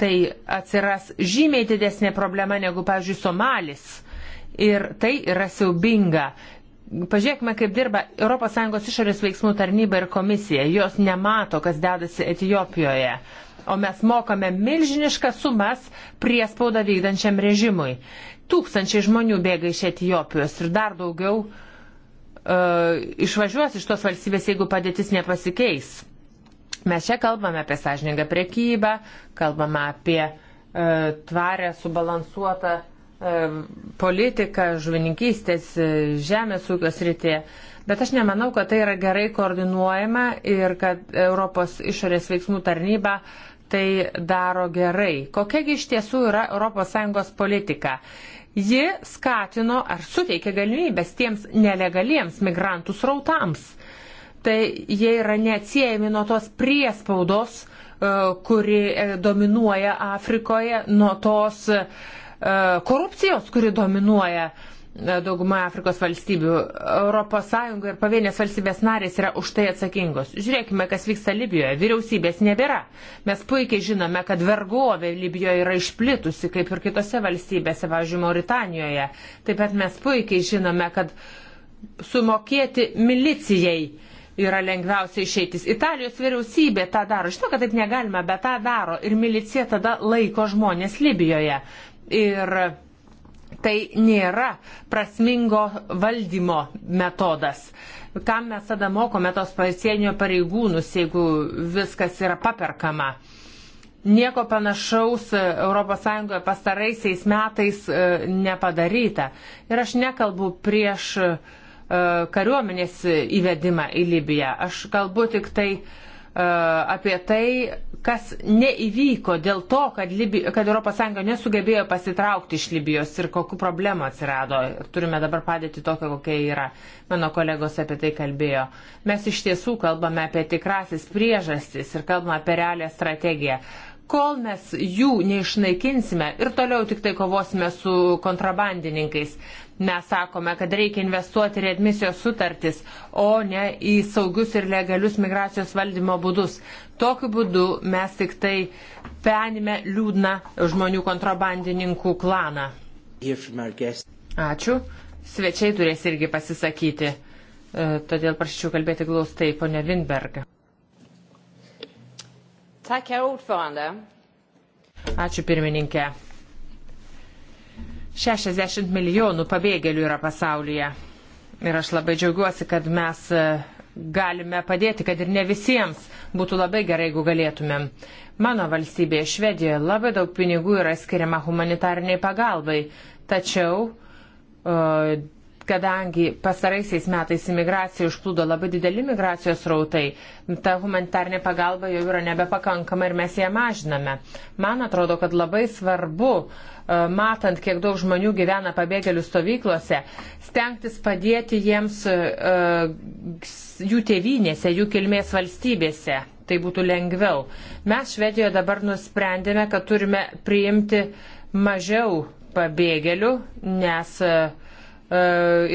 tai atsiras žymiai didesnė problema negu, pavyzdžiui, Somalis. Ir tai yra siaubinga. Pažiūrėkime, kaip dirba ES išorės veiksmų tarnyba ir komisija. Jos nemato, kas dedasi Etijopijoje. O mes mokame milžiniškas sumas priespaudą vykdančiam režimui. Tūkstančiai žmonių bėga iš Etijopijos ir dar daugiau uh, išvažiuos iš tos valstybės, jeigu padėtis nepasikeis. Mes čia kalbame apie sąžiningą priekybą, kalbame apie uh, e, tvarę, subalansuotą uh, E, politiką, žuvininkystės, e, žemės ūkio srityje. Bet aš nemanau, kad tai yra gerai koordinuojama ir kad Europos išorės veiksmų tarnyba tai daro gerai. Kokiagi iš tiesų yra ES politika? Ji skatino ar suteikė galimybės tiems nelegaliems migrantų srautams. Tai jie yra neatsiejami nuo tos priespaudos, e, kuri dominuoja Afrikoje, nuo tos uh, E, korupcijos, kuri dominuoja e, dauguma Afrikos valstybių. ES ir pavienės valstybės narės yra už tai atsakingos. Žiūrėkime, kas vyksta Libijoje. Vyriausybės nebėra. Mes puikiai žinome, kad vergovė Libijoje yra išplitusi, kaip ir kitose valstybėse, važiuoju, Mauritanijoje. Taip pat mes puikiai žinome, kad sumokėti milicijai yra lengviausia išeitis. Italijos vyriausybė tą daro. Žinau, kad taip negalima, bet tą daro. Ir milicija tada laiko žmonės Libijoje. Ir tai nėra prasmingo valdymo metodas. Kam mes tada mokome tos pasienio pareigūnus, jeigu viskas yra paperkama? Nieko panašaus ES pastaraisiais metais e, nepadaryta. Ir aš nekalbu prieš e, kariuomenės įvedimą į Libiją. Aš kalbu tik tai e, apie tai, kas neįvyko dėl to, kad, Libi, kad ES nesugebėjo pasitraukti iš Libijos ir kokiu problemu atsirado. Turime dabar padėti tokią, kokia yra. Mano kolegos apie tai kalbėjo. Mes iš tiesų kalbame apie tikrasis priežastis ir kalbame apie realią strategiją. Kol mes jų neišnaikinsime ir toliau tik tai kovosime su kontrabandininkais, mes sakome, kad reikia investuoti į admisijos sutartis, o ne į saugius ir legalius migracijos valdymo būdus. Tokiu būdu mes tik tai penime liūdną žmonių kontrabandininkų klaną. Ačiū. Svečiai turės irgi pasisakyti. E, todėl prašyčiau kalbėti glaustai, ponia Vinberg. Ačiū pirmininkė. 60 milijonų pabėgėlių yra pasaulyje. Ir aš labai džiaugiuosi, kad mes e, galime padėti, kad ir ne visiems būtų labai gerai, jeigu galėtumėm. Mano valstybėje Švedijoje labai daug pinigų yra skiriama humanitariniai pagalbai, tačiau e, kadangi pasaraisiais metais imigracija užplūdo labai dideli migracijos rautai, ta humanitarnė pagalba jau yra nebepakankama ir mes ją mažiname. Man atrodo, kad labai svarbu, e, matant, kiek daug žmonių gyvena pabėgėlių stovyklose, stengtis padėti jiems e, e, jų tėvynėse, jų kilmės valstybėse. Tai būtų lengviau. Mes Švedijoje dabar nusprendėme, kad turime priimti mažiau pabėgėlių, nes uh, E,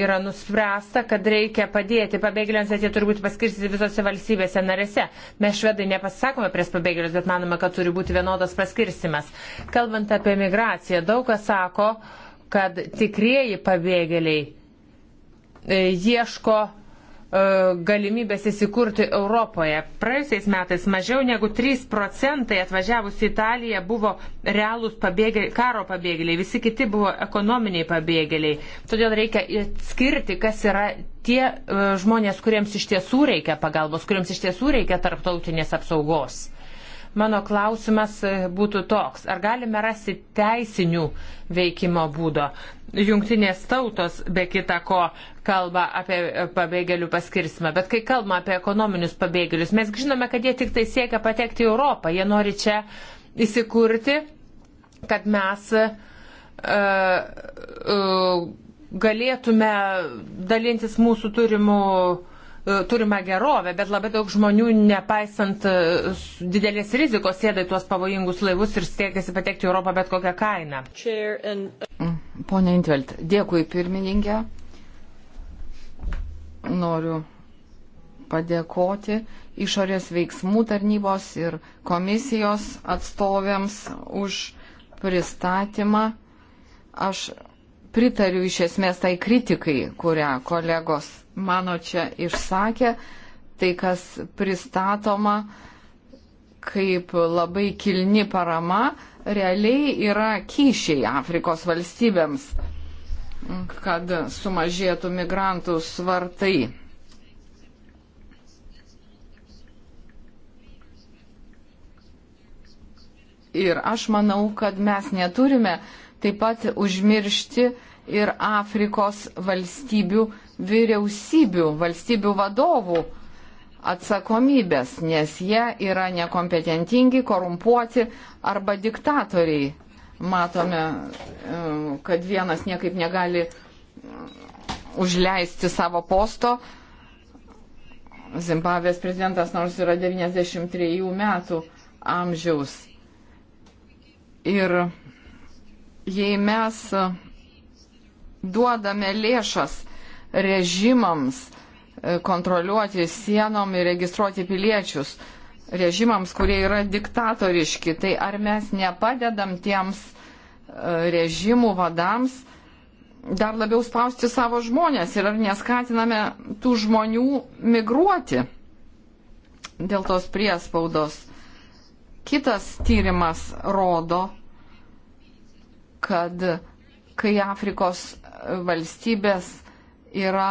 yra nuspręsta, kad reikia padėti pabėgėliams, bet jie turi būti paskirstyti visose valstybėse narėse. Mes švedai nepasisakome prieš pabėgėlius, bet manome, kad turi būti vienodas paskirstimas. Kalbant apie migraciją, daug kas sako, kad tikrieji pabėgėliai e, ieško E, galimybės įsikurti Europoje. Praėjusiais metais mažiau negu 3 procentai atvažiavus į Italiją buvo realūs pabėgėliai, karo pabėgėliai, visi kiti buvo ekonominiai pabėgėliai. Todėl reikia atskirti, kas yra tie e, žmonės, kuriems iš tiesų reikia pagalbos, kuriems iš tiesų reikia tarptautinės apsaugos. Mano klausimas e, būtų toks, ar galime rasti teisinių veikimo būdo? Jungtinės tautos be kita ko kalba apie pabėgėlių paskirstimą, bet kai kalbame apie ekonominius pabėgėlius, mes žinome, kad jie tik tai siekia patekti į Europą, jie nori čia įsikurti, kad mes uh, uh, galėtume dalintis mūsų turimų uh, E, turimą gerovę, bet labai daug žmonių, nepaisant e, didelės rizikos, sėda į tuos pavojingus laivus ir stiekiasi patekti į Europą bet kokią kainą. Mm, Pone Intvelt, dėkui pirmininkė. Noriu padėkoti išorės veiksmų tarnybos ir komisijos atstovėms už pristatymą. Aš pritariu iš esmės tai kritikai, kurią kolegos mano čia išsakė, tai kas pristatoma kaip labai kilni parama, realiai yra kyšiai Afrikos valstybėms, kad sumažėtų migrantų svartai. Ir aš manau, kad mes neturime uh, taip pat užmiršti ir Afrikos valstybių vyriausybių, valstybių vadovų atsakomybės, nes jie yra nekompetentingi, korumpuoti arba diktatoriai. Matome, e, kad vienas niekaip negali e, užleisti savo posto. Zimbabvės prezidentas nors yra 93 metų amžiaus. Ir jei mes duodame lėšas režimams e, kontroliuoti sienom ir registruoti piliečius, režimams, kurie yra diktatoriški, tai ar mes nepadedam tiems e, režimų vadams dar labiau spausti savo žmonės ir ar neskatiname tų žmonių migruoti dėl tos priespaudos. Kitas tyrimas rodo, kad kai Afrikos valstybės yra,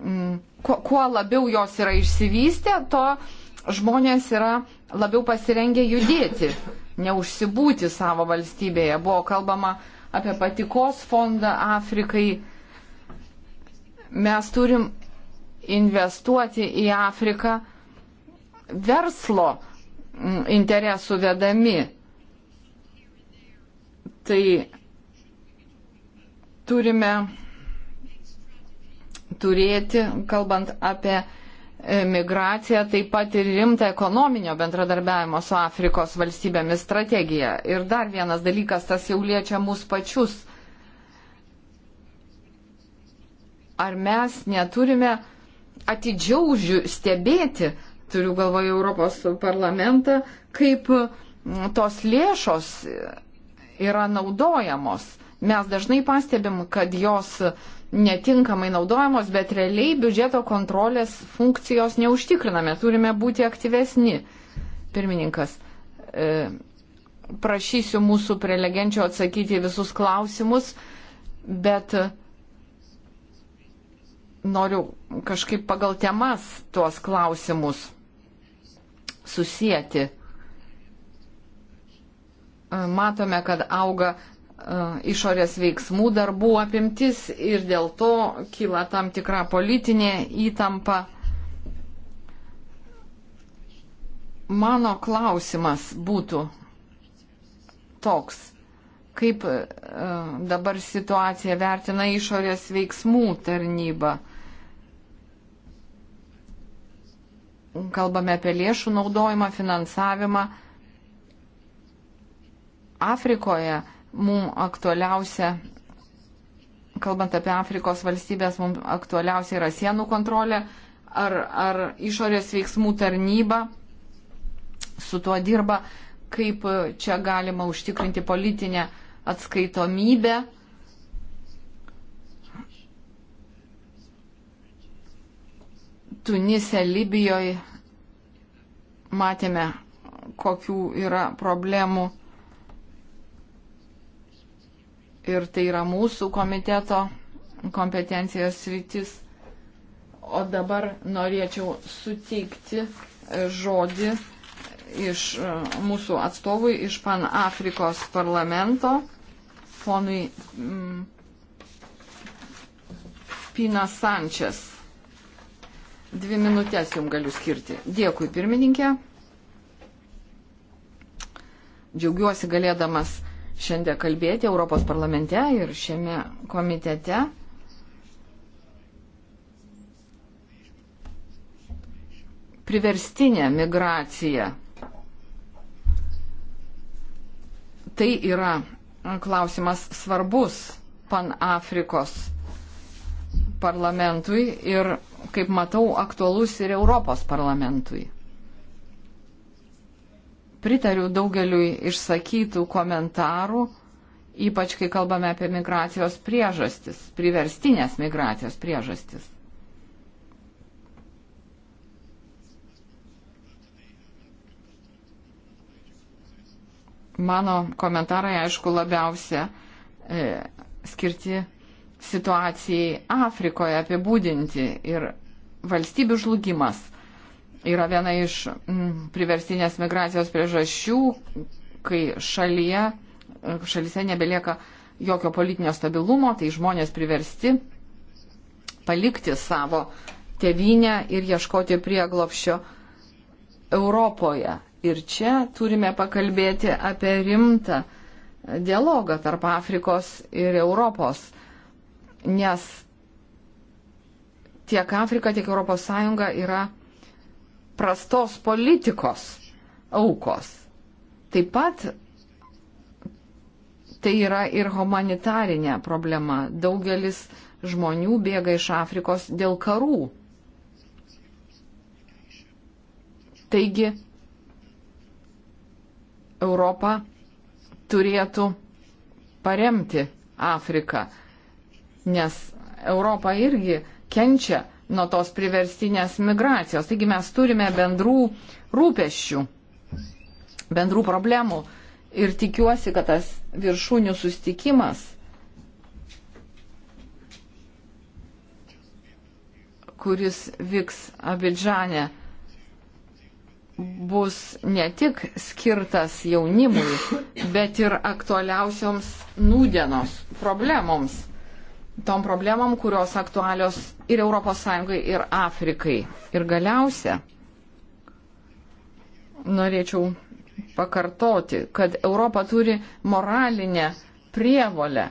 mm, kuo, kuo labiau jos yra išsivystę, to žmonės yra labiau pasirengę judėti, neužsibūti savo valstybėje. Buvo kalbama apie patikos fondą Afrikai. Mes turim investuoti į Afriką verslo mm, interesų vedami. Tai turime turėti, kalbant apie e, migraciją, taip pat ir rimtą ekonominio bendradarbiavimo su Afrikos valstybėmis strategiją. Ir dar vienas dalykas, tas jau liečia mus pačius. Ar mes neturime atidžiau stebėti, turiu galvoje Europos parlamentą, kaip tos lėšos yra naudojamos Mes dažnai pastebim, kad jos netinkamai naudojamos, bet realiai biudžeto kontrolės funkcijos neužtikriname. Turime būti aktyvesni. Pirmininkas, e, prašysiu mūsų prelegenčio atsakyti visus klausimus, bet e, noriu kažkaip pagal temas tuos klausimus susijęti. E, matome, kad auga E, išorės veiksmų darbų apimtis ir dėl to kyla tam tikra politinė įtampa. Mano klausimas būtų toks, kaip e, dabar situaciją vertina išorės veiksmų tarnyba. Kalbame apie lėšų naudojimą, finansavimą. Afrikoje mums aktualiausia, kalbant apie Afrikos valstybės, mums aktualiausia yra sienų kontrolė ar, ar išorės veiksmų tarnyba su tuo dirba, kaip čia galima užtikrinti politinę atskaitomybę. Tunise, Libijoje matėme, kokių yra problemų ir tai yra mūsų komiteto kompetencijos rytis. O dabar norėčiau suteikti e, žodį iš e, mūsų atstovui iš Pan Afrikos parlamento, ponui mm, Pina Sančias. Dvi minutės jums galiu skirti. Dėkui, pirmininkė. Džiaugiuosi galėdamas šiandien kalbėti Europos parlamente ir šiame komitete. Priverstinė migracija. Tai yra klausimas svarbus Pan-Afrikos parlamentui ir, kaip matau, aktualus ir Europos parlamentui pritariu daugeliui išsakytų komentarų, ypač kai kalbame apie migracijos priežastis, priverstinės migracijos priežastis. Mano komentarai, aišku, labiausia e, skirti situacijai Afrikoje apibūdinti ir valstybių žlugimas yra viena iš mm, priverstinės migracijos priežasčių, kai šalyje, e, šalyse nebelieka jokio politinio stabilumo, tai žmonės priversti palikti savo tevinę ir ieškoti prieglopščio Europoje. Ir čia turime pakalbėti apie rimtą dialogą tarp Afrikos ir Europos, nes tiek Afrika, tiek ES yra prastos politikos aukos. Taip pat tai yra ir humanitarinė problema. Daugelis žmonių bėga iš Afrikos dėl karų. Taigi Europa turėtų paremti Afriką, nes Europa irgi kenčia nuo tos priverstinės migracijos. Taigi mes turime bendrų rūpeščių, bendrų problemų ir tikiuosi, kad tas viršūnių sustikimas, kuris vyks Abidžane, bus ne tik skirtas jaunimui, bet ir aktualiausioms nūdienos problemoms tom problemam, kurios aktualios ir ES, ir Afrikai. Ir galiausia, norėčiau pakartoti, kad Europa turi moralinę prievolę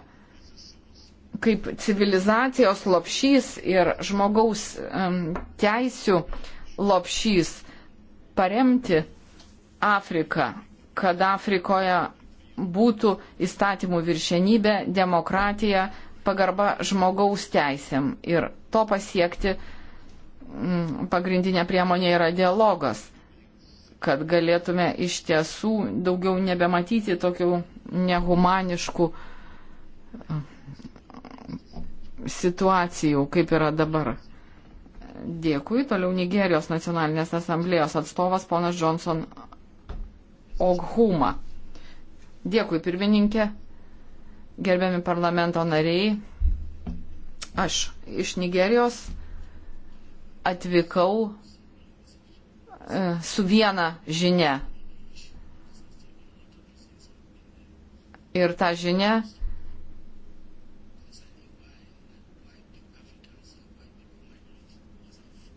kaip civilizacijos lopšys ir žmogaus um, teisių lopšys paremti Afriką, kad Afrikoje būtų įstatymų viršenybė, demokratija, pagarba žmogaus teisėm. Ir to pasiekti m, mm, pagrindinė priemonė yra dialogas, kad galėtume iš tiesų daugiau nebematyti tokių nehumaniškų mm, situacijų, kaip yra dabar. Dėkui. Toliau Nigerijos nacionalinės asamblėjos atstovas ponas Johnson Oghuma. Dėkui, pirmininkė gerbiami parlamento nariai, aš iš Nigerijos atvykau e, su viena žinia. Ir ta žinia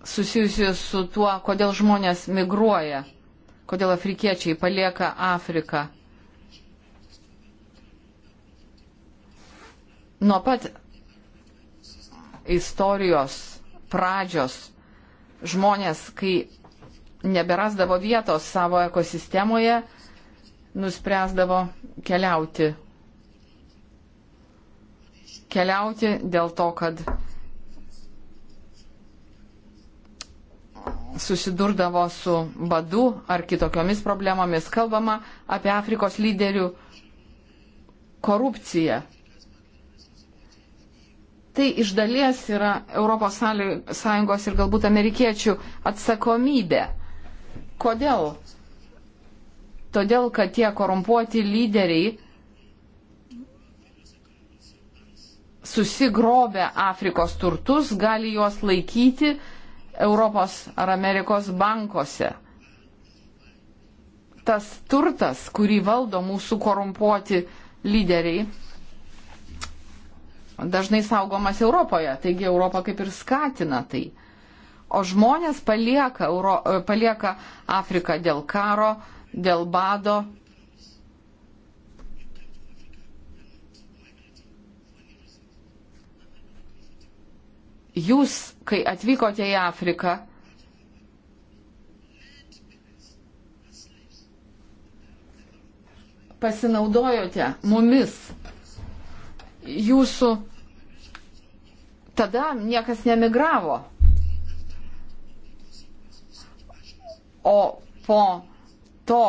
susijusi su tuo, kodėl žmonės migruoja, kodėl afrikiečiai palieka Afriką. Nuo pat istorijos pradžios žmonės, kai neberasdavo vietos savo ekosistemoje, nuspręsdavo keliauti. Keliauti dėl to, kad susidurdavo su badu ar kitokiomis problemomis. Kalbama apie Afrikos lyderių korupciją tai iš dalies yra ES ir galbūt amerikiečių atsakomybė. Kodėl? Todėl, kad tie korumpuoti lyderiai susigrobę Afrikos turtus gali juos laikyti Europos ar Amerikos bankuose. Tas turtas, kurį valdo mūsų korumpuoti lyderiai, dažnai saugomas Europoje, taigi Europa kaip ir skatina tai. O žmonės palieka, Euro, e, palieka Afriką dėl karo, dėl bado. Jūs, kai atvykote į Afriką, pasinaudojote mumis jūsų tada niekas nemigravo. O po to,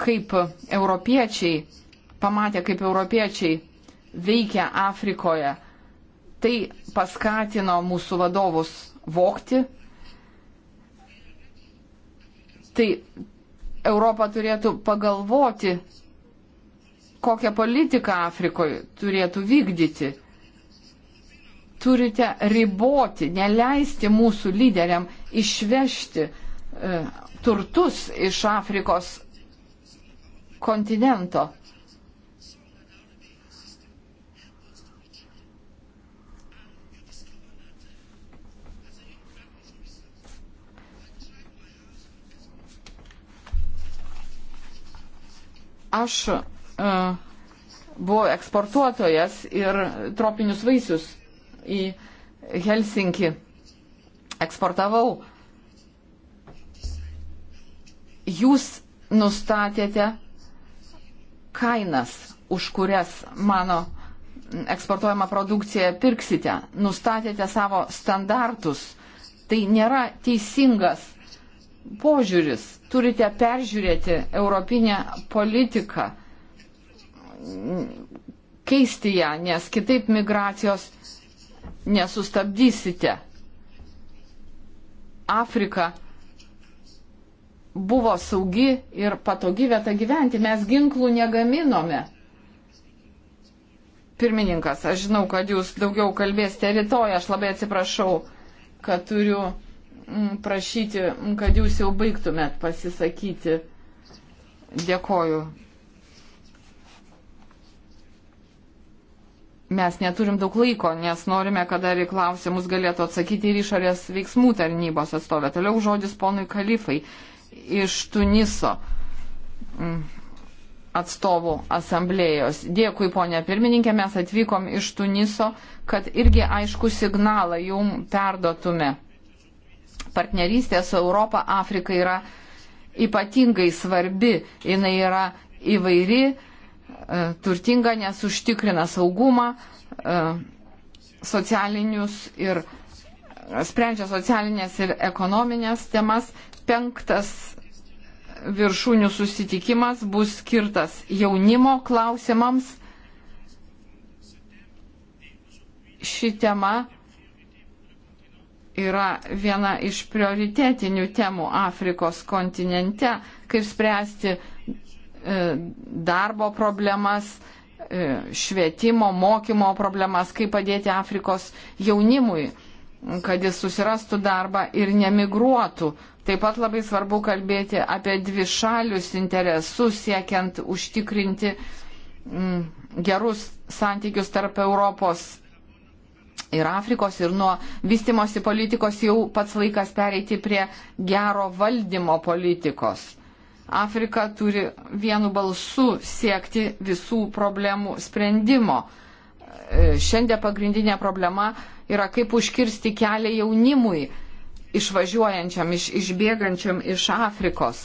kaip europiečiai pamatė, kaip europiečiai veikia Afrikoje, tai paskatino mūsų vadovus vokti. Tai Europa turėtų pagalvoti kokią politiką Afrikoje turėtų vykdyti. Turite riboti, neleisti mūsų lyderiam išvežti e, turtus iš Afrikos kontinento. Aš buvo eksportuotojas ir tropinius vaisius į Helsinkį eksportavau. Jūs nustatėte kainas, už kurias mano eksportuojama produkcija pirksite, nustatėte savo standartus. Tai nėra teisingas požiūris. Turite peržiūrėti europinę politiką keisti ją, nes kitaip migracijos nesustabdysite. Afrika buvo saugi ir patogi vieta gyventi, mes ginklų negaminome. Pirmininkas, aš žinau, kad jūs daugiau kalbėsite rytoj, aš labai atsiprašau, kad turiu mm, prašyti, kad jūs jau baigtumėt pasisakyti. Dėkoju mes neturim daug laiko, nes norime, kad dar į klausimus galėtų atsakyti ir išorės veiksmų tarnybos atstovė. Toliau žodis ponui Kalifai iš Tuniso mm, atstovų asamblėjos. Dėkui, ponė pirmininkė, mes atvykom iš Tuniso, kad irgi aišku signalą jum perdotume. Partnerystė su Europą Afrika yra ypatingai svarbi, jinai yra įvairi E, turtinga, nes užtikrina saugumą, e, socialinius ir e, sprendžia socialinės ir ekonominės temas. Penktas viršūnių susitikimas bus skirtas jaunimo klausimams. Ši tema yra viena iš prioritetinių temų Afrikos kontinente, kaip spręsti E, darbo problemas, e, švietimo, mokymo problemas, kaip padėti Afrikos jaunimui, kad jis susirastų darbą ir nemigruotų. Taip pat labai svarbu kalbėti apie dvi šalius interesus, siekiant užtikrinti mm, gerus santykius tarp Europos ir Afrikos ir nuo vystimosi politikos jau pats laikas pereiti prie gero valdymo politikos. Afrika turi vienu balsu siekti visų problemų sprendimo. E, šiandien pagrindinė problema yra kaip užkirsti kelią jaunimui išvažiuojančiam, iš, išbėgančiam iš Afrikos.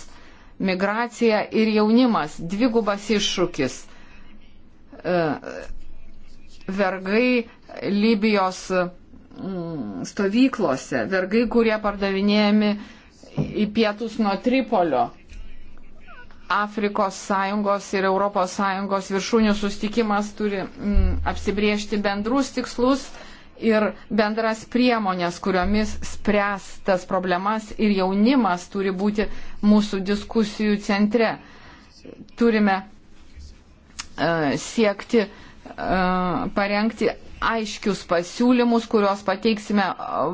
Migracija ir jaunimas - dvigubas iššūkis. E, vergai Libijos mm, stovyklose, vergai, kurie pardavinėjami į pietus nuo Tripolio Afrikos sąjungos ir Europos sąjungos viršūnių sustikimas turi mm, apsibriežti bendrus tikslus ir bendras priemonės, kuriomis spręs tas problemas ir jaunimas turi būti mūsų diskusijų centre. Turime uh, siekti uh, parengti aiškius pasiūlymus, kuriuos pateiksime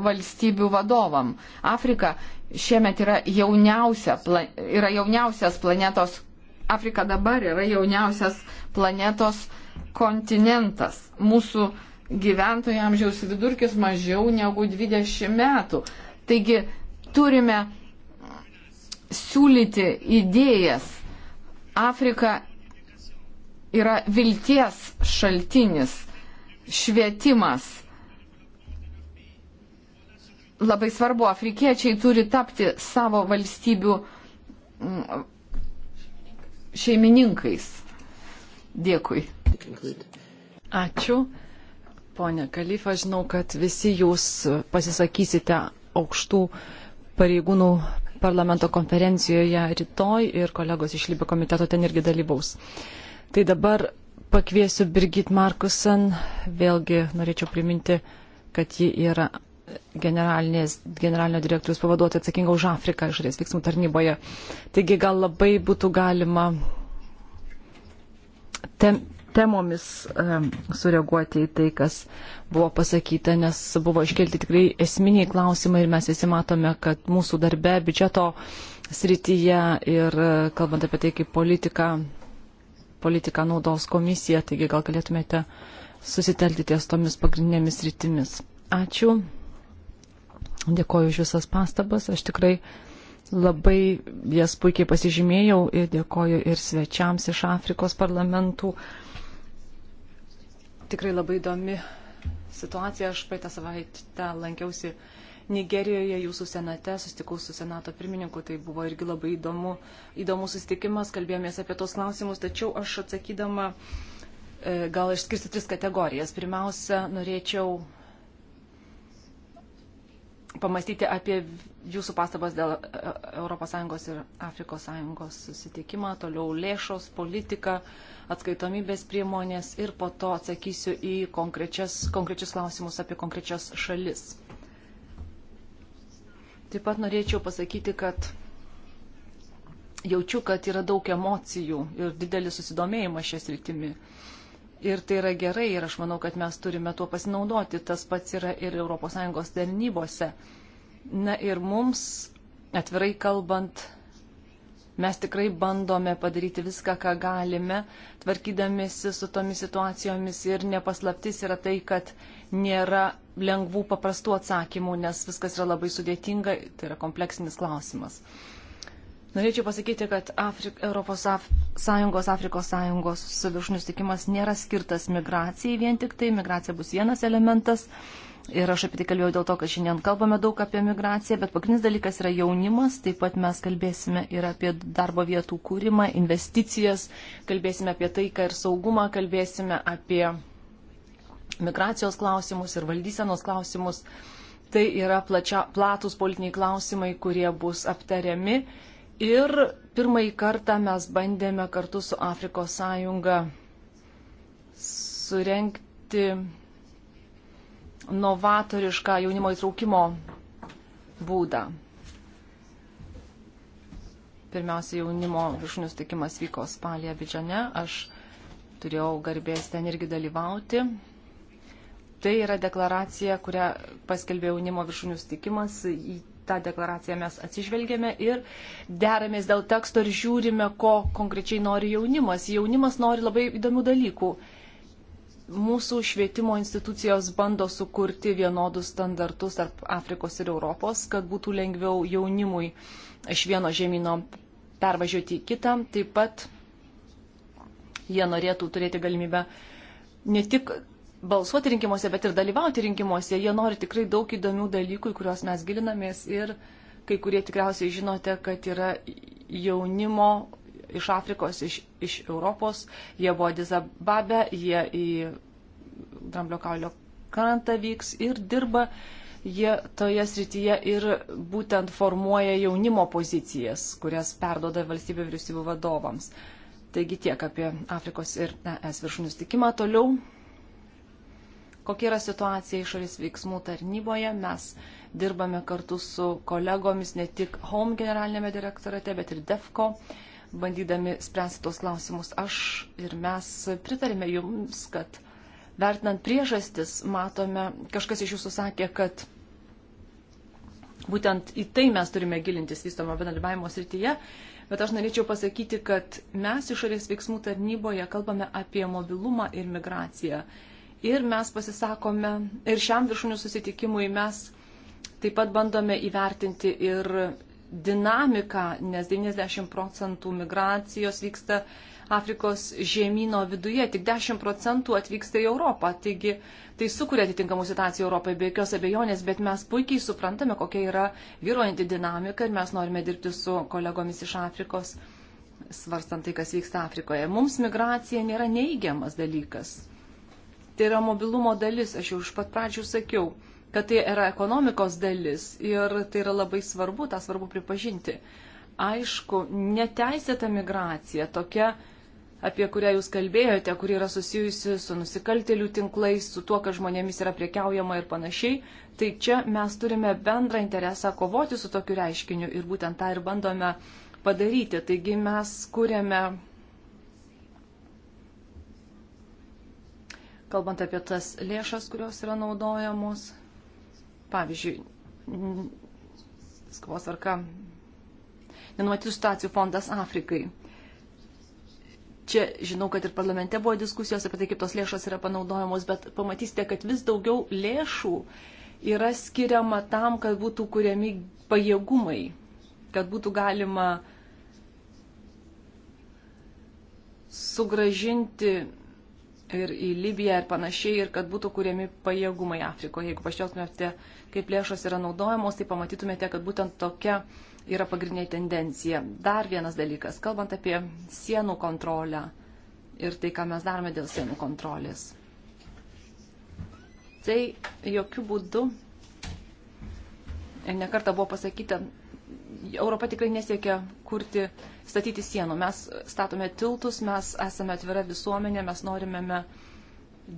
valstybių vadovam. Afrika šiemet yra, jauniausia, yra jauniausias planetos, Afrika dabar yra jauniausias planetos kontinentas. Mūsų gyventojų amžiaus vidurkis mažiau negu 20 metų. Taigi turime siūlyti idėjas. Afrika yra vilties šaltinis, švietimas labai svarbu, afrikiečiai turi tapti savo valstybių mm, šeimininkais. Dėkui. Ačiū. Pone Kalifa, žinau, kad visi jūs pasisakysite aukštų pareigūnų parlamento konferencijoje rytoj ir kolegos iš Libio komiteto ten irgi dalyvaus. Tai dabar pakviesiu Birgit Markusen, vėlgi norėčiau priminti, kad ji yra generalinio direktorius pavaduoti atsakinga už Afriką išorės veiksmų tarnyboje. Taigi gal labai būtų galima tem, temomis um, sureaguoti į tai, kas buvo pasakyta, nes buvo iškelti tikrai esminiai klausimai ir mes visi matome, kad mūsų darbe, biudžeto srityje ir e, kalbant apie tai, kaip politika, politika naudos komisija, taigi gal galėtumėte susitelti ties tomis pagrindinėmis rytimis. Ačiū. Dėkoju už visas pastabas. Aš tikrai labai jas puikiai pasižymėjau ir dėkoju ir svečiams iš Afrikos parlamentų. Tikrai labai įdomi situacija. Aš praeitą savaitę lankiausi Nigerijoje, jūsų senate, sustikau su senato pirmininku, tai buvo irgi labai įdomu, įdomus susitikimas, kalbėjomės apie tos klausimus, tačiau aš atsakydama e, gal išskirsiu tris kategorijas. Pirmiausia, norėčiau pamastyti apie jūsų pastabas dėl ES ir Afrikos Sąjungos susitikimą, toliau lėšos, politika, atskaitomybės priemonės ir po to atsakysiu į konkrečius klausimus apie konkrečias šalis. Taip pat norėčiau pasakyti, kad jaučiu, kad yra daug emocijų ir didelis susidomėjimas šią sritimį. Ir tai yra gerai ir aš manau, kad mes turime tuo pasinaudoti. Tas pats yra ir ES tarnybose. Na ir mums, atvirai kalbant, mes tikrai bandome padaryti viską, ką galime, tvarkydamėsi su tomis situacijomis ir nepaslaptis yra tai, kad nėra lengvų paprastų atsakymų, nes viskas yra labai sudėtinga, tai yra kompleksinis klausimas. Uh, Norėčiau pasakyti, kad Afrik, Europos Af, Sąjungos, Afrikos Sąjungos viršūnių stikimas nėra skirtas migracijai vien tik tai. Migracija bus vienas elementas. Ir aš apie tai kalbėjau dėl to, kad šiandien kalbame daug apie migraciją, bet pagrindinis dalykas yra jaunimas. Taip pat mes kalbėsime ir apie darbo vietų kūrimą, investicijas, kalbėsime apie taiką ir saugumą, kalbėsime apie migracijos klausimus ir valdysenos klausimus. Tai yra plačia, platus politiniai klausimai, kurie bus aptariami Ir pirmąjį kartą mes bandėme kartu su Afrikos sąjunga surenkti novatorišką jaunimo įtraukimo būdą. Pirmiausia, jaunimo viršūnius tikimas vyko spalį Abidžane. Aš turėjau garbės ten irgi dalyvauti. Tai yra deklaracija, kurią paskelbė jaunimo viršūnių stikimas tą deklaraciją mes atsižvelgėme ir deramės dėl teksto ir žiūrime, ko konkrečiai nori jaunimas. Jaunimas nori labai įdomių dalykų. Mūsų švietimo institucijos bando sukurti vienodus standartus tarp Afrikos ir Europos, kad būtų lengviau jaunimui iš vieno žemynų pervažiuoti į kitą. Taip pat jie norėtų turėti galimybę ne tik balsuoti rinkimuose, bet ir dalyvauti rinkimuose. Jie nori tikrai daug įdomių dalykų, į kuriuos mes gilinamės ir kai kurie tikriausiai žinote, kad yra jaunimo iš Afrikos, iš, iš Europos. Jie buvo Dizababe, jie į Dramblio kaulio krantą vyks ir dirba jie toje srityje ir būtent formuoja jaunimo pozicijas, kurias perdoda valstybė vyriausybių vadovams. Taigi tiek apie Afrikos ir ES viršūnių stikimą. Toliau kokia yra situacija išorės veiksmų tarnyboje. Mes dirbame kartu su kolegomis ne tik Home generalinėme direktorate, bet ir DEFCO, bandydami spręsti tos klausimus. Aš ir mes pritarime jums, kad vertinant priežastis, matome, kažkas iš jūsų sakė, kad būtent į tai mes turime gilintis vystomo bendradarbiavimo srityje, bet aš norėčiau pasakyti, kad mes išorės veiksmų tarnyboje kalbame apie mobilumą ir migraciją ir mes pasisakome ir šiam viršūnių susitikimui mes taip pat bandome įvertinti ir dinamiką, nes 90 procentų migracijos vyksta Afrikos žemynų viduje, tik 10 procentų atvyksta į Europą. Taigi tai sukuria atitinkamų situacijų Europoje be jokios abejonės, bet mes puikiai suprantame, kokia yra vyruojanti dinamika ir mes norime dirbti su kolegomis iš Afrikos, svarstant tai, kas vyksta Afrikoje. Mums migracija nėra neigiamas dalykas tai yra mobilumo dalis, aš jau iš pat pradžių sakiau, kad tai yra ekonomikos dalis ir tai yra labai svarbu, tą svarbu pripažinti. Aišku, neteisėta migracija, tokia, apie kurią jūs kalbėjote, kuri yra susijusi su nusikaltelių tinklais, su tuo, kad žmonėmis yra priekiaujama ir panašiai, tai čia mes turime bendrą interesą kovoti su tokiu reiškiniu ir būtent tą ir bandome padaryti. Taigi mes kūrėme kalbant apie tas lėšas, kurios yra naudojamos. Pavyzdžiui, skvos arka nenumatytų situacijų fondas Afrikai. Čia žinau, kad ir parlamente buvo diskusijos apie tai, kaip tos lėšos yra panaudojamos, bet pamatysite, kad vis daugiau lėšų yra skiriama tam, kad būtų kuriami pajėgumai, kad būtų galima sugražinti ir į Libiją ir panašiai, ir kad būtų kuriami pajėgumai Afrikoje. Jeigu pažiūrėtumėte, kaip lėšos yra naudojamos, tai pamatytumėte, kad būtent tokia yra pagrindinė tendencija. Dar vienas dalykas, kalbant apie sienų kontrolę ir tai, ką mes darome dėl sienų kontrolės. Tai jokių būdų, ir nekarta buvo pasakyta, Europa tikrai nesiekia kurti, statyti sienų. Mes statome tiltus, mes esame atvira visuomenė, mes norime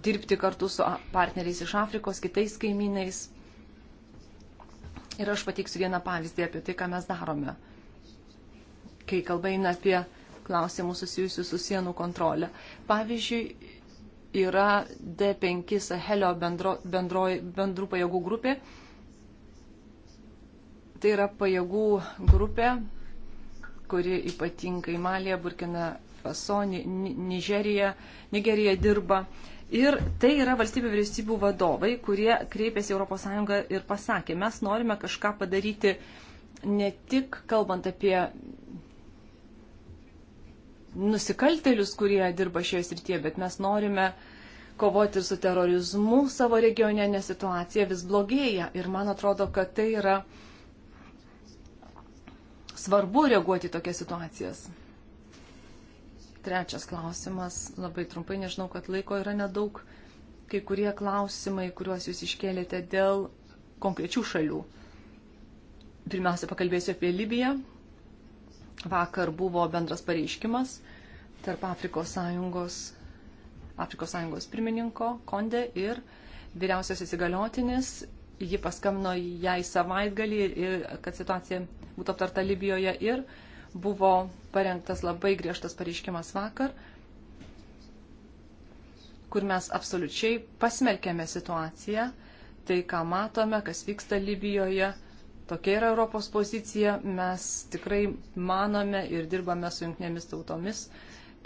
dirbti kartu su partneriais iš Afrikos, kitais kaimynais. Ir aš pateiksiu vieną pavyzdį apie tai, ką mes darome, kai kalba eina apie klausimus susijusius su sienų kontrolė. Pavyzdžiui, yra D5 Sahelio bendro, bendro, bendrų pajėgų grupė, Tai yra pajėgų grupė, kuri ypatingai Malija, Burkina Faso, Nigerija, Nigerija dirba. Ir tai yra valstybių vyriausybių vadovai, kurie kreipėsi ES ir pasakė, mes norime kažką padaryti ne tik kalbant apie nusikaltelius, kurie dirba šioje srityje, bet mes norime kovoti ir su terorizmu savo regione, nes situacija vis blogėja. Ir man atrodo, kad tai yra uh, svarbu reaguoti į tokias situacijas. Trečias klausimas, labai trumpai, nežinau, kad laiko yra nedaug. Kai kurie klausimai, kuriuos jūs iškėlėte dėl konkrečių šalių. Pirmiausia, pakalbėsiu apie Libiją. Vakar buvo bendras pareiškimas tarp Afrikos sąjungos, Afrikos sąjungos pirmininko Konde ir vyriausios įsigaliotinis. Ji paskambino jai savaitgalį, kad situacija būtų aptarta Libijoje ir buvo parengtas labai griežtas pareiškimas vakar, kur mes absoliučiai pasmerkėme situaciją, tai ką matome, kas vyksta Libijoje. Tokia yra Europos pozicija, mes tikrai manome ir dirbame su jungtinėmis tautomis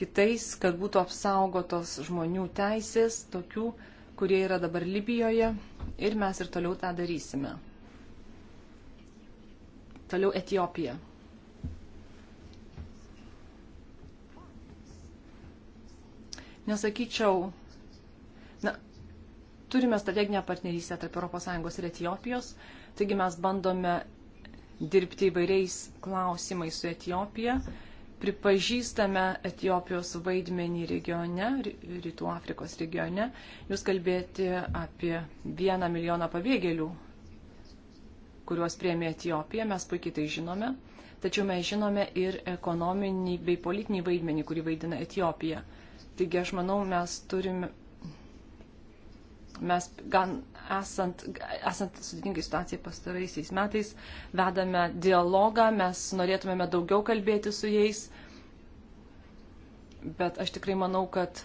kitais, kad būtų apsaugotos žmonių teisės, tokių, kurie yra dabar Libijoje ir mes ir toliau tą darysime. Toliau Etijopija. Nesakyčiau, na, turime strateginę partnerystę tarp ES ir Etijopijos, taigi mes bandome dirbti įvairiais klausimais su Etijopija, pripažįstame Etijopijos vaidmenį regione, Rytų Afrikos regione, jūs kalbėti apie vieną milijoną pabėgėlių kuriuos priemė Etijopija, mes puikiai tai žinome, tačiau mes žinome ir ekonominį bei politinį vaidmenį, kurį vaidina Etijopija. Taigi aš manau, mes turime, mes gan esant, esant sudėtingai situacijai pastaraisiais metais, vedame dialogą, mes norėtumėme daugiau kalbėti su jais, bet aš tikrai manau, kad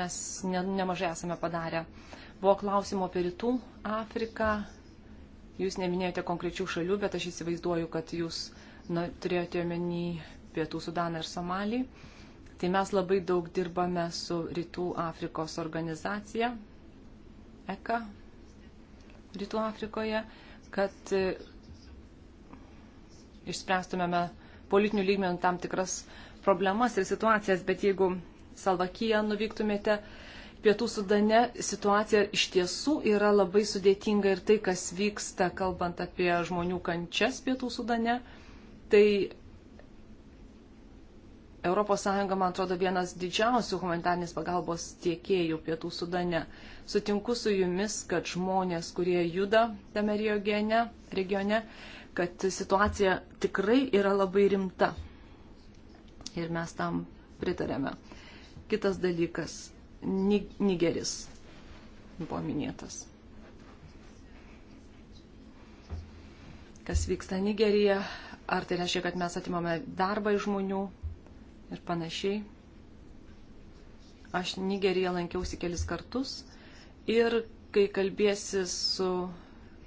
mes ne, nemažai esame padarę. Uh, Buvo klausimo apie rytų Afriką. Jūs neminėjote konkrečių šalių, bet aš įsivaizduoju, kad jūs na, turėjote omeny pietų Sudaną ir Somalį. Tai mes labai daug dirbame su rytų Afrikos organizacija ECA rytų Afrikoje, kad e, išspręstumėme politinių lygmenų tam tikras problemas ir situacijas, bet jeigu Salvakiją nuvyktumėte, Pietų Sudane situacija iš tiesų yra labai sudėtinga ir tai, kas vyksta, kalbant apie žmonių kančias Pietų Sudane, tai ES, man atrodo, vienas didžiausių humanitarnės pagalbos tiekėjų Pietų Sudane. Sutinku su jumis, kad žmonės, kurie juda tame regione, regione kad situacija tikrai yra labai rimta. Ir mes tam pritarėme. Kitas dalykas Nigeris buvo minėtas. Kas vyksta Nigerija, ar tai reiškia, kad mes atimame darbą iš žmonių ir panašiai. Aš Nigeriją lankiausi kelis kartus ir kai kalbėsi su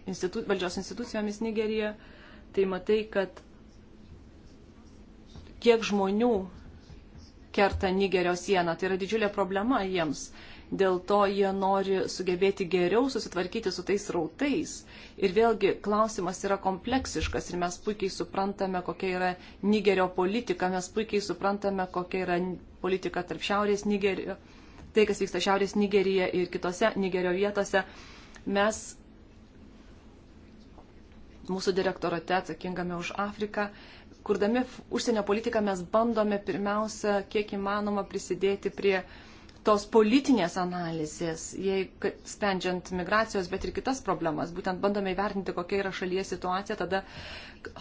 institu, valdžios institucijomis Nigerija, tai matai, kad kiek žmonių kerta Nigerio sieną. Tai yra didžiulė problema jiems. Dėl to jie nori sugebėti geriau susitvarkyti su tais rautais. Ir vėlgi klausimas yra kompleksiškas ir mes puikiai suprantame, kokia yra Nigerio politika, mes puikiai suprantame, kokia yra politika tarp Šiaurės Nigerio, tai kas vyksta Šiaurės Nigerija ir kitose Nigerio vietose. Mes mūsų direktorate atsakingame už Afriką kurdami užsienio politiką mes bandome pirmiausia, kiek įmanoma, prisidėti prie tos politinės analizės, jei sprendžiant migracijos, bet ir kitas problemas. Būtent bandome įvertinti, kokia yra šalyje situacija, tada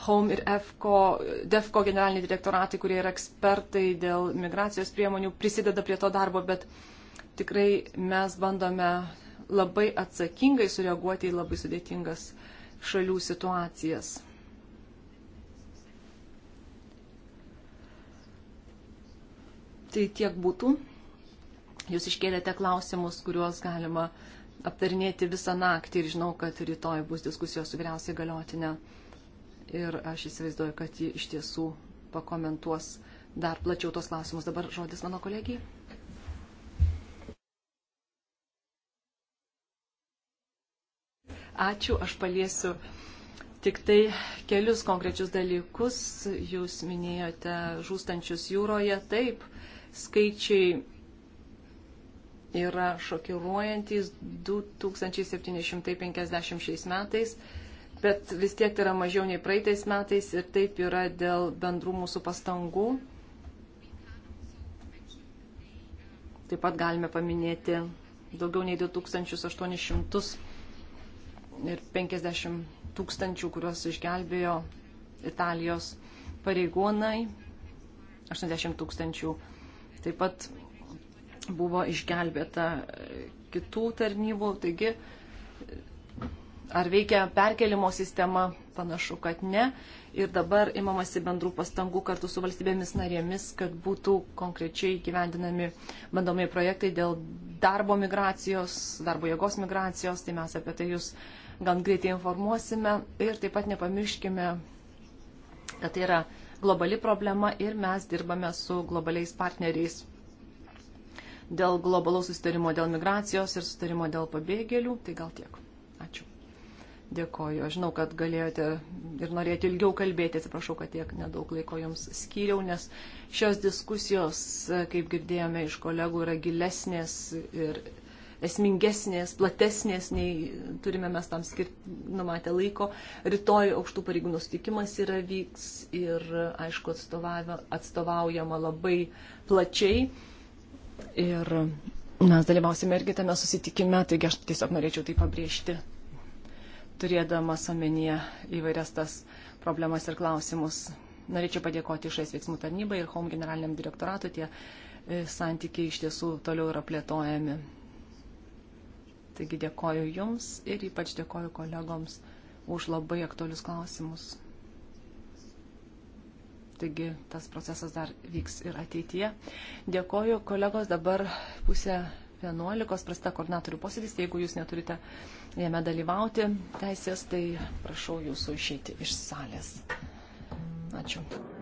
Home ir EFCO, DEFCO generaliniai direktoratai, kurie yra ekspertai dėl migracijos priemonių, prisideda prie to darbo, bet tikrai mes bandome labai atsakingai sureaguoti į labai sudėtingas šalių situacijas. Tai tiek būtų. Jūs iškėlėte klausimus, kuriuos galima aptarinėti visą naktį ir žinau, kad rytoj bus diskusijos su vyriausiai galiotinė. Ir aš įsivaizduoju, kad ji iš tiesų pakomentuos dar plačiau tos klausimus. Dabar žodis mano kolegijai. Ačiū, aš paliesiu tik tai kelius konkrečius dalykus. Jūs minėjote žūstančius jūroje, taip, skaičiai yra šokiruojantis 2756 metais, bet vis tiek tai yra mažiau nei praeitais metais ir taip yra dėl bendrų mūsų pastangų. Taip pat galime paminėti daugiau nei 2800 ir 50 tūkstančių, kuriuos išgelbėjo Italijos pareigūnai, 80 tūkstančių 000 Taip pat buvo išgelbėta kitų tarnybų. Taigi, ar veikia perkelimo sistema, panašu, kad ne. Ir dabar imamasi bendrų pastangų kartu su valstybėmis narėmis, kad būtų konkrečiai gyvendinami bandomieji projektai dėl darbo migracijos, darbo jėgos migracijos. Tai mes apie tai jūs gan greitai informuosime. Ir taip pat nepamirškime, kad tai yra globali problema ir mes dirbame su globaliais partneriais dėl globalaus sustarimo dėl migracijos ir sustarimo dėl pabėgėlių. Tai gal tiek. Ačiū. Dėkoju. Aš žinau, kad galėjote ir norėjote ilgiau kalbėti. Atsiprašau, kad tiek nedaug laiko jums skyriau, nes šios diskusijos, kaip girdėjome iš kolegų, yra gilesnės ir esmingesnės, platesnės, nei turime mes tam skirti numatę laiko. Rytoj aukštų pareigūnų sutikimas yra vyks ir, aišku, atstovaujama labai plačiai. Ir mes dalyvausime irgi tame susitikime, taigi aš tiesiog norėčiau tai pabrėžti, turėdamas omenyje įvairias tas problemas ir klausimus. Norėčiau padėkoti išorės veiksmų tarnybai ir HOM generaliniam direktoratui tie e, santykiai iš tiesų toliau yra plėtojami. Taigi dėkoju Jums ir ypač dėkoju kolegoms už labai aktualius klausimus. Taigi tas procesas dar vyks ir ateityje. Dėkoju kolegos dabar pusę 11 prasta koordinatorių posėdis. Jeigu Jūs neturite jame dalyvauti teisės, tai prašau Jūsų išeiti iš salės. Ačiū.